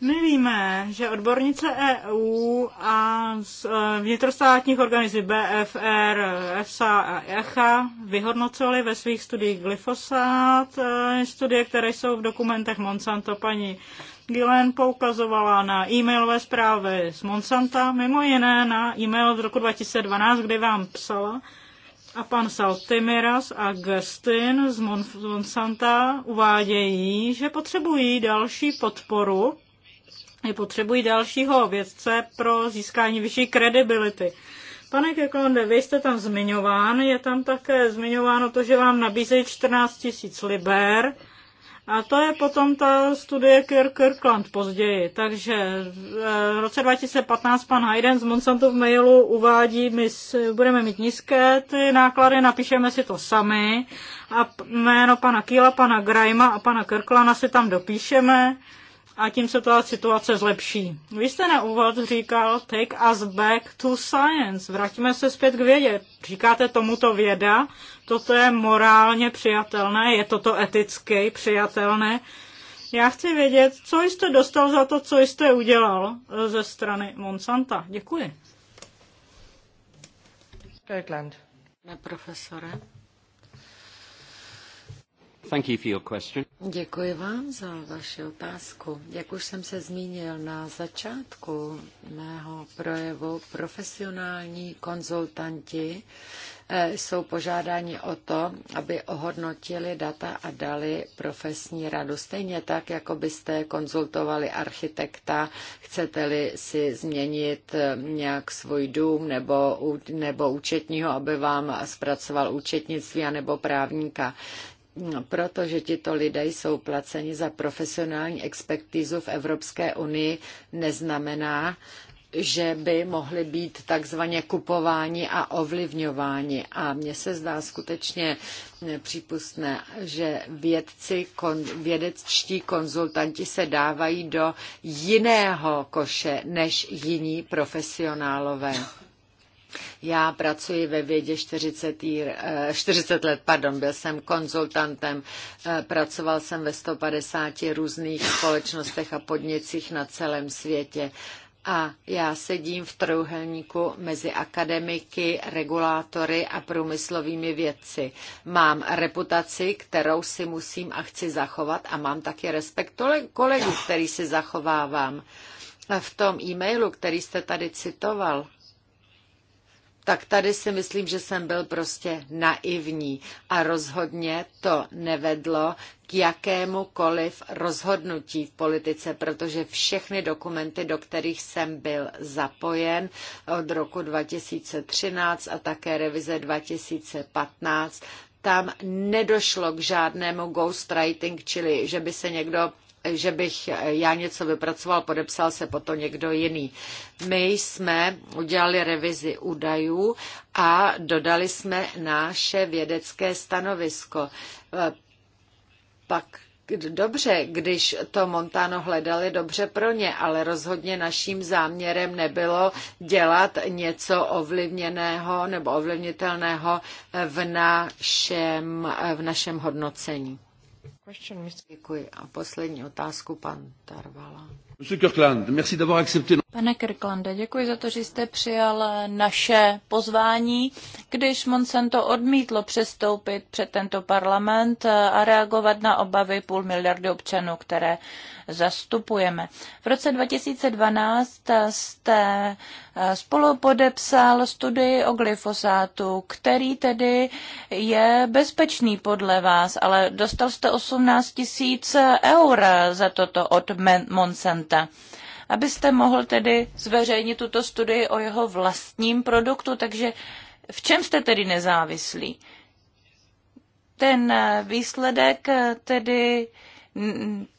Speaker 3: My víme, že odbornice EU a z e, vnitrostátních organizací BFR, EFSA a ECHA e vyhodnocovali ve svých studiích glyfosát, e, studie, které jsou v dokumentech Monsanto. Paní Gillen poukazovala na e-mailové zprávy z Monsanta, mimo jiné na e-mail z roku 2012, kdy vám psala, a pan Saltimiras a Gustin z Monsanta uvádějí, že potřebují další podporu potřebují dalšího vědce pro získání vyšší kredibility. Pane Keklonde, vy jste tam zmiňován, je tam také zmiňováno to, že vám nabízejí 14 tisíc liber, a to je potom ta studie Kirkland později. Takže e, v roce 2015 pan Hayden z Monsanto v mailu uvádí, my budeme mít nízké ty náklady, napíšeme si to sami a jméno pana Kýla, pana Grajma a pana Kirklana si tam dopíšeme a tím se ta situace zlepší. Vy jste na úvod říkal take us back to science, vraťme se zpět k vědě. Říkáte tomuto věda, toto je morálně přijatelné, je toto eticky přijatelné. Já chci vědět, co jste dostal za to, co jste udělal ze strany Monsanta. Děkuji.
Speaker 1: Kirkland. Ne, profesore. Thank you for your question. Děkuji vám za vaši otázku. Jak už jsem se zmínil na začátku mého projevu, profesionální konzultanti eh, jsou požádáni o to, aby ohodnotili data a dali profesní radu. Stejně tak, jako byste konzultovali architekta, chcete-li si změnit eh, nějak svůj dům nebo, nebo účetního, aby vám zpracoval účetnictví, anebo právníka. No, protože tito lidé jsou placeni za profesionální expertizu v Evropské unii, neznamená, že by mohli být takzvaně kupováni a ovlivňováni. A mně se zdá skutečně přípustné, že vědci, kon, vědečtí konzultanti se dávají do jiného koše než jiní profesionálové. Já pracuji ve vědě 40, 40 eh, let, pardon, byl jsem konzultantem, eh, pracoval jsem ve 150 různých společnostech a podnicích na celém světě. A já sedím v trojuhelníku mezi akademiky, regulátory a průmyslovými vědci. Mám reputaci, kterou si musím a chci zachovat a mám taky respekt kolegů, který si zachovávám. V tom e-mailu, který jste tady citoval, tak tady si myslím, že jsem byl prostě naivní a rozhodně to nevedlo k jakémukoliv rozhodnutí v politice, protože všechny dokumenty, do kterých jsem byl zapojen od roku 2013 a také revize 2015, tam nedošlo k žádnému ghostwriting, čili že by se někdo že bych já něco vypracoval, podepsal se po to někdo jiný. My jsme udělali revizi údajů a dodali jsme naše vědecké stanovisko. Pak Dobře, když to Montano hledali, dobře pro ně, ale rozhodně naším záměrem nebylo dělat něco ovlivněného nebo ovlivnitelného v našem, v našem hodnocení. Děkuji. A poslední otázku, pan Tarvala. Monsieur Kirkland, merci d'avoir accepté... Pane Kirklande, děkuji za to, že jste
Speaker 2: přijal naše pozvání. Když Monsanto odmítlo přestoupit před tento parlament a reagovat na obavy půl miliardy občanů, které zastupujeme. V roce 2012 jste eh, spolu podepsal studii o glyfosátu, který tedy je bezpečný podle vás, ale dostal jste 18 tisíc eur za toto od Monsanta abyste mohl tedy zveřejnit tuto studii o jeho vlastním produktu, takže v čem jste tedy nezávislí? Ten eh, výsledek eh, tedy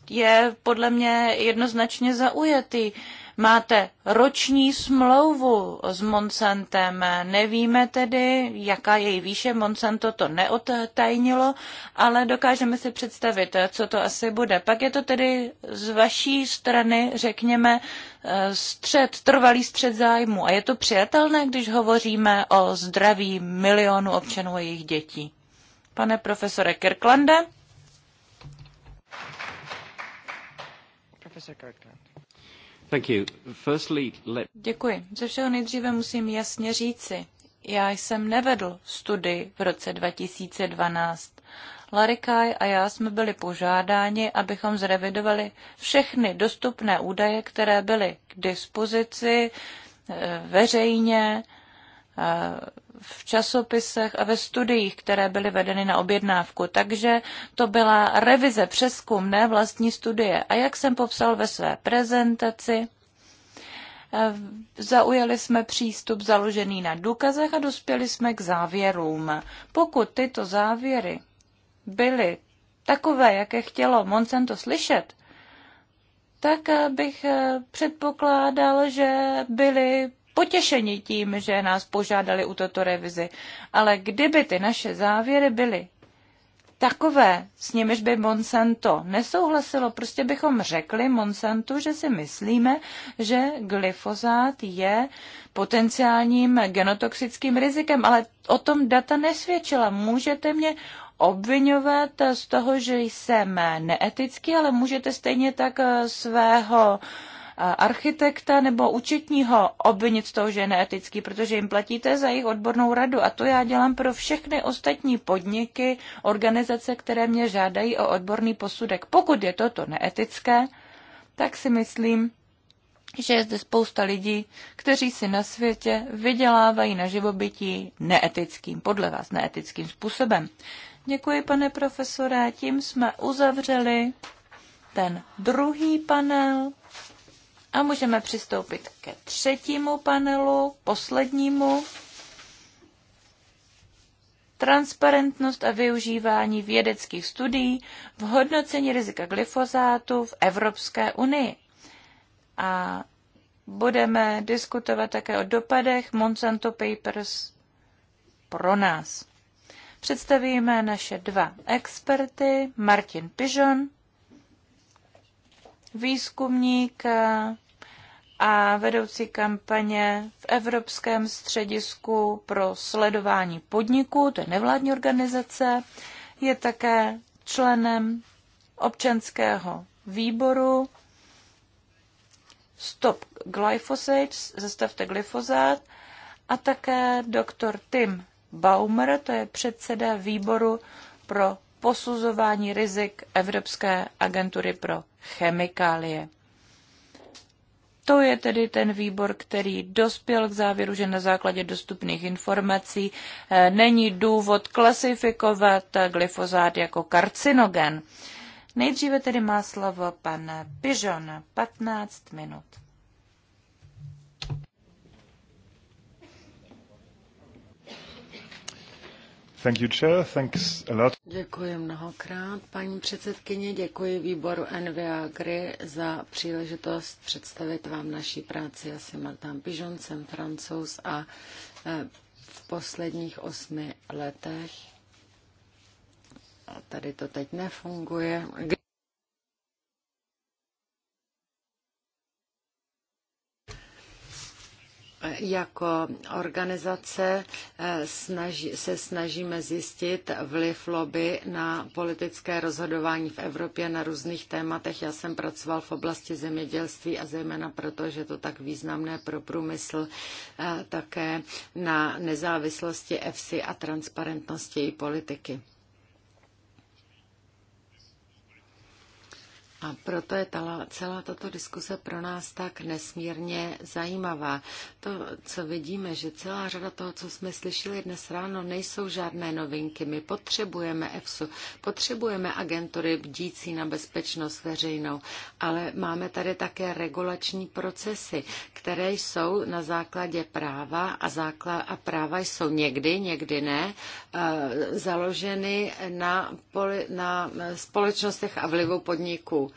Speaker 2: je podle mě jednoznačně zaujatý máte roční smlouvu s Monsantem. Nevíme tedy, jaká její výše. Monsanto to neodtajnilo, ale dokážeme si představit, co to asi bude. Pak je to tedy z vaší strany, řekněme, eh, střed, trvalý střed zájmu. A je to přijatelné, když hovoříme o zdraví milionu občanů a jejich dětí. Pane profesore Kirklande? Profesor Kirkland. Děkuji. Ze všeho nejdříve musím jasně říci, já jsem nevedl studii v roce 2012. Larikaj a já jsme byli požádáni, abychom zrevidovali všechny dostupné údaje, které byly k dispozici eh, veřejně Eh, v časopisech a ve studiích, které byly vedeny na objednávku. Takže to byla revize, přeskum, ne vlastní studie. A jak jsem popsal ve své prezentaci, eh, Zaujali jsme přístup založený na důkazech a dospěli jsme k závěrům. Pokud tyto závěry byly takové, jaké chtělo Monsanto slyšet, tak eh, bych předpokládal, že byly potěšeni tím, že nás požádali u toto revizi. Ale kdyby ty naše závěry byly takové, s nimiž by Monsanto nesouhlasilo, prostě bychom řekli Monsantu, že si myslíme, že glyfozát je potenciálním genotoxickým rizikem, ale o tom data nesvědčila. Můžete mě obvinovat z toho, že jsem neetický, ale můžete stejně tak eh, svého architekta nebo účetního obvinit z toho, že je neetický, protože jim platíte za jejich odbornou radu. A to já dělám pro všechny ostatní podniky, organizace, které mě žádají o odborný posudek. Pokud je toto neetické, tak si myslím, že je zde spousta lidí, kteří si na světě vydělávají na živobytí neetickým, podle vás neetickým způsobem. Děkuji, pane profesore. Tím jsme uzavřeli ten druhý panel. A můžeme přistoupit ke třetímu panelu, poslednímu. Transparentnost a využívání vědeckých studií v hodnocení rizika glyfozátu v Evropské unii. A budeme diskutovat také o dopadech Monsanto Papers pro nás. Představíme naše dva experty, Martin Pižon výzkumník a vedoucí kampaně v Evropském středisku pro sledování podniků, to je nevládní organizace, je také členem občanského výboru Stop Glyphosate, zastavte glyfozát, a také doktor Tim Baumer, to je předseda výboru pro posuzování rizik Evropské agentury pro chemikálie. To je tedy ten výbor, který dospěl k závěru, že na základě dostupných informací eh, není důvod klasifikovat glyfozát jako karcinogen. Nejdříve tedy má slovo pan Pižon, 15 minut.
Speaker 3: Thank you, Chair. Thanks a lot.
Speaker 1: Děkuji mnohokrát, paní předsedkyně. Děkuji výboru NVA Gry za příležitost představit vám naší práci. Já jsem Martin Pižon, jsem francouz a eh, v posledních osmi letech a tady to teď nefunguje. jako organizace eh, snaží, se snažíme zjistit vliv lobby na politické rozhodování v Evropě na různých tématech. Já jsem pracoval v oblasti zemědělství a zejména proto, že to tak významné pro průmysl eh, také na nezávislosti EFSI a transparentnosti její politiky. A proto je tala, celá tato diskuse pro nás tak nesmírně zajímavá. To, co vidíme, že celá řada toho, co jsme slyšeli dnes ráno, nejsou žádné novinky. My potřebujeme EFSU, potřebujeme agentury bdící na bezpečnost veřejnou, ale máme tady také regulační procesy, které jsou na základě práva a, základ, a práva jsou někdy, někdy ne, eh, založeny na, poli, na společnostech a vlivu podniků.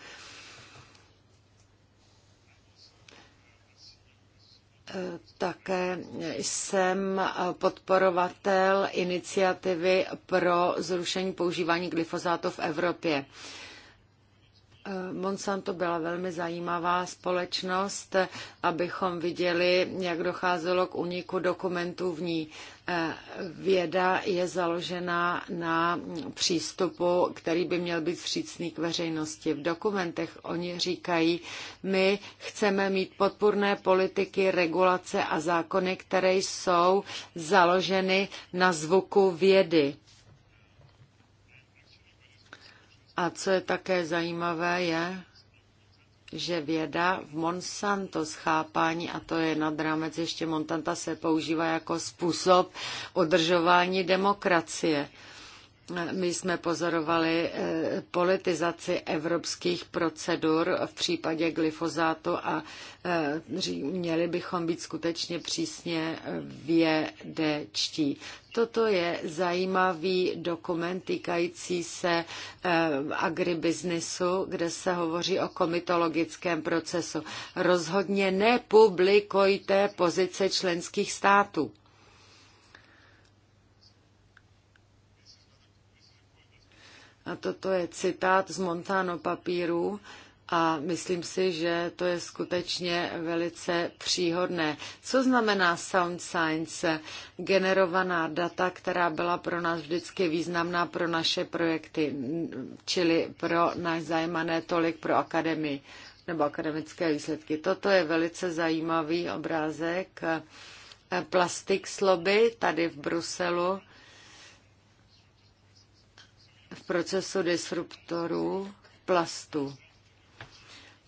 Speaker 1: Také jsem podporovatel iniciativy pro zrušení používání glyfozátu v Evropě. Eh, Monsanto byla velmi zajímavá společnost, abychom viděli, jak docházelo k uniku dokumentů v ní. Eh, věda je založena na přístupu, který by měl být vřícný k veřejnosti. V dokumentech oni říkají, my chceme mít podpůrné politiky, regulace a zákony, které jsou založeny na zvuku vědy a co je také zajímavé, je, že věda v Monsanto schápání, a to je nad rámec ještě Montanta, se používá jako způsob udržování demokracie. My jsme pozorovali eh, politizaci evropských procedur v případě glyfozátu a eh, měli bychom být skutečně přísně vědečtí. Toto je zajímavý dokument týkající se eh, agribiznisu, kde se hovoří o komitologickém procesu. Rozhodně nepublikujte pozice členských států A toto je citát z Montano papíru a myslím si, že to je skutečně velice příhodné. Co znamená Sound Science? Generovaná data, která byla pro nás vždycky významná pro naše projekty, čili pro náš zajímané tolik pro akademii nebo akademické výsledky. Toto je velice zajímavý obrázek. Plastik sloby tady v Bruselu v procesu disruptorů plastu.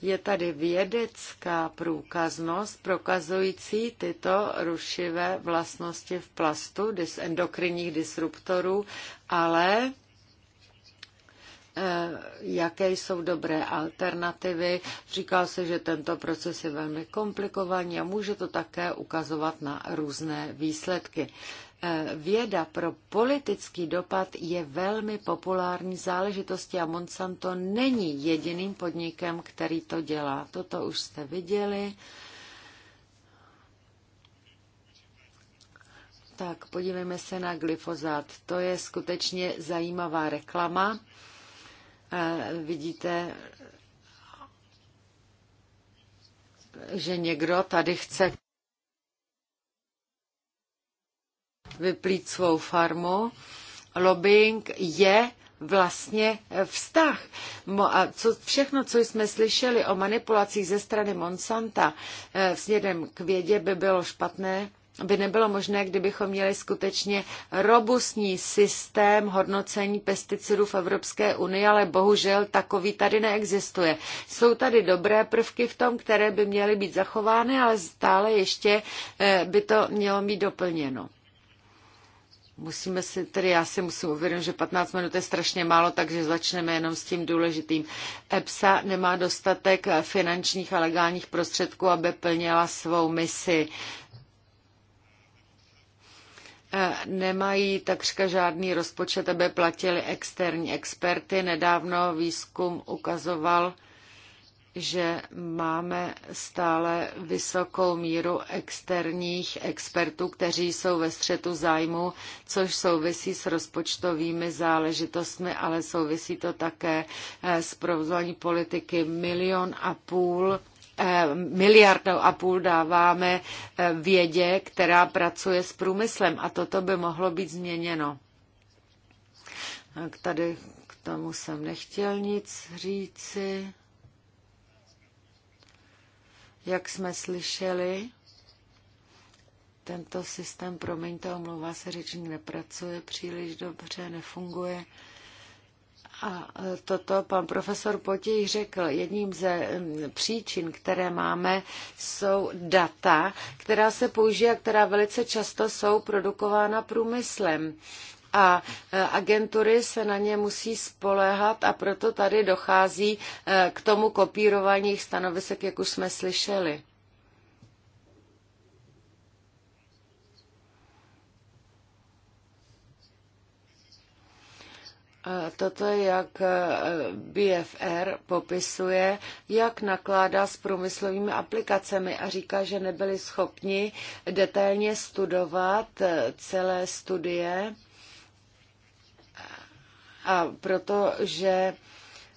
Speaker 1: Je tady vědecká průkaznost prokazující tyto rušivé vlastnosti v plastu, endokrinních disruptorů, ale eh, jaké jsou dobré alternativy. Říká se, že tento proces je velmi komplikovaný a může to také ukazovat na různé výsledky. Eh, věda pro politický dopad je velmi populární záležitostí a Monsanto není jediným podnikem, který to dělá. Toto už jste viděli. Tak podívejme se na glyfozát. To je skutečně zajímavá reklama. Eh, vidíte, že někdo tady chce vyplít svou farmu. Lobbying je vlastně vztah. A co, všechno, co jsme slyšeli o manipulacích ze strany Monsanta eh, směrem k vědě, by bylo špatné, by nebylo možné, kdybychom měli skutečně robustní systém hodnocení pesticidů v Evropské unii, ale bohužel takový tady neexistuje. Jsou tady dobré prvky v tom, které by měly být zachovány, ale stále ještě eh, by to mělo být doplněno. Musíme si, tedy já si musím uvědomit, že 15 minut je strašně málo, takže začneme jenom s tím důležitým. EPSA nemá dostatek finančních a legálních prostředků, aby plnila svou misi. E, nemají takřka žádný rozpočet, aby platili externí experty. Nedávno výzkum ukazoval, že máme stále vysokou míru externích expertů, kteří jsou ve střetu zájmu, což souvisí s rozpočtovými záležitostmi, ale souvisí to také eh, s provozování politiky milion a půl eh, miliardou a půl dáváme eh, vědě, která pracuje s průmyslem a toto by mohlo být změněno. Tak tady k tomu jsem nechtěl nic říci. Jak jsme slyšeli, tento systém, promiňte, omlouvá se řečník, nepracuje příliš dobře, nefunguje. A e, toto pan profesor Potěj řekl, jedním ze příčin, které máme, jsou data, která se použijí a která velice často jsou produkována průmyslem a e, agentury se na ně musí spoléhat a proto tady dochází e, k tomu kopírování jejich stanovisek, jak už jsme slyšeli. E, toto je, jak BFR popisuje, jak nakládá s průmyslovými aplikacemi a říká, že nebyli schopni detailně studovat celé studie a protože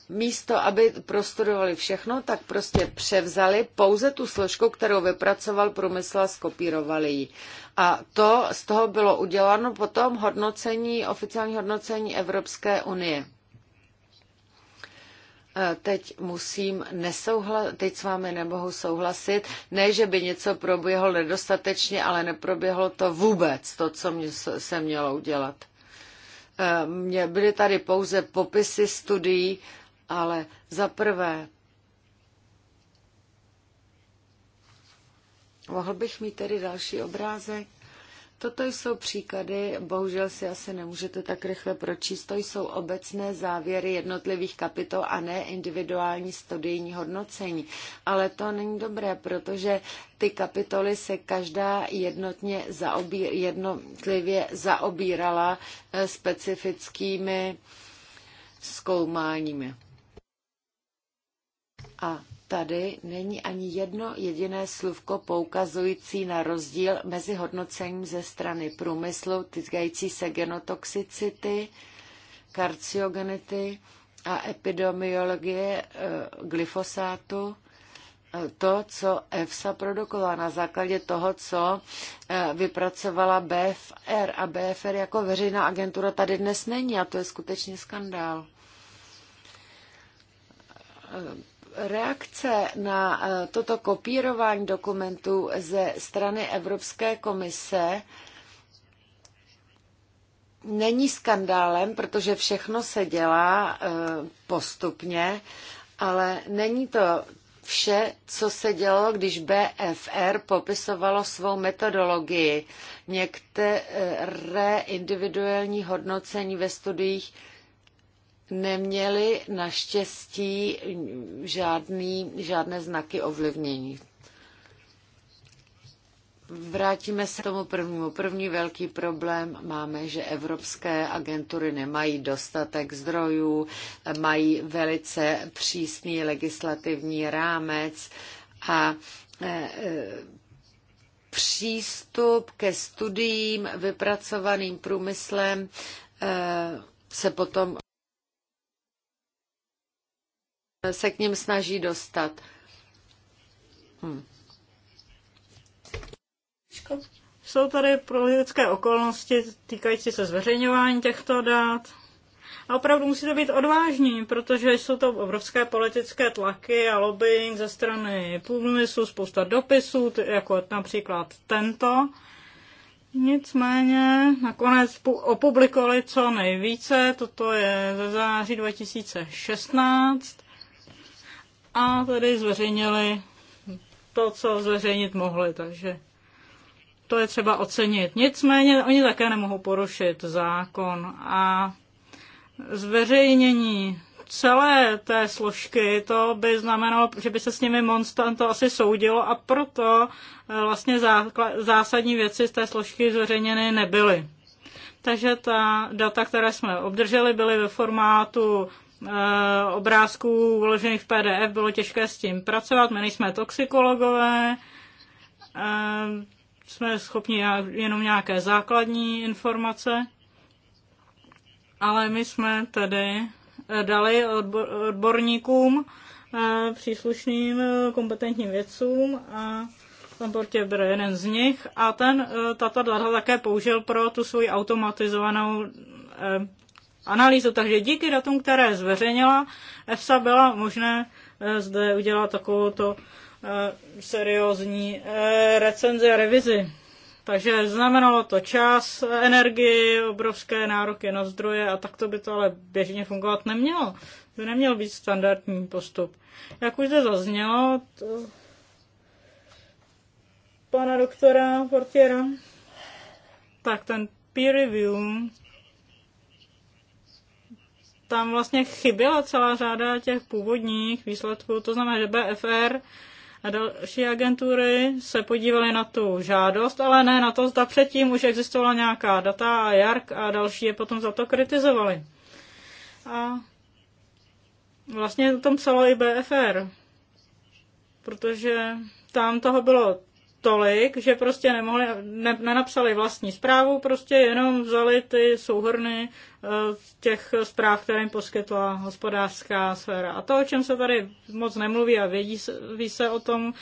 Speaker 1: místo, aby prostudovali všechno, tak prostě převzali pouze tu složku, kterou vypracoval průmysl a skopírovali ji. A to z toho bylo uděláno potom hodnocení, oficiální hodnocení Evropské unie. E, teď musím nesouhlasit, teď s vámi nemohu souhlasit, ne, že by něco proběhlo nedostatečně, ale neproběhlo to vůbec, to, co mě, se mělo udělat. Eh, byly tady pouze popisy studií, ale za prvé, mohl bych mít tedy další obrázek? Toto jsou příklady, bohužel si asi nemůžete tak rychle pročíst, to jsou obecné závěry jednotlivých kapitol a ne individuální studijní hodnocení. Ale to není dobré, protože ty kapitoly se každá jednotně zaobír, jednotlivě zaobírala eh, specifickými zkoumáními. A tady není ani jedno jediné slůvko poukazující na rozdíl mezi hodnocením ze strany průmyslu týkající se genotoxicity, karciogenity a epidemiologie e, glyfosátu. E, to, co EFSA produkovala na základě toho, co e, vypracovala BFR a BFR jako veřejná agentura tady dnes není a to je skutečně skandál Reakce na eh, toto kopírování dokumentů ze strany Evropské komise není skandálem, protože všechno se dělá eh, postupně, ale není to vše, co se dělo, když BFR popisovalo svou metodologii. Některé individuální hodnocení ve studiích neměli naštěstí žádný, žádné znaky ovlivnění. Vrátíme se k tomu prvnímu. První velký problém máme, že evropské agentury nemají dostatek zdrojů, mají velice přísný legislativní rámec a e, e, přístup ke studiím vypracovaným průmyslem e, se potom se k ním snaží dostat. Hm. Jsou tady
Speaker 3: politické okolnosti týkající se zveřejňování těchto dat. A opravdu musí to být odvážní, protože jsou to obrovské politické tlaky a lobbying ze strany průmyslu, spousta dopisů, jako například tento. Nicméně nakonec opublikovali co nejvíce, toto je ze září 2016 a tedy zveřejnili to, co zveřejnit mohli, takže to je třeba ocenit. Nicméně oni také nemohou porušit zákon a zveřejnění celé té složky, to by znamenalo, že by se s nimi Monsanto asi soudilo a proto eh, vlastně zásadní věci z té složky zveřejněny nebyly. Takže ta data, které jsme obdrželi, byly ve formátu Eh, obrázků uložených v PDF, bylo těžké s tím pracovat, my nejsme toxikologové, eh, jsme schopni jenom nějaké základní informace, ale my jsme tedy eh, dali odborníkům, příslušným kompetentním vědcům a tam Portě byl jeden z nich a ten tata data také použil pro tu svoji automatizovanou analýzu. Takže díky datům, které zveřejnila EFSA, byla možné eh, zde udělat takovouto eh, seriózní eh, recenzi a revizi. Takže znamenalo to čas, energii, obrovské nároky na zdroje a to by to ale běžně fungovat nemělo. By neměl být standardní postup. Jak už zde zaznělo, to... pana doktora Portiera, tak ten peer review tam vlastně chyběla celá řada těch původních výsledků, to znamená, že BFR a další agentury se podívaly na tu žádost, ale ne na to, zda předtím už existovala nějaká data a JARK a další je potom za to kritizovali. A vlastně to tam psalo i BFR, protože tam toho bylo tolik, že prostě nemohli, ne, nenapsali vlastní zprávu, prostě jenom vzali ty souhrny eh, těch zpráv, které jim poskytla hospodářská sféra. A to, o čem se tady moc nemluví a vědí, ví se o tom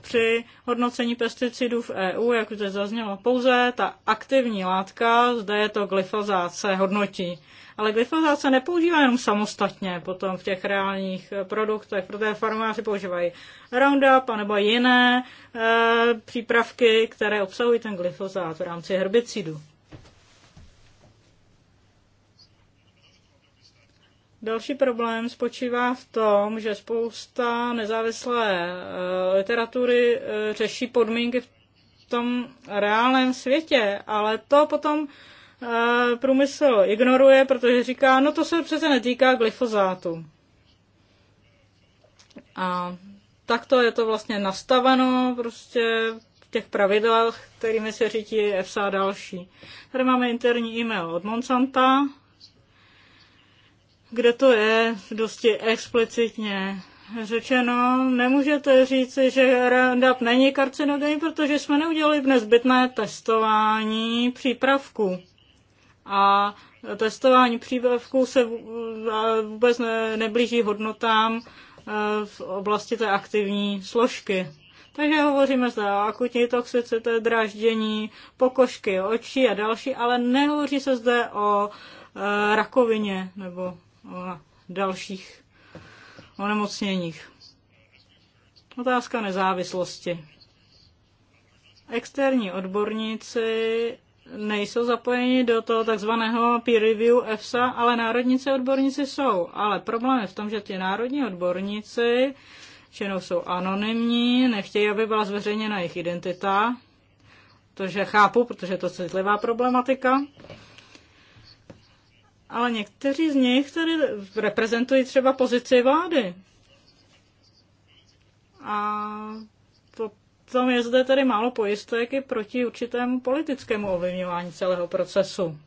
Speaker 3: při hodnocení pesticidů v EU, jak už zaznělo, pouze ta aktivní látka, zde je to glyfozát, se hodnotí. Ale glyfozát se nepoužívá jenom samostatně potom v těch reálních eh, produktech, protože farmáři používají Roundup nebo jiné e, přípravky, které obsahují ten glyfozát v rámci herbicidu. Další problém spočívá v tom, že spousta nezávislé eh, literatury řeší podmínky v tom reálném světě, ale to potom Eh, průmysl ignoruje, protože říká, no to se přece netýká glyfozátu. A takto je to vlastně nastaveno prostě v těch pravidlech, kterými se řídí EFSA a další. Tady máme interní e-mail od Monsanta, kde to je dosti explicitně řečeno. Nemůžete říci, že Roundup není karcinogenní, protože jsme neudělali nezbytné testování přípravku a testování přívlevků se vůbec ne, neblíží hodnotám e, v oblasti té aktivní složky. Takže hovoříme zde o akutní toxicité, dráždění, pokožky, očí a další, ale nehovoří se zde o e, rakovině nebo o dalších onemocněních. Otázka nezávislosti. Externí odborníci nejsou zapojeni do toho takzvaného peer review EFSA, ale národníci odborníci jsou. Ale problém je v tom, že ti národní odborníci činou jsou anonymní, nechtějí, aby byla zveřejněna jejich identita, že chápu, protože to je citlivá problematika. Ale někteří z nich tady reprezentují třeba pozici vlády. A tam je zde tedy málo pojistek i proti určitému politickému ovlivňování celého procesu.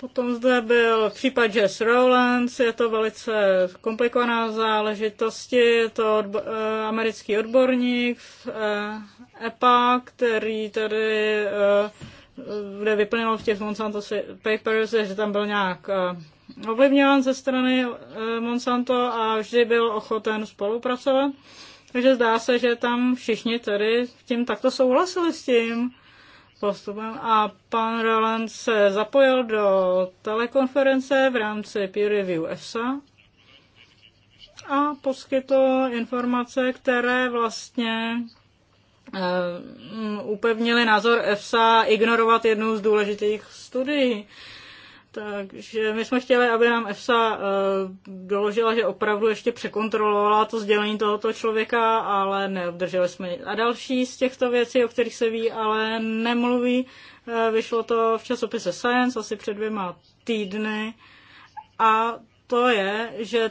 Speaker 3: Potom zde byl případ Jess Rowlands, je to velice komplikovaná záležitosti, je to odbo- eh, americký odborník v EPA, eh, e který tady eh, kde vyplnilo v těch Monsanto Papers, že tam byl nějak ovlivňován ze strany Monsanto a vždy byl ochoten spolupracovat. Takže zdá se, že tam všichni tady tím takto souhlasili s tím postupem. A pan Roland se zapojil do telekonference v rámci peer review EFSA a poskytl informace, které vlastně eh, upevnili názor EFSA ignorovat jednu z důležitých studií. Takže my jsme chtěli, aby nám EFSA eh, doložila, že opravdu ještě překontrolovala to sdělení tohoto člověka, ale neobdrželi jsme nic. A další z těchto věcí, o kterých se ví, ale nemluví, eh, vyšlo to v časopise Science asi před dvěma týdny. A to je, že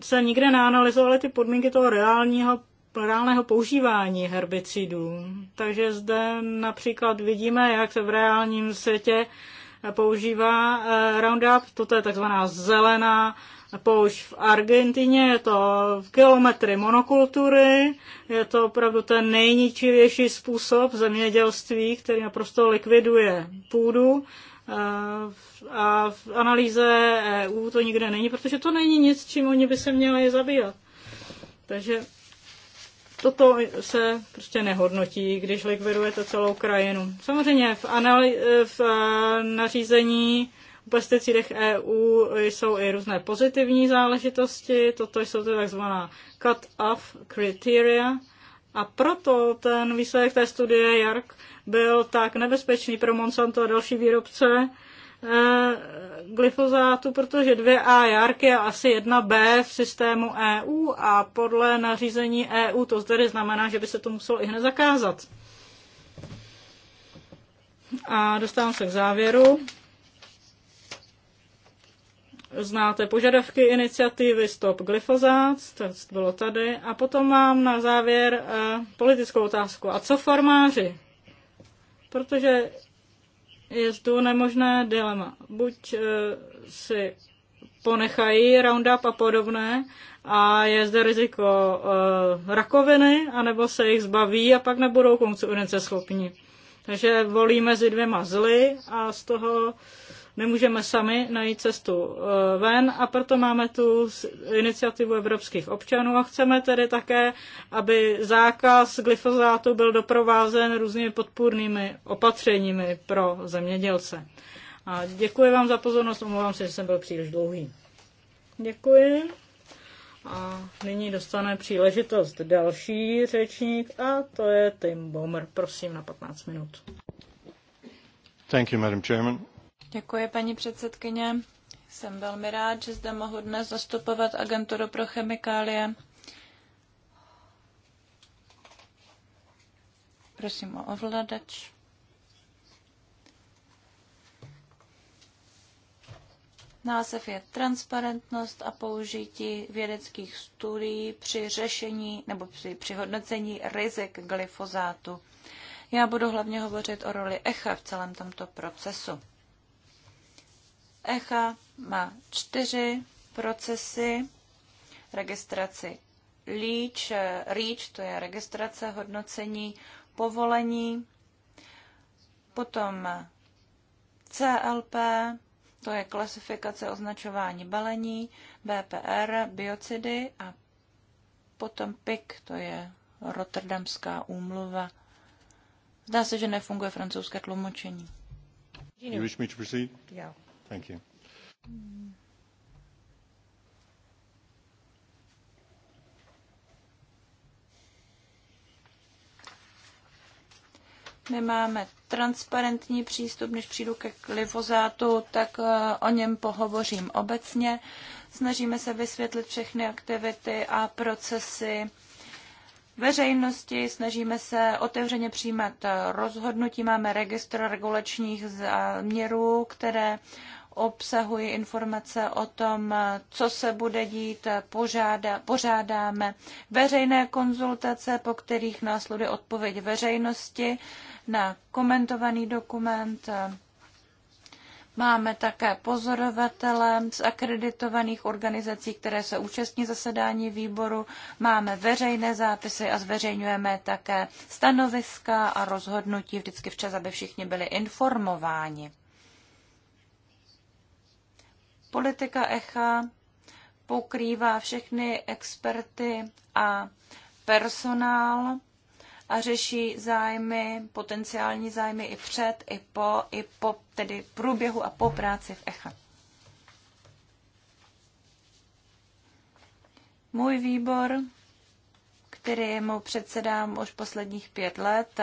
Speaker 3: se nikde neanalizovaly ty podmínky toho reálního reálného používání herbicidů. Takže zde například vidíme, jak se v reálním světě používá eh, Roundup. Toto je takzvaná zelená poušť v Argentině, je to kilometry monokultury, je to opravdu ten nejničivější způsob zemědělství, který naprosto likviduje půdu. Eh, a v analýze EU to nikde není, protože to není nic, čím oni by se měli zabývat. Takže toto se prostě nehodnotí, když likvidujete celou krajinu. Samozřejmě v, anali- v eh, nařízení o pesticidech EU jsou i různé pozitivní záležitosti, toto jsou to takzvaná cut-off criteria, a proto ten výsledek té studie Jark byl tak nebezpečný pro Monsanto a další výrobce, Eh, glyfozátu, protože dvě A jarky a asi jedna B v systému EU a podle nařízení EU to tedy znamená, že by se to muselo i hned zakázat. A dostávám se k závěru. Znáte požadavky iniciativy Stop glyfozát, to bylo tady. A potom mám na závěr eh, politickou otázku. A co farmáři? Protože je tu nemožné dilema. Buď eh, si ponechají Roundup a podobné a je zde riziko e, rakoviny, anebo se jich zbaví a pak nebudou konkurence schopni. Takže volí mezi dvěma zly a z toho Nemůžeme sami najít cestu eh, ven a proto máme tu iniciativu evropských občanů a chceme tedy také, aby zákaz glyfozátu byl doprovázen různými podpůrnými opatřeními pro zemědělce. A děkuji vám za pozornost, omlouvám se, že jsem byl příliš dlouhý. Děkuji. A nyní dostane příležitost další řečník a to je Tim Bomer. Prosím na 15 minut.
Speaker 2: Thank you, Madam Chairman. Děkuji, paní předsedkyně. Jsem velmi rád, že zde mohu dnes zastupovat agenturu pro chemikálie. Prosím o ovladač. Název je transparentnost a použití vědeckých studií při řešení nebo při, při hodnocení rizik glyfozátu. Já budu hlavně hovořit o roli ECHA v celém tomto procesu. ECHA má čtyři procesy registraci LEACH, REACH, to je registrace, hodnocení, povolení, potom CLP, to je klasifikace označování balení, BPR, biocidy a potom PIC, to je Rotterdamská úmluva. Zdá se, že nefunguje francouzské tlumočení. You wish
Speaker 3: me to proceed? Yeah. Thank you.
Speaker 2: My máme transparentní přístup, než přijdu ke glyfozátu, tak eh, o něm pohovořím obecně. Snažíme se vysvětlit všechny aktivity a procesy veřejnosti, snažíme se otevřeně přijímat eh, rozhodnutí, máme registr regulačních záměrů, které obsahuje informace o tom, co se bude dít, požádá, pořádáme veřejné konzultace, po kterých následuje odpověď veřejnosti na komentovaný dokument. Máme také pozorovatele z akreditovaných organizací, které se účastní zasedání výboru. Máme veřejné zápisy a zveřejňujeme také stanoviska a rozhodnutí vždycky včas, aby všichni byli informováni. Politika ECHA pokrývá všechny experty a personál a řeší zájmy, potenciální zájmy i před, i po, i po tedy průběhu a po práci v ECHA. Můj výbor, kterému předsedám už posledních pět let,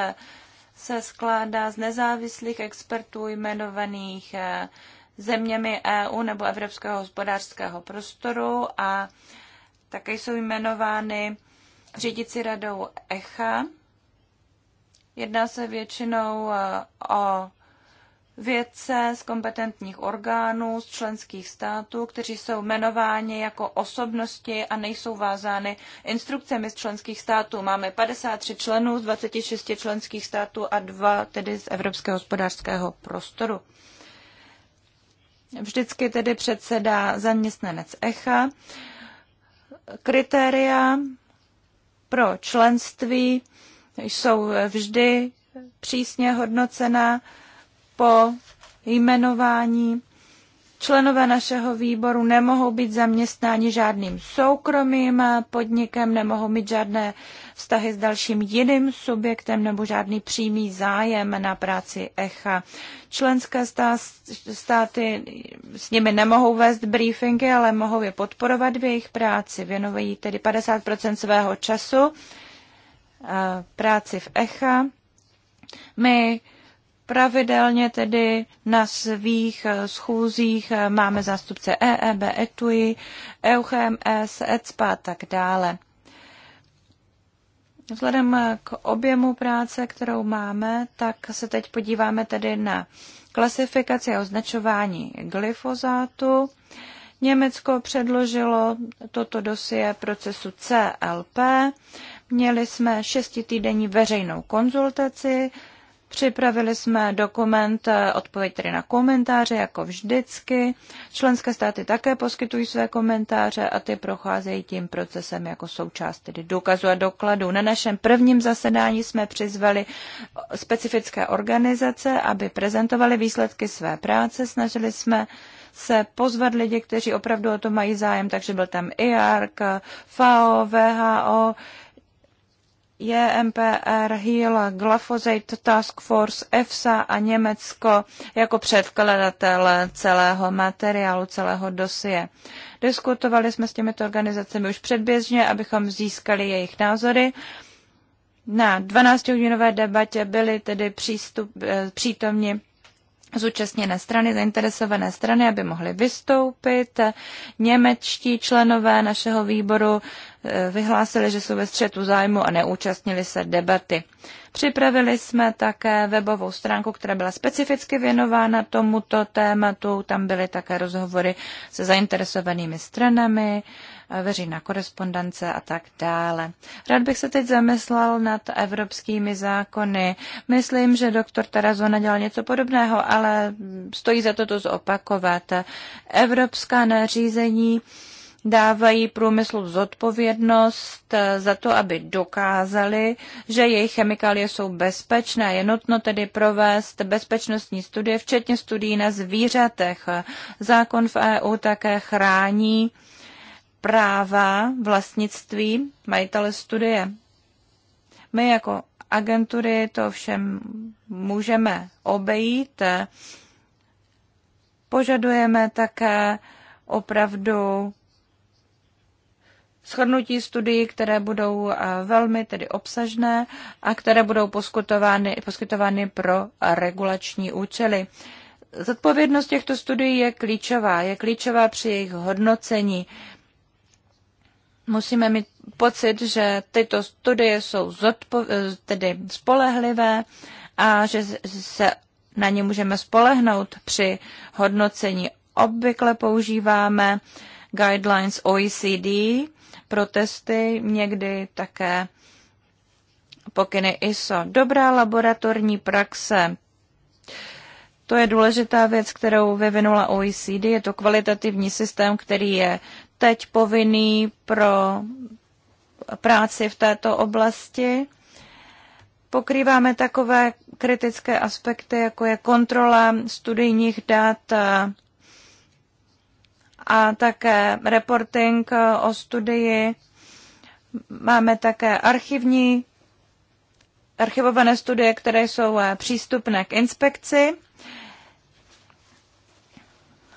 Speaker 2: se skládá z nezávislých expertů jmenovaných eh, zeměmi EU nebo Evropského hospodářského prostoru a také jsou jmenovány řídici radou ECHA. Jedná se většinou e, o vědce z kompetentních orgánů, z členských států, kteří jsou jmenováni jako osobnosti a nejsou vázány instrukcemi z členských států. Máme 53 členů z 26 členských států a dva tedy z Evropského hospodářského prostoru vždycky tedy předsedá zaměstnanec ECHA. Kritéria pro členství jsou vždy přísně hodnocena po jmenování členové našeho výboru nemohou být zaměstnáni žádným soukromým podnikem, nemohou mít žádné vztahy s dalším jiným subjektem nebo žádný přímý zájem na práci ECHA. Členské státy s nimi nemohou vést briefingy, ale mohou je podporovat v jejich práci. Věnují tedy 50 svého času eh, práci v ECHA. My Pravidelně tedy na svých eh, schůzích eh, máme zástupce EEB, ETUI, EUCHMS, e ECPA a tak dále. Vzhledem eh, k objemu práce, kterou máme, tak se teď podíváme tedy na klasifikaci a označování glyfozátu. Německo předložilo toto dosie procesu CLP. Měli jsme šestitýdenní veřejnou konzultaci Připravili jsme dokument eh, odpověď tedy na komentáře, jako vždycky. Členské státy také poskytují své komentáře a ty procházejí tím procesem jako součást tedy důkazu a dokladu. Na našem prvním zasedání jsme přizvali specifické organizace, aby prezentovali výsledky své práce. Snažili jsme se pozvat lidi, kteří opravdu o to mají zájem, takže byl tam IARC, FAO, VHO, JMPR, e HEAL, Glyphosate Task Force, EFSA a Německo jako předkladatel celého materiálu, celého dosie. Diskutovali jsme s těmito organizacemi už předběžně, abychom získali jejich názory. Na 12-hodinové debatě byli tedy přístup, e, přítomni zúčastněné strany, zainteresované strany, aby mohly vystoupit. Němečtí členové našeho výboru vyhlásili, že jsou ve střetu zájmu a neúčastnili se debaty. Připravili jsme také webovou stránku, která byla specificky věnována tomuto tématu. Tam byly také rozhovory se zainteresovanými stranami, veřejná korespondence a tak dále. Rád bych se teď zamyslel nad evropskými zákony. Myslím, že doktor Tarazona dělal něco podobného, ale stojí za to to zopakovat. Evropská nařízení dávají průmyslu zodpovědnost eh, za to, aby dokázali, že jejich chemikálie jsou bezpečné. Je nutno tedy provést bezpečnostní studie, včetně studií na zvířatech. Zákon v EU také chrání práva vlastnictví majitele studie. My jako agentury to všem můžeme obejít. Požadujeme také opravdu shrnutí studií, které budou eh, velmi tedy obsažné a které budou poskytovány, poskytovány pro regulační účely. Zodpovědnost těchto studií je klíčová, je klíčová při jejich hodnocení. Musíme mít pocit, že tyto studie jsou zodpo, eh, tedy spolehlivé a že se na ně můžeme spolehnout při hodnocení. Obvykle používáme guidelines OECD, protesty, někdy také pokyny ISO. Dobrá laboratorní praxe. To je důležitá věc, kterou vyvinula OECD. Je to kvalitativní systém, který je teď povinný pro práci v této oblasti. Pokrýváme takové kritické aspekty, jako je kontrola studijních dat, a také reporting eh, o studii. Máme také archivní, archivované studie, které jsou eh, přístupné k inspekci.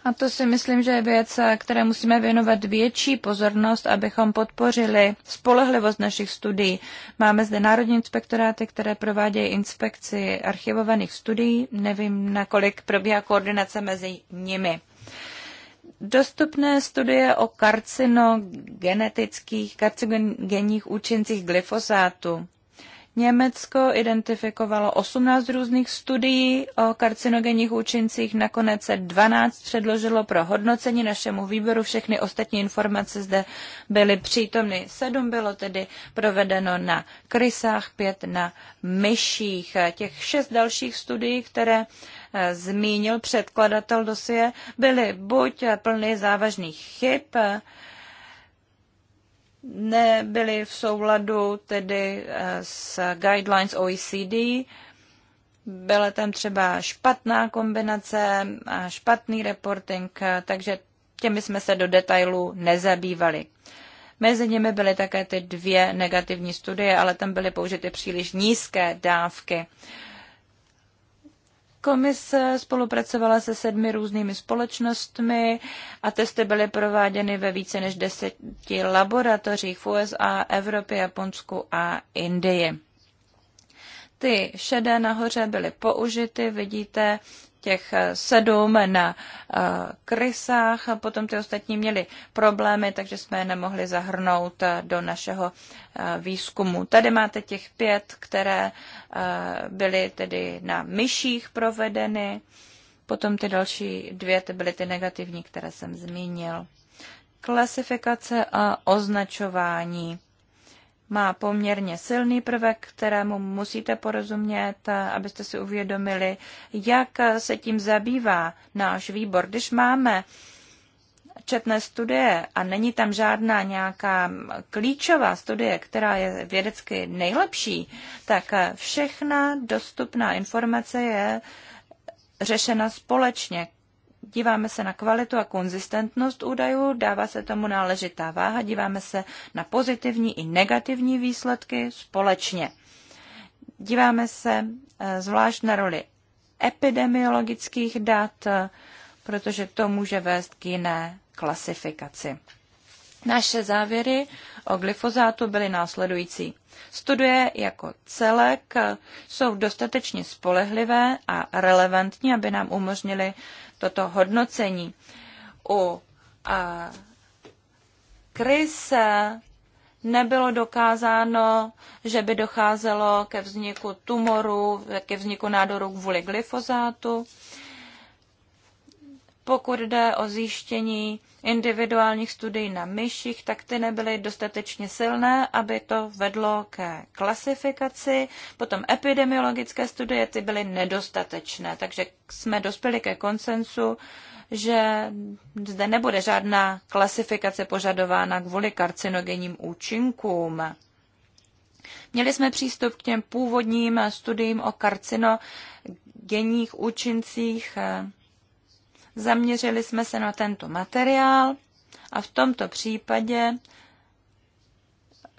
Speaker 2: A to si myslím, že je věc, eh, které musíme věnovat větší pozornost, abychom podpořili spolehlivost našich studií. Máme zde národní inspektoráty, které provádějí inspekci archivovaných studií. Nevím, nakolik probíhá koordinace mezi nimi. Dostupné studie o karcinogenetických, karcinogenních účincích glyfosátu Německo identifikovalo 18 různých studií o karcinogenních účincích, nakonec se 12 předložilo pro hodnocení našemu výboru. Všechny ostatní informace zde byly přítomny. Sedm bylo tedy provedeno na krysách, pět na myších. Těch šest dalších studií, které eh, zmínil předkladatel dosie, byly buď plny závažných chyb, nebyly v souladu tedy eh, s guidelines OECD. Byla tam třeba špatná kombinace a špatný reporting, eh, takže těmi jsme se do detailů nezabývali. Mezi nimi byly také ty dvě negativní studie, ale tam byly použity příliš nízké dávky. Uh, Komise spolupracovala se sedmi různými společnostmi a testy byly prováděny ve více než deseti laboratořích v USA, Evropě, Japonsku a Indii. Ty šedé nahoře byly použity, vidíte, těch eh, sedm na eh, krysách a potom ty ostatní měli problémy, takže jsme je nemohli zahrnout eh, do našeho výzkumu. Tady máte těch pět, které byly tedy na myších provedeny, potom ty další dvě, ty byly ty negativní, které jsem zmínil. Klasifikace a označování má poměrně silný prvek, kterému musíte porozumět, abyste si uvědomili, jak se tím zabývá náš výbor. Když máme četné studie a není tam žádná nějaká klíčová studie, která je vědecky nejlepší, tak všechna dostupná informace je řešena společně díváme se na kvalitu a konzistentnost údajů, dává se tomu náležitá váha, díváme se na pozitivní i negativní výsledky společně. Díváme se eh, zvlášť na roli epidemiologických dat, eh, protože to může vést k jiné klasifikaci. Naše závěry o glyfozátu byly následující. Studie jako celek jsou dostatečně spolehlivé a relevantní, aby nám umožnili toto hodnocení. U a, kryse nebylo dokázáno, že by docházelo ke vzniku tumoru, ke vzniku nádoru kvůli glyfozátu. Pokud jde o zjištění individuálních studií na myších, tak ty nebyly dostatečně silné, aby to vedlo ke klasifikaci. Potom epidemiologické studie, ty byly nedostatečné, takže jsme dospěli ke konsensu, že zde nebude žádná klasifikace požadována kvůli karcinogenním účinkům. Měli jsme přístup k těm původním studiím o karcinogenních účincích Zaměřili jsme se na tento materiál a v tomto případě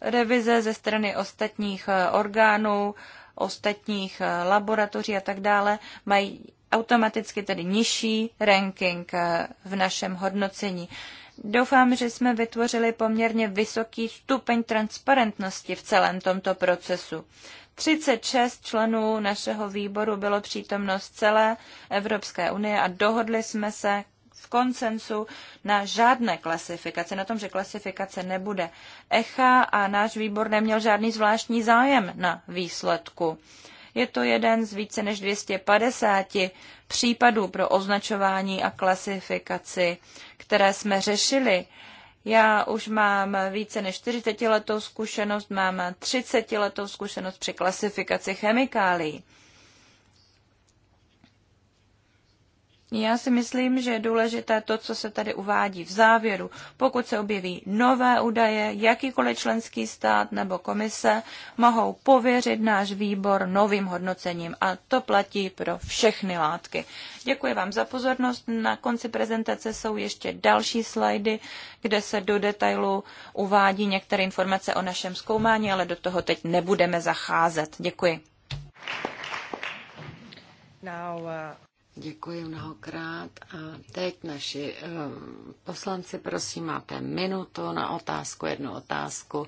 Speaker 2: revize ze strany ostatních eh, orgánů, ostatních eh, laboratoří a tak dále mají automaticky tedy nižší ranking eh, v našem hodnocení. Doufám, že jsme vytvořili poměrně vysoký stupeň transparentnosti v celém tomto procesu. 36 členů našeho výboru bylo přítomno z celé Evropské unie a dohodli jsme se v konsensu na žádné klasifikace, na tom, že klasifikace nebude. ECHA a náš výbor neměl žádný zvláštní zájem na výsledku. Je to jeden z více než 250 případů pro označování a klasifikaci, které jsme řešili. Já už mám více než 40 letou zkušenost, mám 30 letou zkušenost při klasifikaci chemikálií. Já si myslím, že je důležité to, co se tady uvádí v závěru. Pokud se objeví nové údaje, jakýkoliv členský stát nebo komise mohou pověřit náš výbor novým hodnocením a to platí pro všechny látky. Děkuji vám za pozornost. Na konci prezentace jsou ještě další slajdy, kde se do detailu uvádí některé informace o našem zkoumání, ale do toho teď nebudeme zacházet. Děkuji.
Speaker 1: Now, uh... Děkuji mnohokrát. A teď naši um, poslanci, prosím, máte minutu na otázku, jednu otázku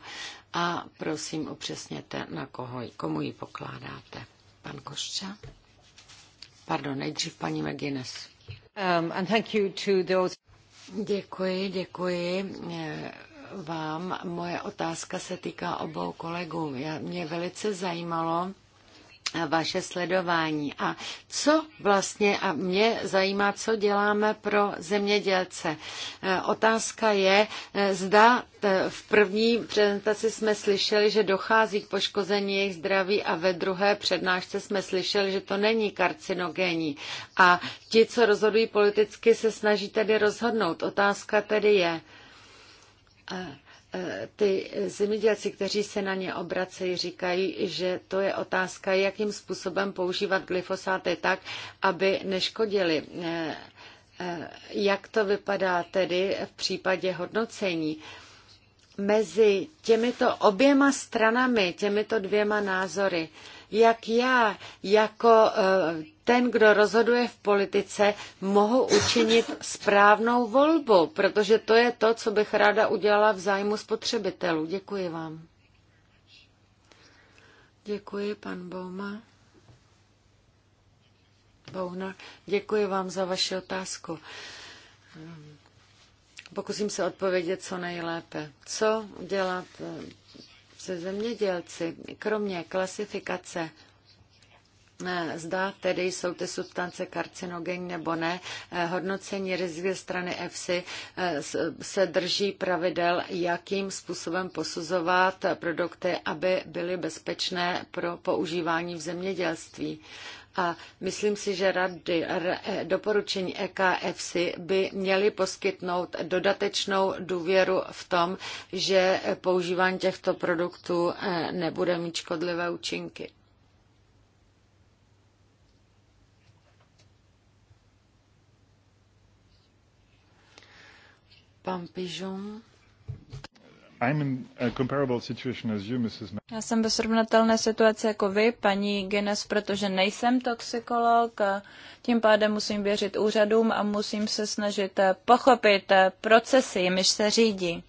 Speaker 1: a prosím upřesněte, na koho, komu ji pokládáte. Pan Košča? Pardon, nejdřív paní McGuinness. Um, and thank you to those... Děkuji, děkuji eh, vám. Moje otázka se týká obou kolegů. Já, mě velice zajímalo, vaše sledování. A co vlastně, a mě zajímá, co děláme pro zemědělce. E, otázka je, e, zda e, v první prezentaci jsme slyšeli, že dochází k poškození jejich zdraví a ve druhé přednášce jsme slyšeli, že to není karcinogenní. A ti, co rozhodují politicky, se snaží tedy rozhodnout. Otázka tedy je, E, ty zemědělci, kteří se na ně obracejí, říkají, že to je otázka, jakým způsobem používat glyfosáty tak, aby neškodili. E, e, jak to vypadá tedy v případě hodnocení? Mezi těmito oběma stranami, těmito dvěma názory, jak já, jako eh, ten, kdo rozhoduje v politice, mohu učinit správnou volbu, protože to je to, co bych ráda udělala v zájmu spotřebitelů. Děkuji vám. Děkuji, pan Bouma. Bouna, děkuji vám za vaši otázku. Pokusím se odpovědět co nejlépe. Co dělat se zemědělci, kromě klasifikace eh, Zda tedy jsou ty substance karcinogenní nebo ne. Eh, hodnocení rizik ze strany EFSI eh, se drží pravidel, jakým způsobem posuzovat produkty, aby byly bezpečné pro používání v zemědělství. A myslím si, že rady, e, doporučení EKFC by měly poskytnout dodatečnou důvěru v tom, že používání těchto produktů e, nebude mít škodlivé účinky. Pan
Speaker 2: já jsem ve srovnatelné situaci jako vy, paní Guinness, protože nejsem toxikolog, tím pádem musím věřit úřadům a musím se snažit eh, pochopit eh, procesy, jimiž se řídí.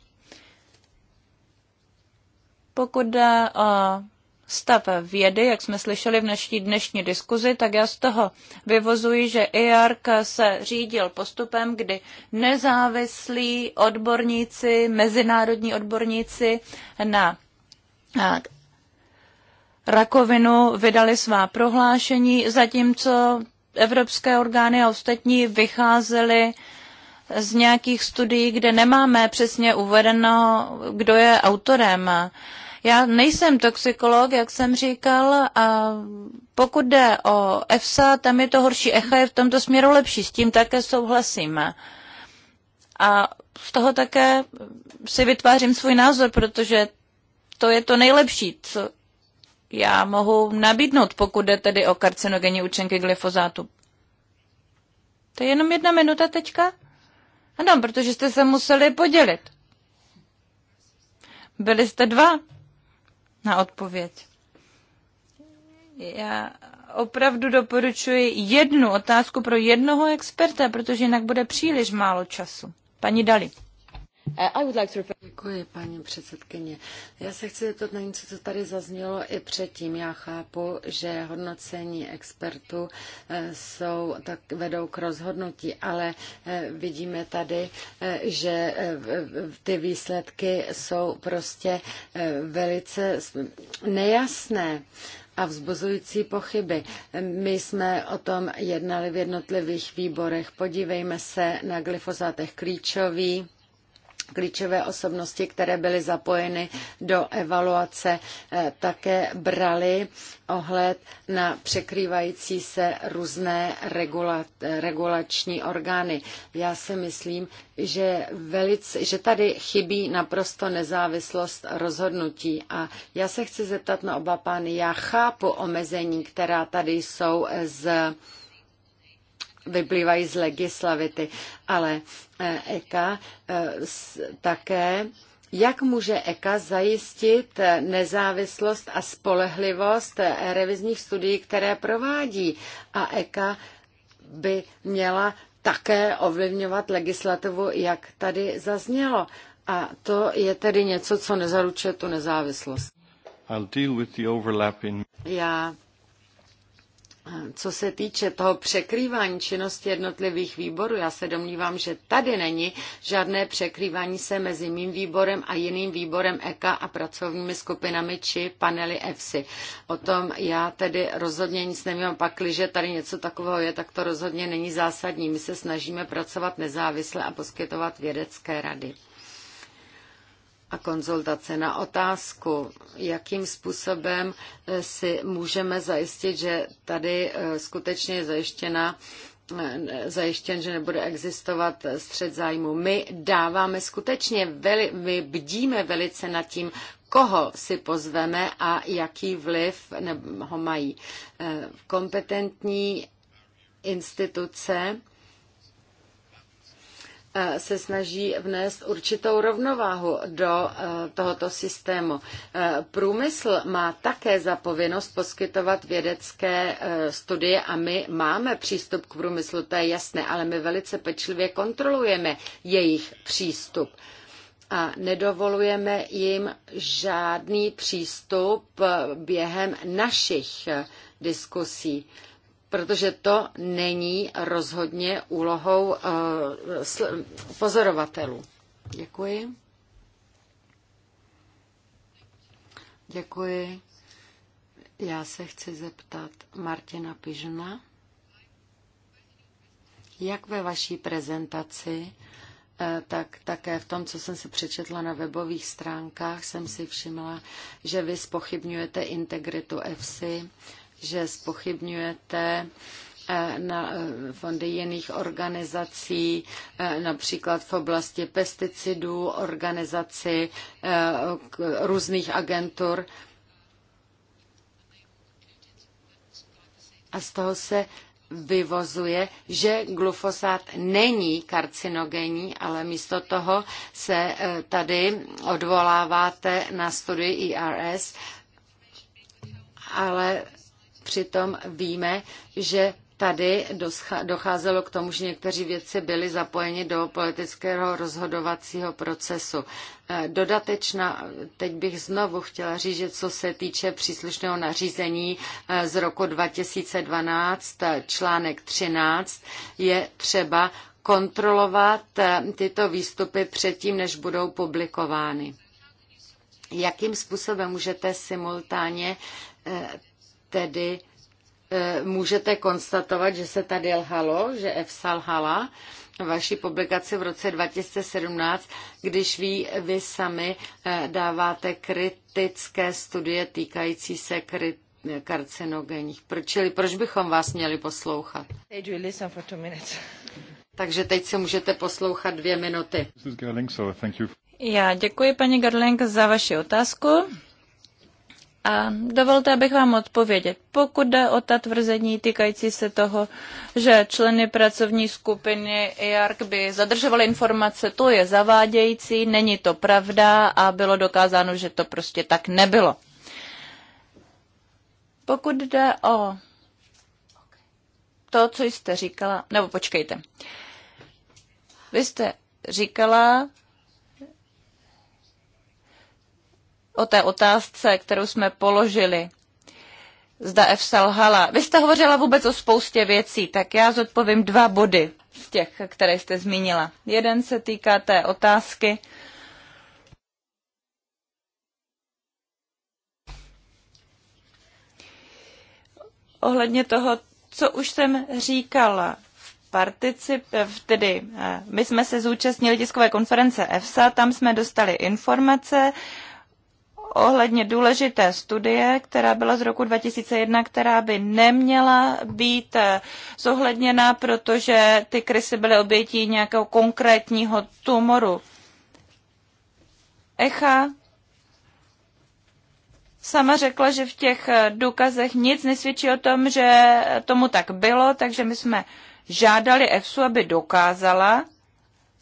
Speaker 2: Pokud jde o stav vědy, jak jsme slyšeli v naší dnešní diskuzi, tak já z toho vyvozuji, že IARC e se řídil postupem, kdy nezávislí odborníci, mezinárodní odborníci na rakovinu vydali svá prohlášení, zatímco evropské orgány a ostatní vycházely z nějakých studií, kde nemáme přesně uvedeno, kdo je autorem. Já nejsem toxikolog, jak jsem říkal, a pokud jde o EFSA, tam je to horší, ECHA je v tomto směru lepší, s tím také souhlasím. A z toho také si vytvářím svůj názor, protože to je to nejlepší, co já mohu nabídnout, pokud jde tedy o karcinogenní účinky glyfozátu. To je jenom jedna minuta teďka? Ano, protože jste se museli podělit. Byli jste dva, na odpověď. Já opravdu doporučuji jednu otázku pro jednoho experta, protože jinak bude příliš málo času. Paní Dali.
Speaker 1: Eh, Děkuji, paní předsedkyně. Já se chci zeptat na něco, co tady zaznělo i předtím. Já chápu, že hodnocení expertů eh, jsou, tak vedou k rozhodnutí, ale eh, vidíme tady, že ty výsledky jsou prostě velice nejasné a vzbuzující pochyby. My jsme o tom jednali v jednotlivých výborech. Podívejme se na glyfozátech klíčový klíčové osobnosti, které byly zapojeny do evaluace, eh, také brali ohled na překrývající se různé regulační orgány. Já si myslím, že, velice, že tady chybí naprosto nezávislost rozhodnutí. A já se chci zeptat na oba pány. Já chápu omezení, která tady jsou z vyplývají z legislavity, ale EKA eh, e eh, také jak může EKA zajistit eh, nezávislost a spolehlivost revizních studií, které provádí? A EKA by měla také ovlivňovat legislativu, jak tady zaznělo. A to je tedy něco, co nezaručuje tu nezávislost.
Speaker 2: I'll deal with the
Speaker 1: Já co se týče toho překrývání činnosti jednotlivých výborů, já se domnívám, že tady není žádné překrývání se mezi mým výborem a jiným výborem EKA a pracovními skupinami či panely EFSI. O tom já tedy rozhodně nic nevím, pakliže tady něco takového je, tak to rozhodně není zásadní. My se snažíme pracovat nezávisle a poskytovat vědecké rady a konzultace na otázku, jakým způsobem eh, si můžeme zajistit, že tady eh, skutečně je zajištěna eh, zajištěn, že nebude existovat střed zájmu. My dáváme skutečně, veli, my bdíme velice nad tím, koho si pozveme a jaký vliv ho mají. Kompetentní instituce Eh, se snaží vnést určitou rovnováhu do eh, tohoto systému. Eh, průmysl má také zapovinnost poskytovat vědecké studie a my máme přístup k průmyslu, to je jasné, ale my velice pečlivě kontrolujeme jejich přístup a nedovolujeme jim žádný přístup během našich diskusí protože to není rozhodně úlohou eh, pozorovatelů. Děkuji. Děkuji. Já se chci zeptat Martina Pižna, jak ve vaší prezentaci, eh, tak také v tom, co jsem si přečetla na webových stránkách, jsem si všimla, že vy spochybňujete integritu EFSI že spochybňujete eh, na eh, fondy jiných organizací, eh, například v oblasti pesticidů, organizaci různých agentur. A z toho se vyvozuje, že glufosát není karcinogenní, ale místo toho se tady odvoláváte na studii IRS, e ale Přitom víme, že tady docházelo k tomu, že někteří vědci byli zapojeni do politického rozhodovacího procesu. E, dodatečná, teď bych znovu chtěla říct, že co se týče příslušného nařízení e, z roku 2012, e, článek 13, je třeba kontrolovat tyto výstupy předtím, než budou publikovány. Jakým způsobem můžete simultánně tedy e, můžete konstatovat, že se tady lhalo, že EFSA lhala vaší publikaci v roce 2017, když vy, vy sami e, dáváte kritické studie týkající se krit, karcinogenních. Čili proč bychom vás měli poslouchat? Takže teď se můžete poslouchat dvě minuty.
Speaker 2: Já děkuji paní Garling za vaši otázku. A dovolte, abych vám odpovědět. Pokud jde o ta tvrzení týkající se toho, že členy pracovní skupiny IARC by zadržovaly informace, to je zavádějící, není to pravda a bylo dokázáno, že to prostě tak nebylo. Pokud jde o to, co jste říkala, nebo počkejte. Vy jste říkala, o té otázce, kterou jsme položili. Zda F. lhala, Vy jste hovořila vůbec o spoustě věcí, tak já zodpovím dva body z těch, které jste zmínila. Jeden se týká té otázky, ohledně toho, co už jsem říkala v particip, tedy eh, my jsme se zúčastnili tiskové konference EFSA, tam jsme dostali informace ohledně důležité studie, která byla z roku 2001, která by neměla být eh, zohledněna, protože ty krysy byly obětí nějakého konkrétního tumoru. Echa sama řekla, že v těch eh, důkazech nic nesvědčí o tom, že tomu tak bylo, takže my jsme žádali EFSU, aby dokázala,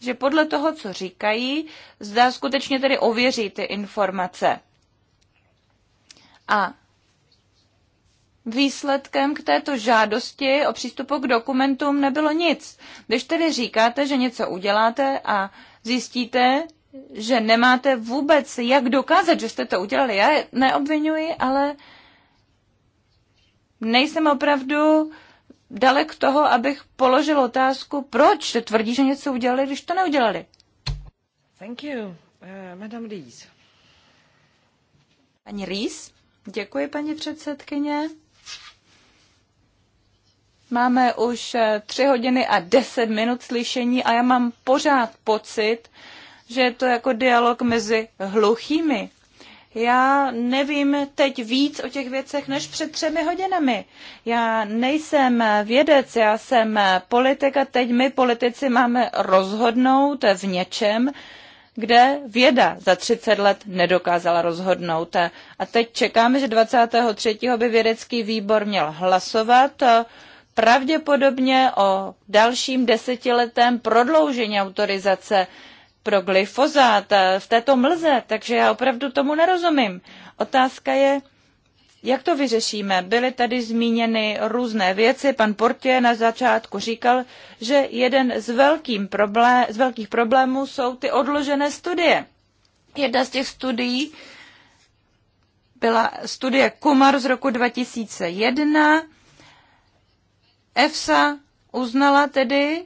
Speaker 2: že podle toho, co říkají, zda skutečně tedy ověří ty informace. A výsledkem k této žádosti o přístupu k dokumentům nebylo nic. Když tedy říkáte, že něco uděláte a zjistíte, že nemáte vůbec jak dokázat, že jste to udělali, já neobvinuji, ale nejsem opravdu dalek toho, abych položil otázku, proč tvrdí, že něco udělali, když to neudělali. Thank you. Uh, Madame Rees. Pani Rees? Děkuji, paní předsedkyně. Máme už eh, tři hodiny a deset minut slyšení a já mám pořád pocit, že je to jako dialog mezi hluchými. Já nevím teď víc o těch věcech než před třemi hodinami. Já nejsem vědec, já jsem politik a teď my politici máme rozhodnout v něčem, kde věda za 30 let nedokázala rozhodnout. A teď čekáme, že 23. by vědecký výbor měl hlasovat eh, pravděpodobně o dalším desetiletém prodloužení autorizace pro glyfozát eh, v této mlze, takže já opravdu tomu nerozumím. Otázka je, jak to vyřešíme? Byly tady zmíněny různé věci. Pan Portě na začátku říkal, že jeden z, velkým problé- z velkých problémů jsou ty odložené studie. Jedna z těch studií byla studie Kumar z roku 2001. EFSA uznala tedy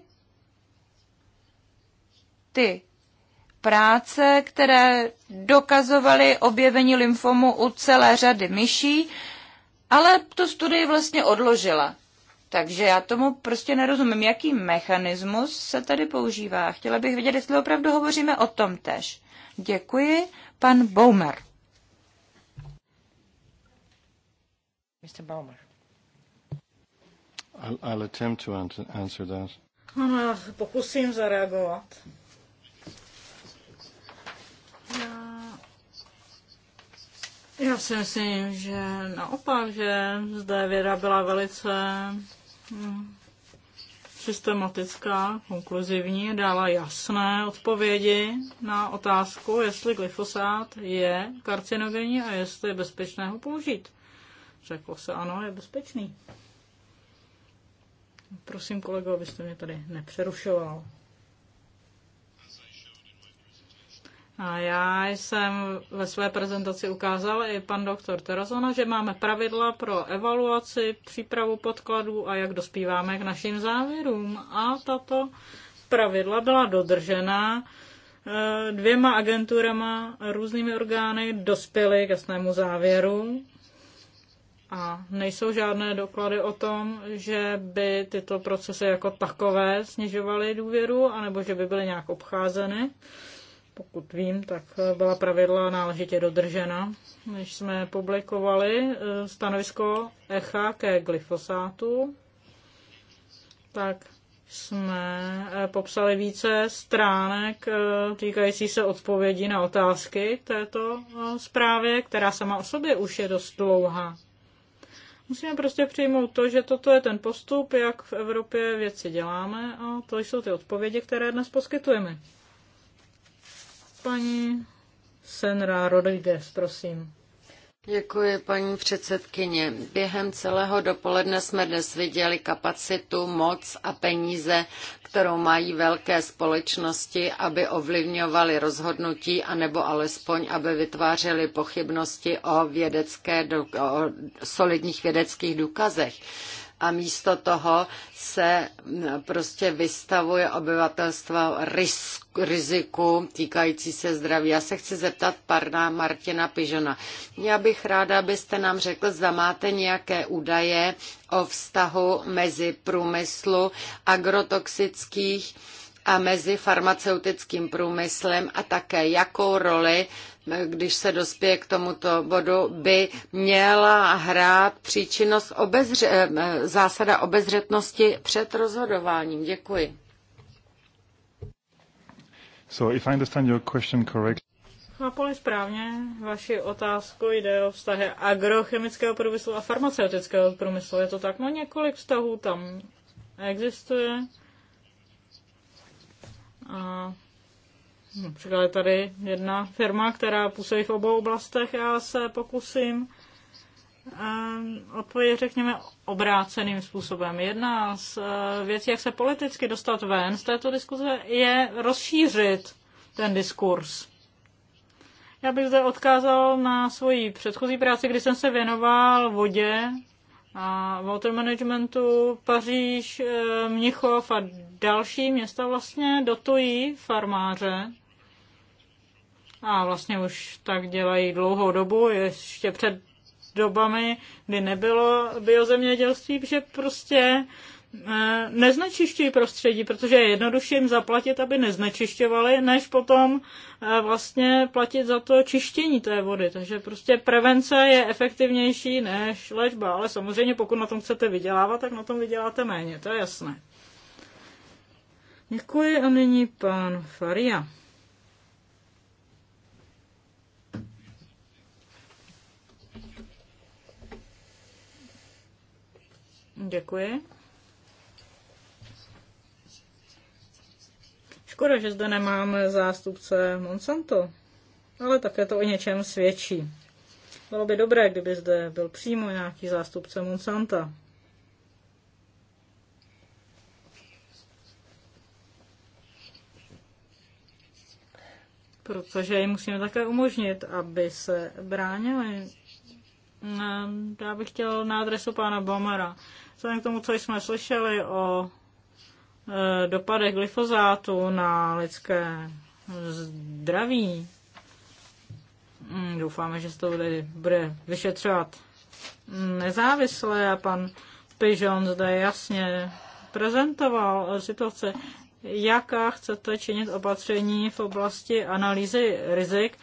Speaker 2: ty práce, které dokazovaly objevení lymfomu u celé řady myší, ale tu studii vlastně odložila. Takže já tomu prostě nerozumím, jaký mechanismus se tady používá. Chtěla bych vědět, jestli opravdu hovoříme o tom tež. Děkuji, pan Baumer. Mr. Baumer. I'll, I'll attempt to answer that.
Speaker 3: Ano, já pokusím zareagovat. Já si myslím, že naopak, že zde věda byla velice hm, systematická, konkluzivní, dala jasné odpovědi na otázku, jestli glyfosát je karcinogenní a jestli je bezpečné ho použít. Řeklo se, ano, je bezpečný. Prosím, kolego, abyste mě tady nepřerušoval. A já jsem ve své prezentaci ukázal i pan doktor Terazona, že máme pravidla pro evaluaci, přípravu podkladů a jak dospíváme k našim závěrům. A tato pravidla byla dodržena eh, dvěma agenturama, různými orgány dospěly k jasnému závěru a nejsou žádné doklady o tom, že by tyto procesy jako takové snižovaly důvěru, anebo že by byly nějak obcházeny pokud vím, tak eh, byla pravidla náležitě dodržena. Než jsme publikovali eh, stanovisko ECHA ke glyfosátu, tak jsme eh, popsali více stránek týkající se odpovědí na otázky této zprávy, která sama o sobě už je dost dlouhá. Musíme prostě přijmout to, že toto je ten postup, jak v Evropě věci děláme a to jsou ty odpovědi, které dnes poskytujeme. Paní Senra Rodriguez, prosím.
Speaker 1: Děkuji, paní předsedkyně. Během celého dopoledne jsme dnes viděli kapacitu, moc a peníze, kterou mají velké společnosti, aby ovlivňovali rozhodnutí, anebo alespoň, aby vytvářely pochybnosti o, vědecké, o solidních vědeckých důkazech a místo toho se prostě vystavuje obyvatelstvo riziku týkající se zdraví. Já se chci zeptat pana Martina Pižona. Já bych ráda, abyste nám řekl, zda máte nějaké údaje o vztahu mezi průmyslu agrotoxických a mezi farmaceutickým průmyslem a také jakou roli, když se dospěje k tomuto bodu, by měla hrát příčinnost obezře- eh, zásada obezřetnosti před rozhodováním. Děkuji.
Speaker 3: So if I understand your question correctly, Chápali správně vaši otázku, jde o vztahy agrochemického průmyslu a farmaceutického průmyslu. Je to tak? No několik vztahů tam existuje. A například no, je tady jedna firma, která působí v obou oblastech. Já se pokusím ehm, odpovědět, řekněme, obráceným způsobem. Jedna z eh, věcí, jak se politicky dostat ven z této diskuze, je rozšířit ten diskurs. Já bych zde odkázal na svoji předchozí práci, kdy jsem se věnoval vodě a water managementu Paříž, eh, Mnichov a další města vlastně dotují farmáře. A vlastně už tak dělají dlouhou dobu, ještě před dobami, kdy nebylo biozemědělství, že prostě Eh, neznečišťují prostředí, protože je jednodušší jim zaplatit, aby neznečišťovali, než potom eh, vlastně platit za to čištění té vody. Takže prostě prevence je efektivnější než léčba, ale samozřejmě pokud na tom chcete vydělávat, tak na tom vyděláte méně, to je jasné. Děkuji a nyní pan Faria. Děkuji. Škoda, že zde nemáme zástupce Monsanto, ale také to o něčem svědčí. Bylo by dobré, kdyby zde byl přímo nějaký zástupce Monsanta. Protože jim musíme také umožnit, aby se bránili. Ehm, já bych chtěl na adresu pána Bomera. Vzhledem k tomu, co jsme slyšeli o Eh, dopadech glyfozátu na lidské zdraví. Hmm, doufáme, že se to bude, bude vyšetřovat nezávisle a pan Pigeon zde jasně prezentoval situace, jaká chcete činit opatření v oblasti analýzy rizik,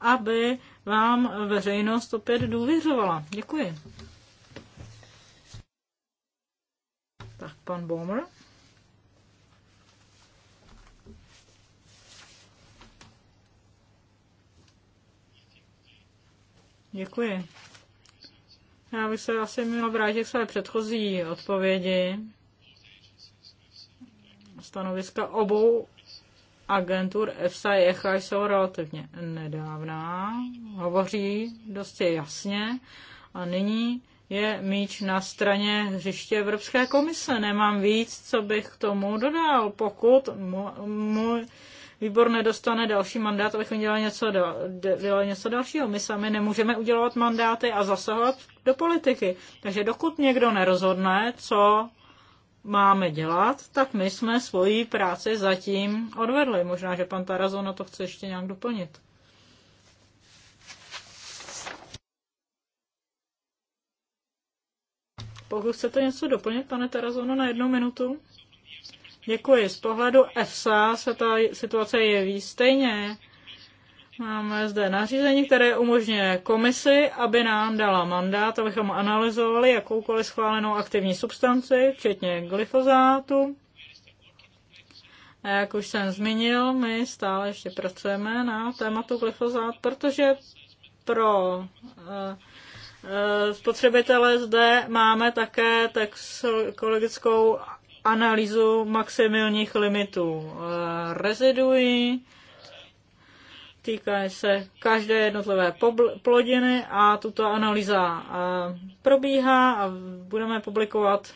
Speaker 3: aby vám veřejnost opět důvěřovala. Děkuji. Tak pan Bomer. Děkuji. Já bych se asi měla vrátit k své předchozí odpovědi. Stanoviska obou agentur EFSA i ECHA jsou relativně nedávná, hovoří dosti jasně a nyní je míč na straně hřiště Evropské komise. Nemám víc, co bych k tomu dodal, pokud můj výbor nedostane další mandát, abychom dělali něco, do, dělali něco dalšího. My sami nemůžeme udělovat mandáty a zasahovat do politiky. Takže dokud někdo nerozhodne, co máme dělat, tak my jsme svoji práci zatím odvedli. Možná, že pan Tarazo na to chce ještě nějak doplnit. Pokud chcete něco doplnit, pane Tarazono, na jednu minutu. Děkuji. Z pohledu EFSA se ta situace jeví stejně. Máme zde nařízení, které umožňuje komisi, aby nám dala mandát, abychom analyzovali jakoukoliv schválenou aktivní substanci, včetně glyfozátu. A jak už jsem zmínil, my stále ještě pracujeme na tématu glyfozát, protože pro eh, eh, spotřebitele zde máme také tak ekologickou analýzu maximálních limitů eh, reziduí, týká se každé jednotlivé plodiny a tuto analýza eh, probíhá a budeme publikovat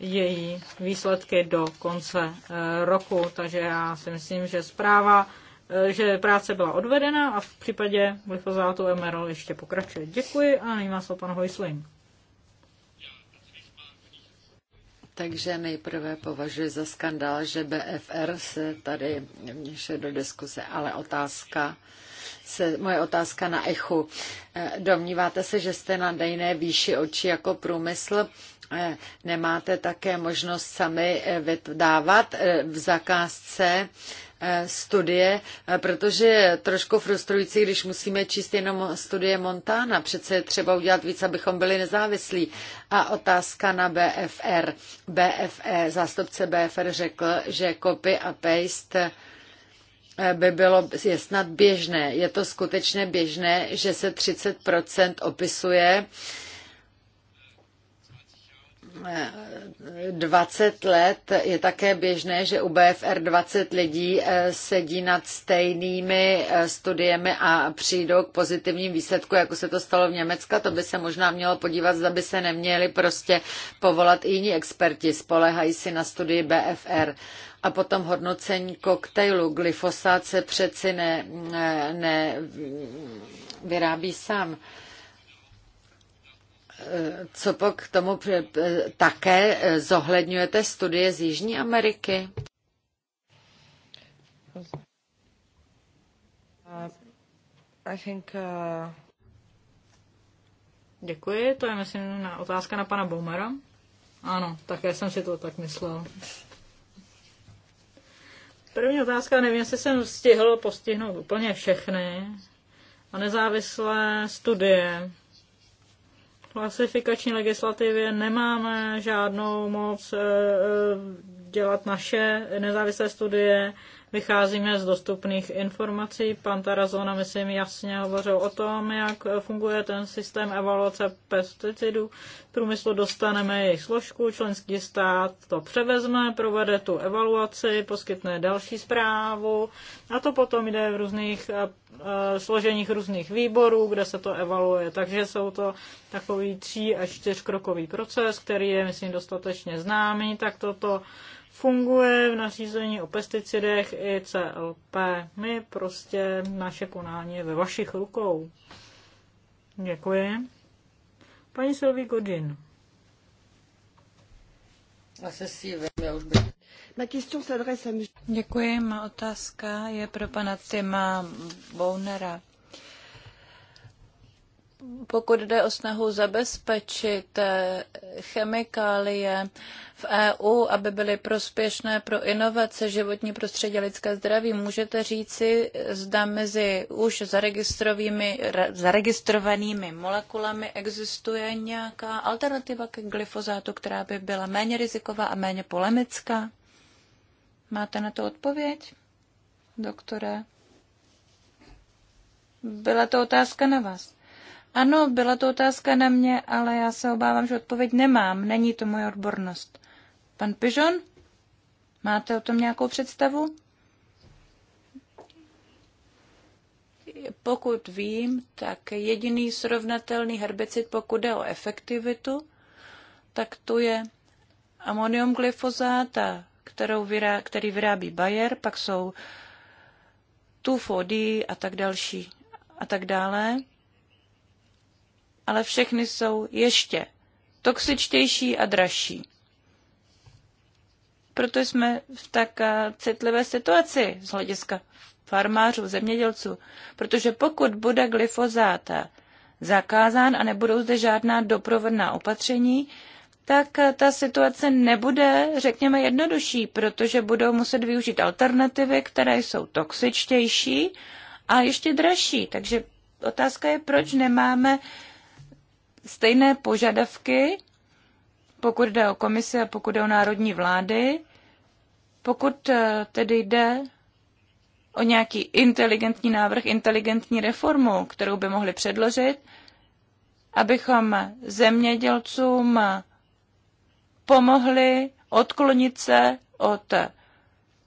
Speaker 3: její výsledky do konce eh, roku. Takže já si myslím, že zpráva, že práce byla odvedena a v případě glyfozátu MRL ještě pokračuje. Děkuji a nyní má slovo pan Hojsling.
Speaker 1: Takže nejprve považuji za skandál, že BFR se tady měše do diskuse, ale otázka, se, moje otázka na echu. Eh, domníváte se, že jste na dejné výši oči jako průmysl? Eh, nemáte také možnost sami eh, vydávat v zakázce Eh, studie, eh, protože je trošku frustrující, když musíme číst jenom studie Montana. Přece je třeba udělat víc, abychom byli nezávislí. A otázka na BFR. BFE, zástupce BFR řekl, že copy a paste eh, by bylo, je snad běžné. Je to skutečně běžné, že se 30% opisuje uh, 20 let je také běžné, že u BFR 20 lidí eh, sedí nad stejnými eh, studiemi a přijdou k pozitivním výsledku, jako se to stalo v Německu, To by se možná mělo podívat, zda by se neměli prostě povolat i jiní experti. Spolehají si na studii BFR. A potom hodnocení koktejlu. Glyfosát se přeci ne, ne, ne vyrábí sám co pak tomu také zohledňujete studie z Jižní Ameriky?
Speaker 3: Uh, I think, uh... Děkuji, to je myslím na otázka na pana Bomera. Ano, také jsem si to tak myslel. První otázka, nevím, jestli jsem stihl postihnout úplně všechny. A nezávislé studie klasifikační legislativě nemáme žádnou moc eh, eh, dělat naše nezávislé studie, Vycházíme z dostupných informací. Pan Tarazona, myslím, jasně hovořil o tom, jak funguje ten systém evaluace pesticidů. V průmyslu dostaneme jejich složku, členský stát to převezme, provede tu evaluaci, poskytne další zprávu a to potom jde v různých eh, eh, složeních různých výborů, kde se to evaluuje. Takže jsou to takový tří až čtyřkrokový proces, který je, myslím, dostatečně známý, tak toto funguje v nařízení o pesticidech i CLP. My prostě naše konání je ve vašich rukou. Děkuji.
Speaker 2: Paní Silví Godin. Děkuji. Má otázka je pro pana Tima Bounera pokud jde o snahu zabezpečit eh, chemikálie v EU, aby byly prospěšné pro inovace, životní prostředí a lidské zdraví, můžete říci, zda mezi už zaregistrovanými molekulami existuje nějaká alternativa ke glyfozátu, která by byla méně riziková a méně polemická? Máte na to odpověď, doktore? Byla to otázka na vás. Ano, byla to otázka na mě, ale já se obávám, že odpověď nemám. Není to moje odbornost. Pan Pižon? Máte o tom nějakou představu? Pokud vím, tak jediný srovnatelný herbicid, pokud jde o efektivitu, tak to je amonium glyfozáta, kterou vyrá, který vyrábí Bayer, pak jsou tufody a tak další a tak dále ale všechny jsou ještě toxičtější a dražší. Proto jsme v tak eh, citlivé situaci z hlediska farmářů, zemědělců, protože pokud bude glyfozát eh, zakázán a nebudou zde žádná doprovodná opatření, tak eh, ta situace nebude, řekněme, jednodušší, protože budou muset využít alternativy, které jsou toxičtější a ještě dražší. Takže otázka je, proč nemáme stejné požadavky, pokud jde o komisi a pokud jde o národní vlády, pokud eh, tedy jde o nějaký inteligentní návrh, inteligentní reformu, kterou by mohli předložit, abychom zemědělcům pomohli odklonit se od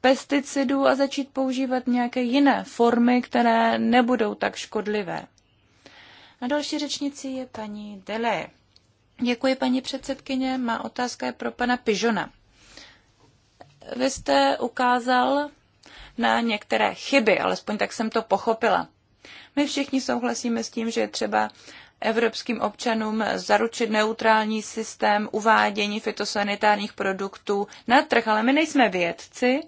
Speaker 2: pesticidů a začít používat nějaké jiné formy, které nebudou tak škodlivé. A další řečnicí je paní Dele. Děkuji, paní předsedkyně. Má otázka je pro pana Pižona. Vy jste ukázal na některé chyby, alespoň tak jsem to pochopila. My všichni souhlasíme s tím, že je třeba evropským občanům zaručit neutrální systém uvádění fitosanitárních produktů na trh, ale my nejsme vědci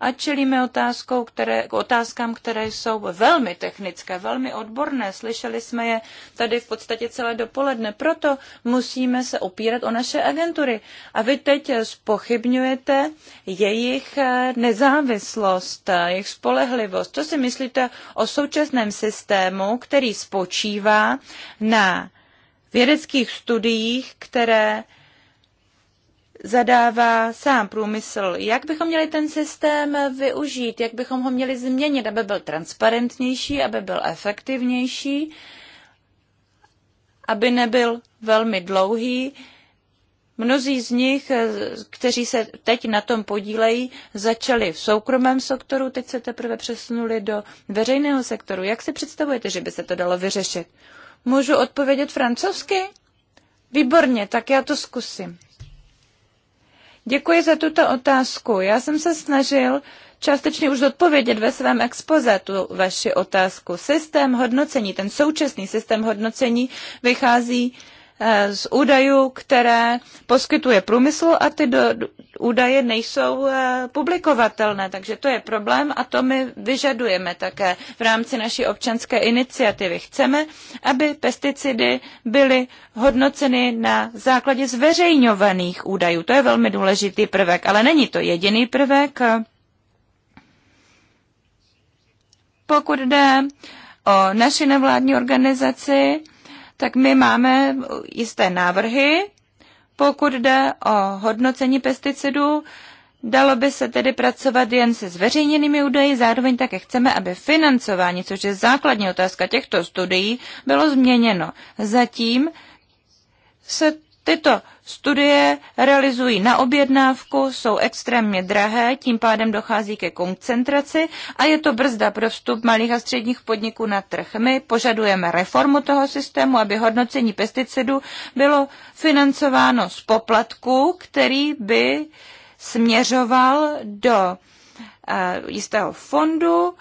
Speaker 2: a čelíme otázkou, které, k otázkám, které jsou velmi technické, velmi odborné. Slyšeli jsme je tady v podstatě celé dopoledne. Proto musíme se opírat o naše agentury. A vy teď spochybňujete jejich eh, nezávislost, eh, jejich spolehlivost. Co si myslíte o současném systému, který spočívá na vědeckých studiích, které zadává sám průmysl. Jak bychom měli ten systém využít, jak bychom ho měli změnit, aby byl transparentnější, aby byl efektivnější, aby nebyl velmi dlouhý. Mnozí z nich, kteří se teď na tom podílejí, začali v soukromém sektoru, teď se teprve přesunuli do veřejného sektoru. Jak si představujete, že by se to dalo vyřešit? Můžu odpovědět francouzsky? Výborně, tak já to zkusím. Děkuji za tuto otázku. Já jsem se snažil částečně už odpovědět ve svém expoze tu vaši otázku. Systém hodnocení, ten současný systém hodnocení vychází uh, Eh, z údajů, které poskytuje průmysl a ty do, údaje nejsou eh, publikovatelné. Takže to je problém a to my vyžadujeme také v rámci naší občanské iniciativy. Chceme, aby pesticidy byly hodnoceny na základě zveřejňovaných údajů. To je velmi důležitý prvek, ale není to jediný prvek. Pokud jde o naši nevládní organizaci, tak my máme jisté návrhy, pokud jde o hodnocení pesticidů, Dalo by se tedy pracovat jen se zveřejněnými údaji, zároveň také chceme, aby financování, což je základní otázka těchto studií, bylo změněno. Zatím se Tyto studie realizují na objednávku, jsou extrémně drahé, tím pádem dochází ke koncentraci a je to brzda pro vstup malých a středních podniků na trh. My požadujeme reformu toho systému, aby hodnocení pesticidů bylo financováno z poplatku, který by směřoval do eh, jistého fondu,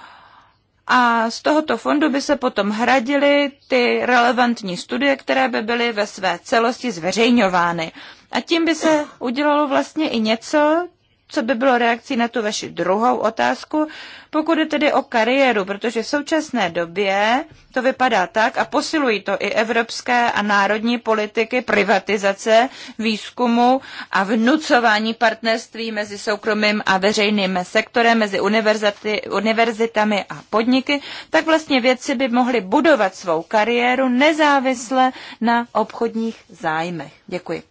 Speaker 2: a z tohoto fondu by se potom hradily ty relevantní studie, které by byly ve své celosti zveřejňovány. A tím by se udělalo vlastně i něco, co by bylo reakcí na tu vaši druhou otázku, pokud je tedy o kariéru, protože v současné době to vypadá tak a posilují to i evropské a národní politiky privatizace, výzkumu a vnucování partnerství mezi soukromým a veřejným sektorem, mezi univerzitami a podniky, tak vlastně vědci by mohli budovat svou kariéru nezávisle na obchodních zájmech. Děkuji.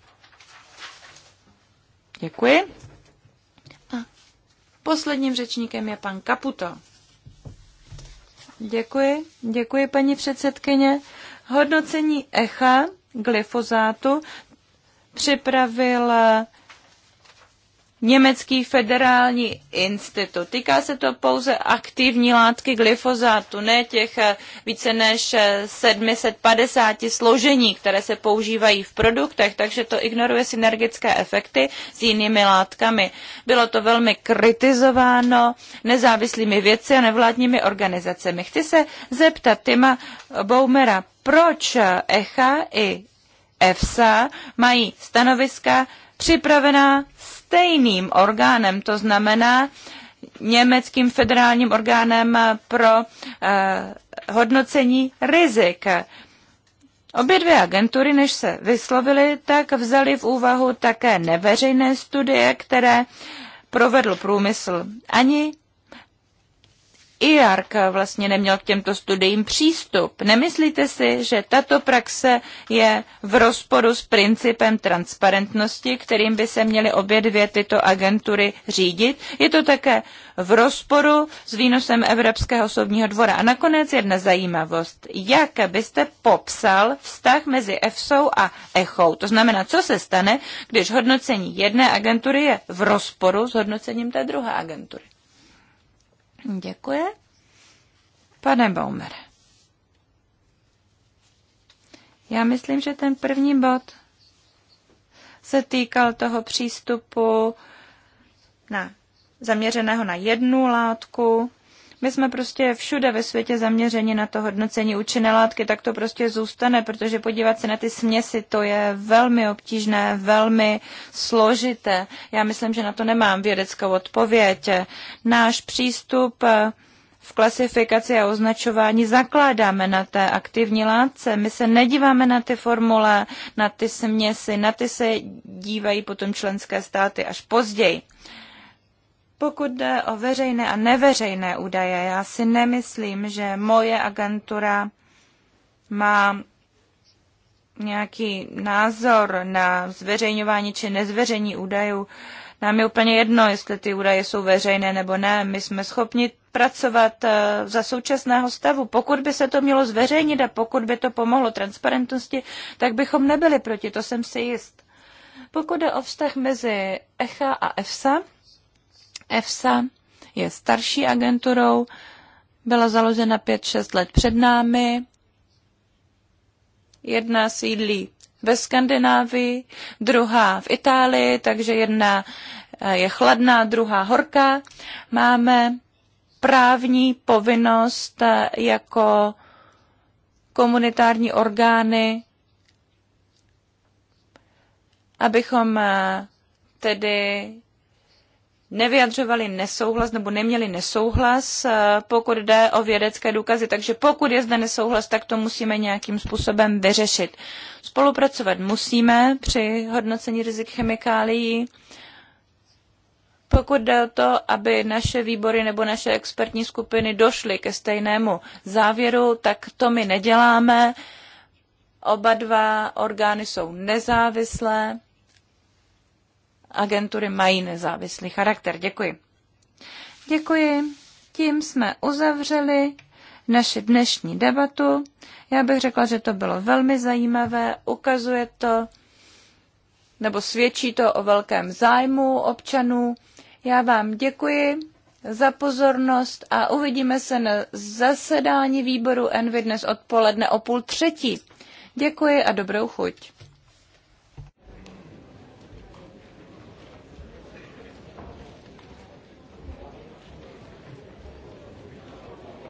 Speaker 2: Děkuji. Posledním řečníkem je pan Kaputo. Děkuji, děkuji paní předsedkyně. Hodnocení echa glyfozátu připravil Německý federální institut. Týká se to pouze aktivní látky glyfozátu, ne těch eh, více než 750 eh, složení, které se používají v produktech, takže to ignoruje synergické efekty s jinými látkami. Bylo to velmi kritizováno nezávislými vědci a nevládními organizacemi. Chci se zeptat Tima Boumera, proč ECHA i EFSA mají stanoviska připravená stejným orgánem, to znamená německým federálním orgánem pro eh, hodnocení rizik. Obě dvě agentury, než se vyslovily, tak vzali v úvahu také neveřejné studie, které provedl průmysl. Ani IARC vlastně neměl k těmto studiím přístup. Nemyslíte si, že tato praxe je v rozporu s principem transparentnosti, kterým by se měly obě dvě tyto agentury řídit? Je to také v rozporu s výnosem Evropského soudního dvora. A nakonec jedna zajímavost. Jak byste popsal vztah mezi EFSou a ECHou? To znamená, co se stane, když hodnocení jedné agentury je v rozporu s hodnocením té druhé agentury? Děkuji. Pane Baumer. Já myslím, že ten první bod se týkal toho přístupu na zaměřeného na jednu látku my jsme prostě všude ve světě zaměřeni na to hodnocení účinné látky, tak to prostě zůstane, protože podívat se na ty směsi, to je velmi obtížné, velmi složité. Já myslím, že na to nemám vědeckou odpověď. Náš přístup eh, v klasifikaci a označování zakládáme na té aktivní látce. My se nedíváme na ty formule, na ty směsi, na ty se dívají potom členské státy až později. Pokud jde o veřejné a neveřejné údaje, já si nemyslím, že moje agentura má nějaký názor na zveřejňování či nezveřejní údajů. Nám je úplně jedno, jestli ty údaje jsou veřejné nebo ne. My jsme schopni pracovat eh, za současného stavu. Pokud by se to mělo zveřejnit a pokud by to pomohlo transparentnosti, tak bychom nebyli proti, to jsem si jist. Pokud jde o vztah mezi ECHA a EFSA, EFSA je starší agenturou, byla založena 5-6 let před námi. Jedna sídlí ve Skandinávii, druhá v Itálii, takže jedna eh, je chladná, druhá horká. Máme právní povinnost eh, jako komunitární orgány, abychom eh, tedy nevyjadřovali nesouhlas nebo neměli nesouhlas, eh, pokud jde o vědecké důkazy. Takže pokud je zde nesouhlas, tak to musíme nějakým způsobem vyřešit. Spolupracovat musíme při hodnocení rizik chemikálií. Pokud jde o to, aby naše výbory nebo naše expertní skupiny došly ke stejnému závěru, tak to my neděláme. Oba dva orgány jsou nezávislé agentury mají nezávislý charakter. Děkuji. Děkuji. Tím jsme uzavřeli naši dnešní debatu. Já bych řekla, že to bylo velmi zajímavé. Ukazuje to, nebo svědčí to o velkém zájmu občanů. Já vám děkuji za pozornost a uvidíme se na zasedání výboru Envy dnes odpoledne o půl třetí. Děkuji a dobrou chuť.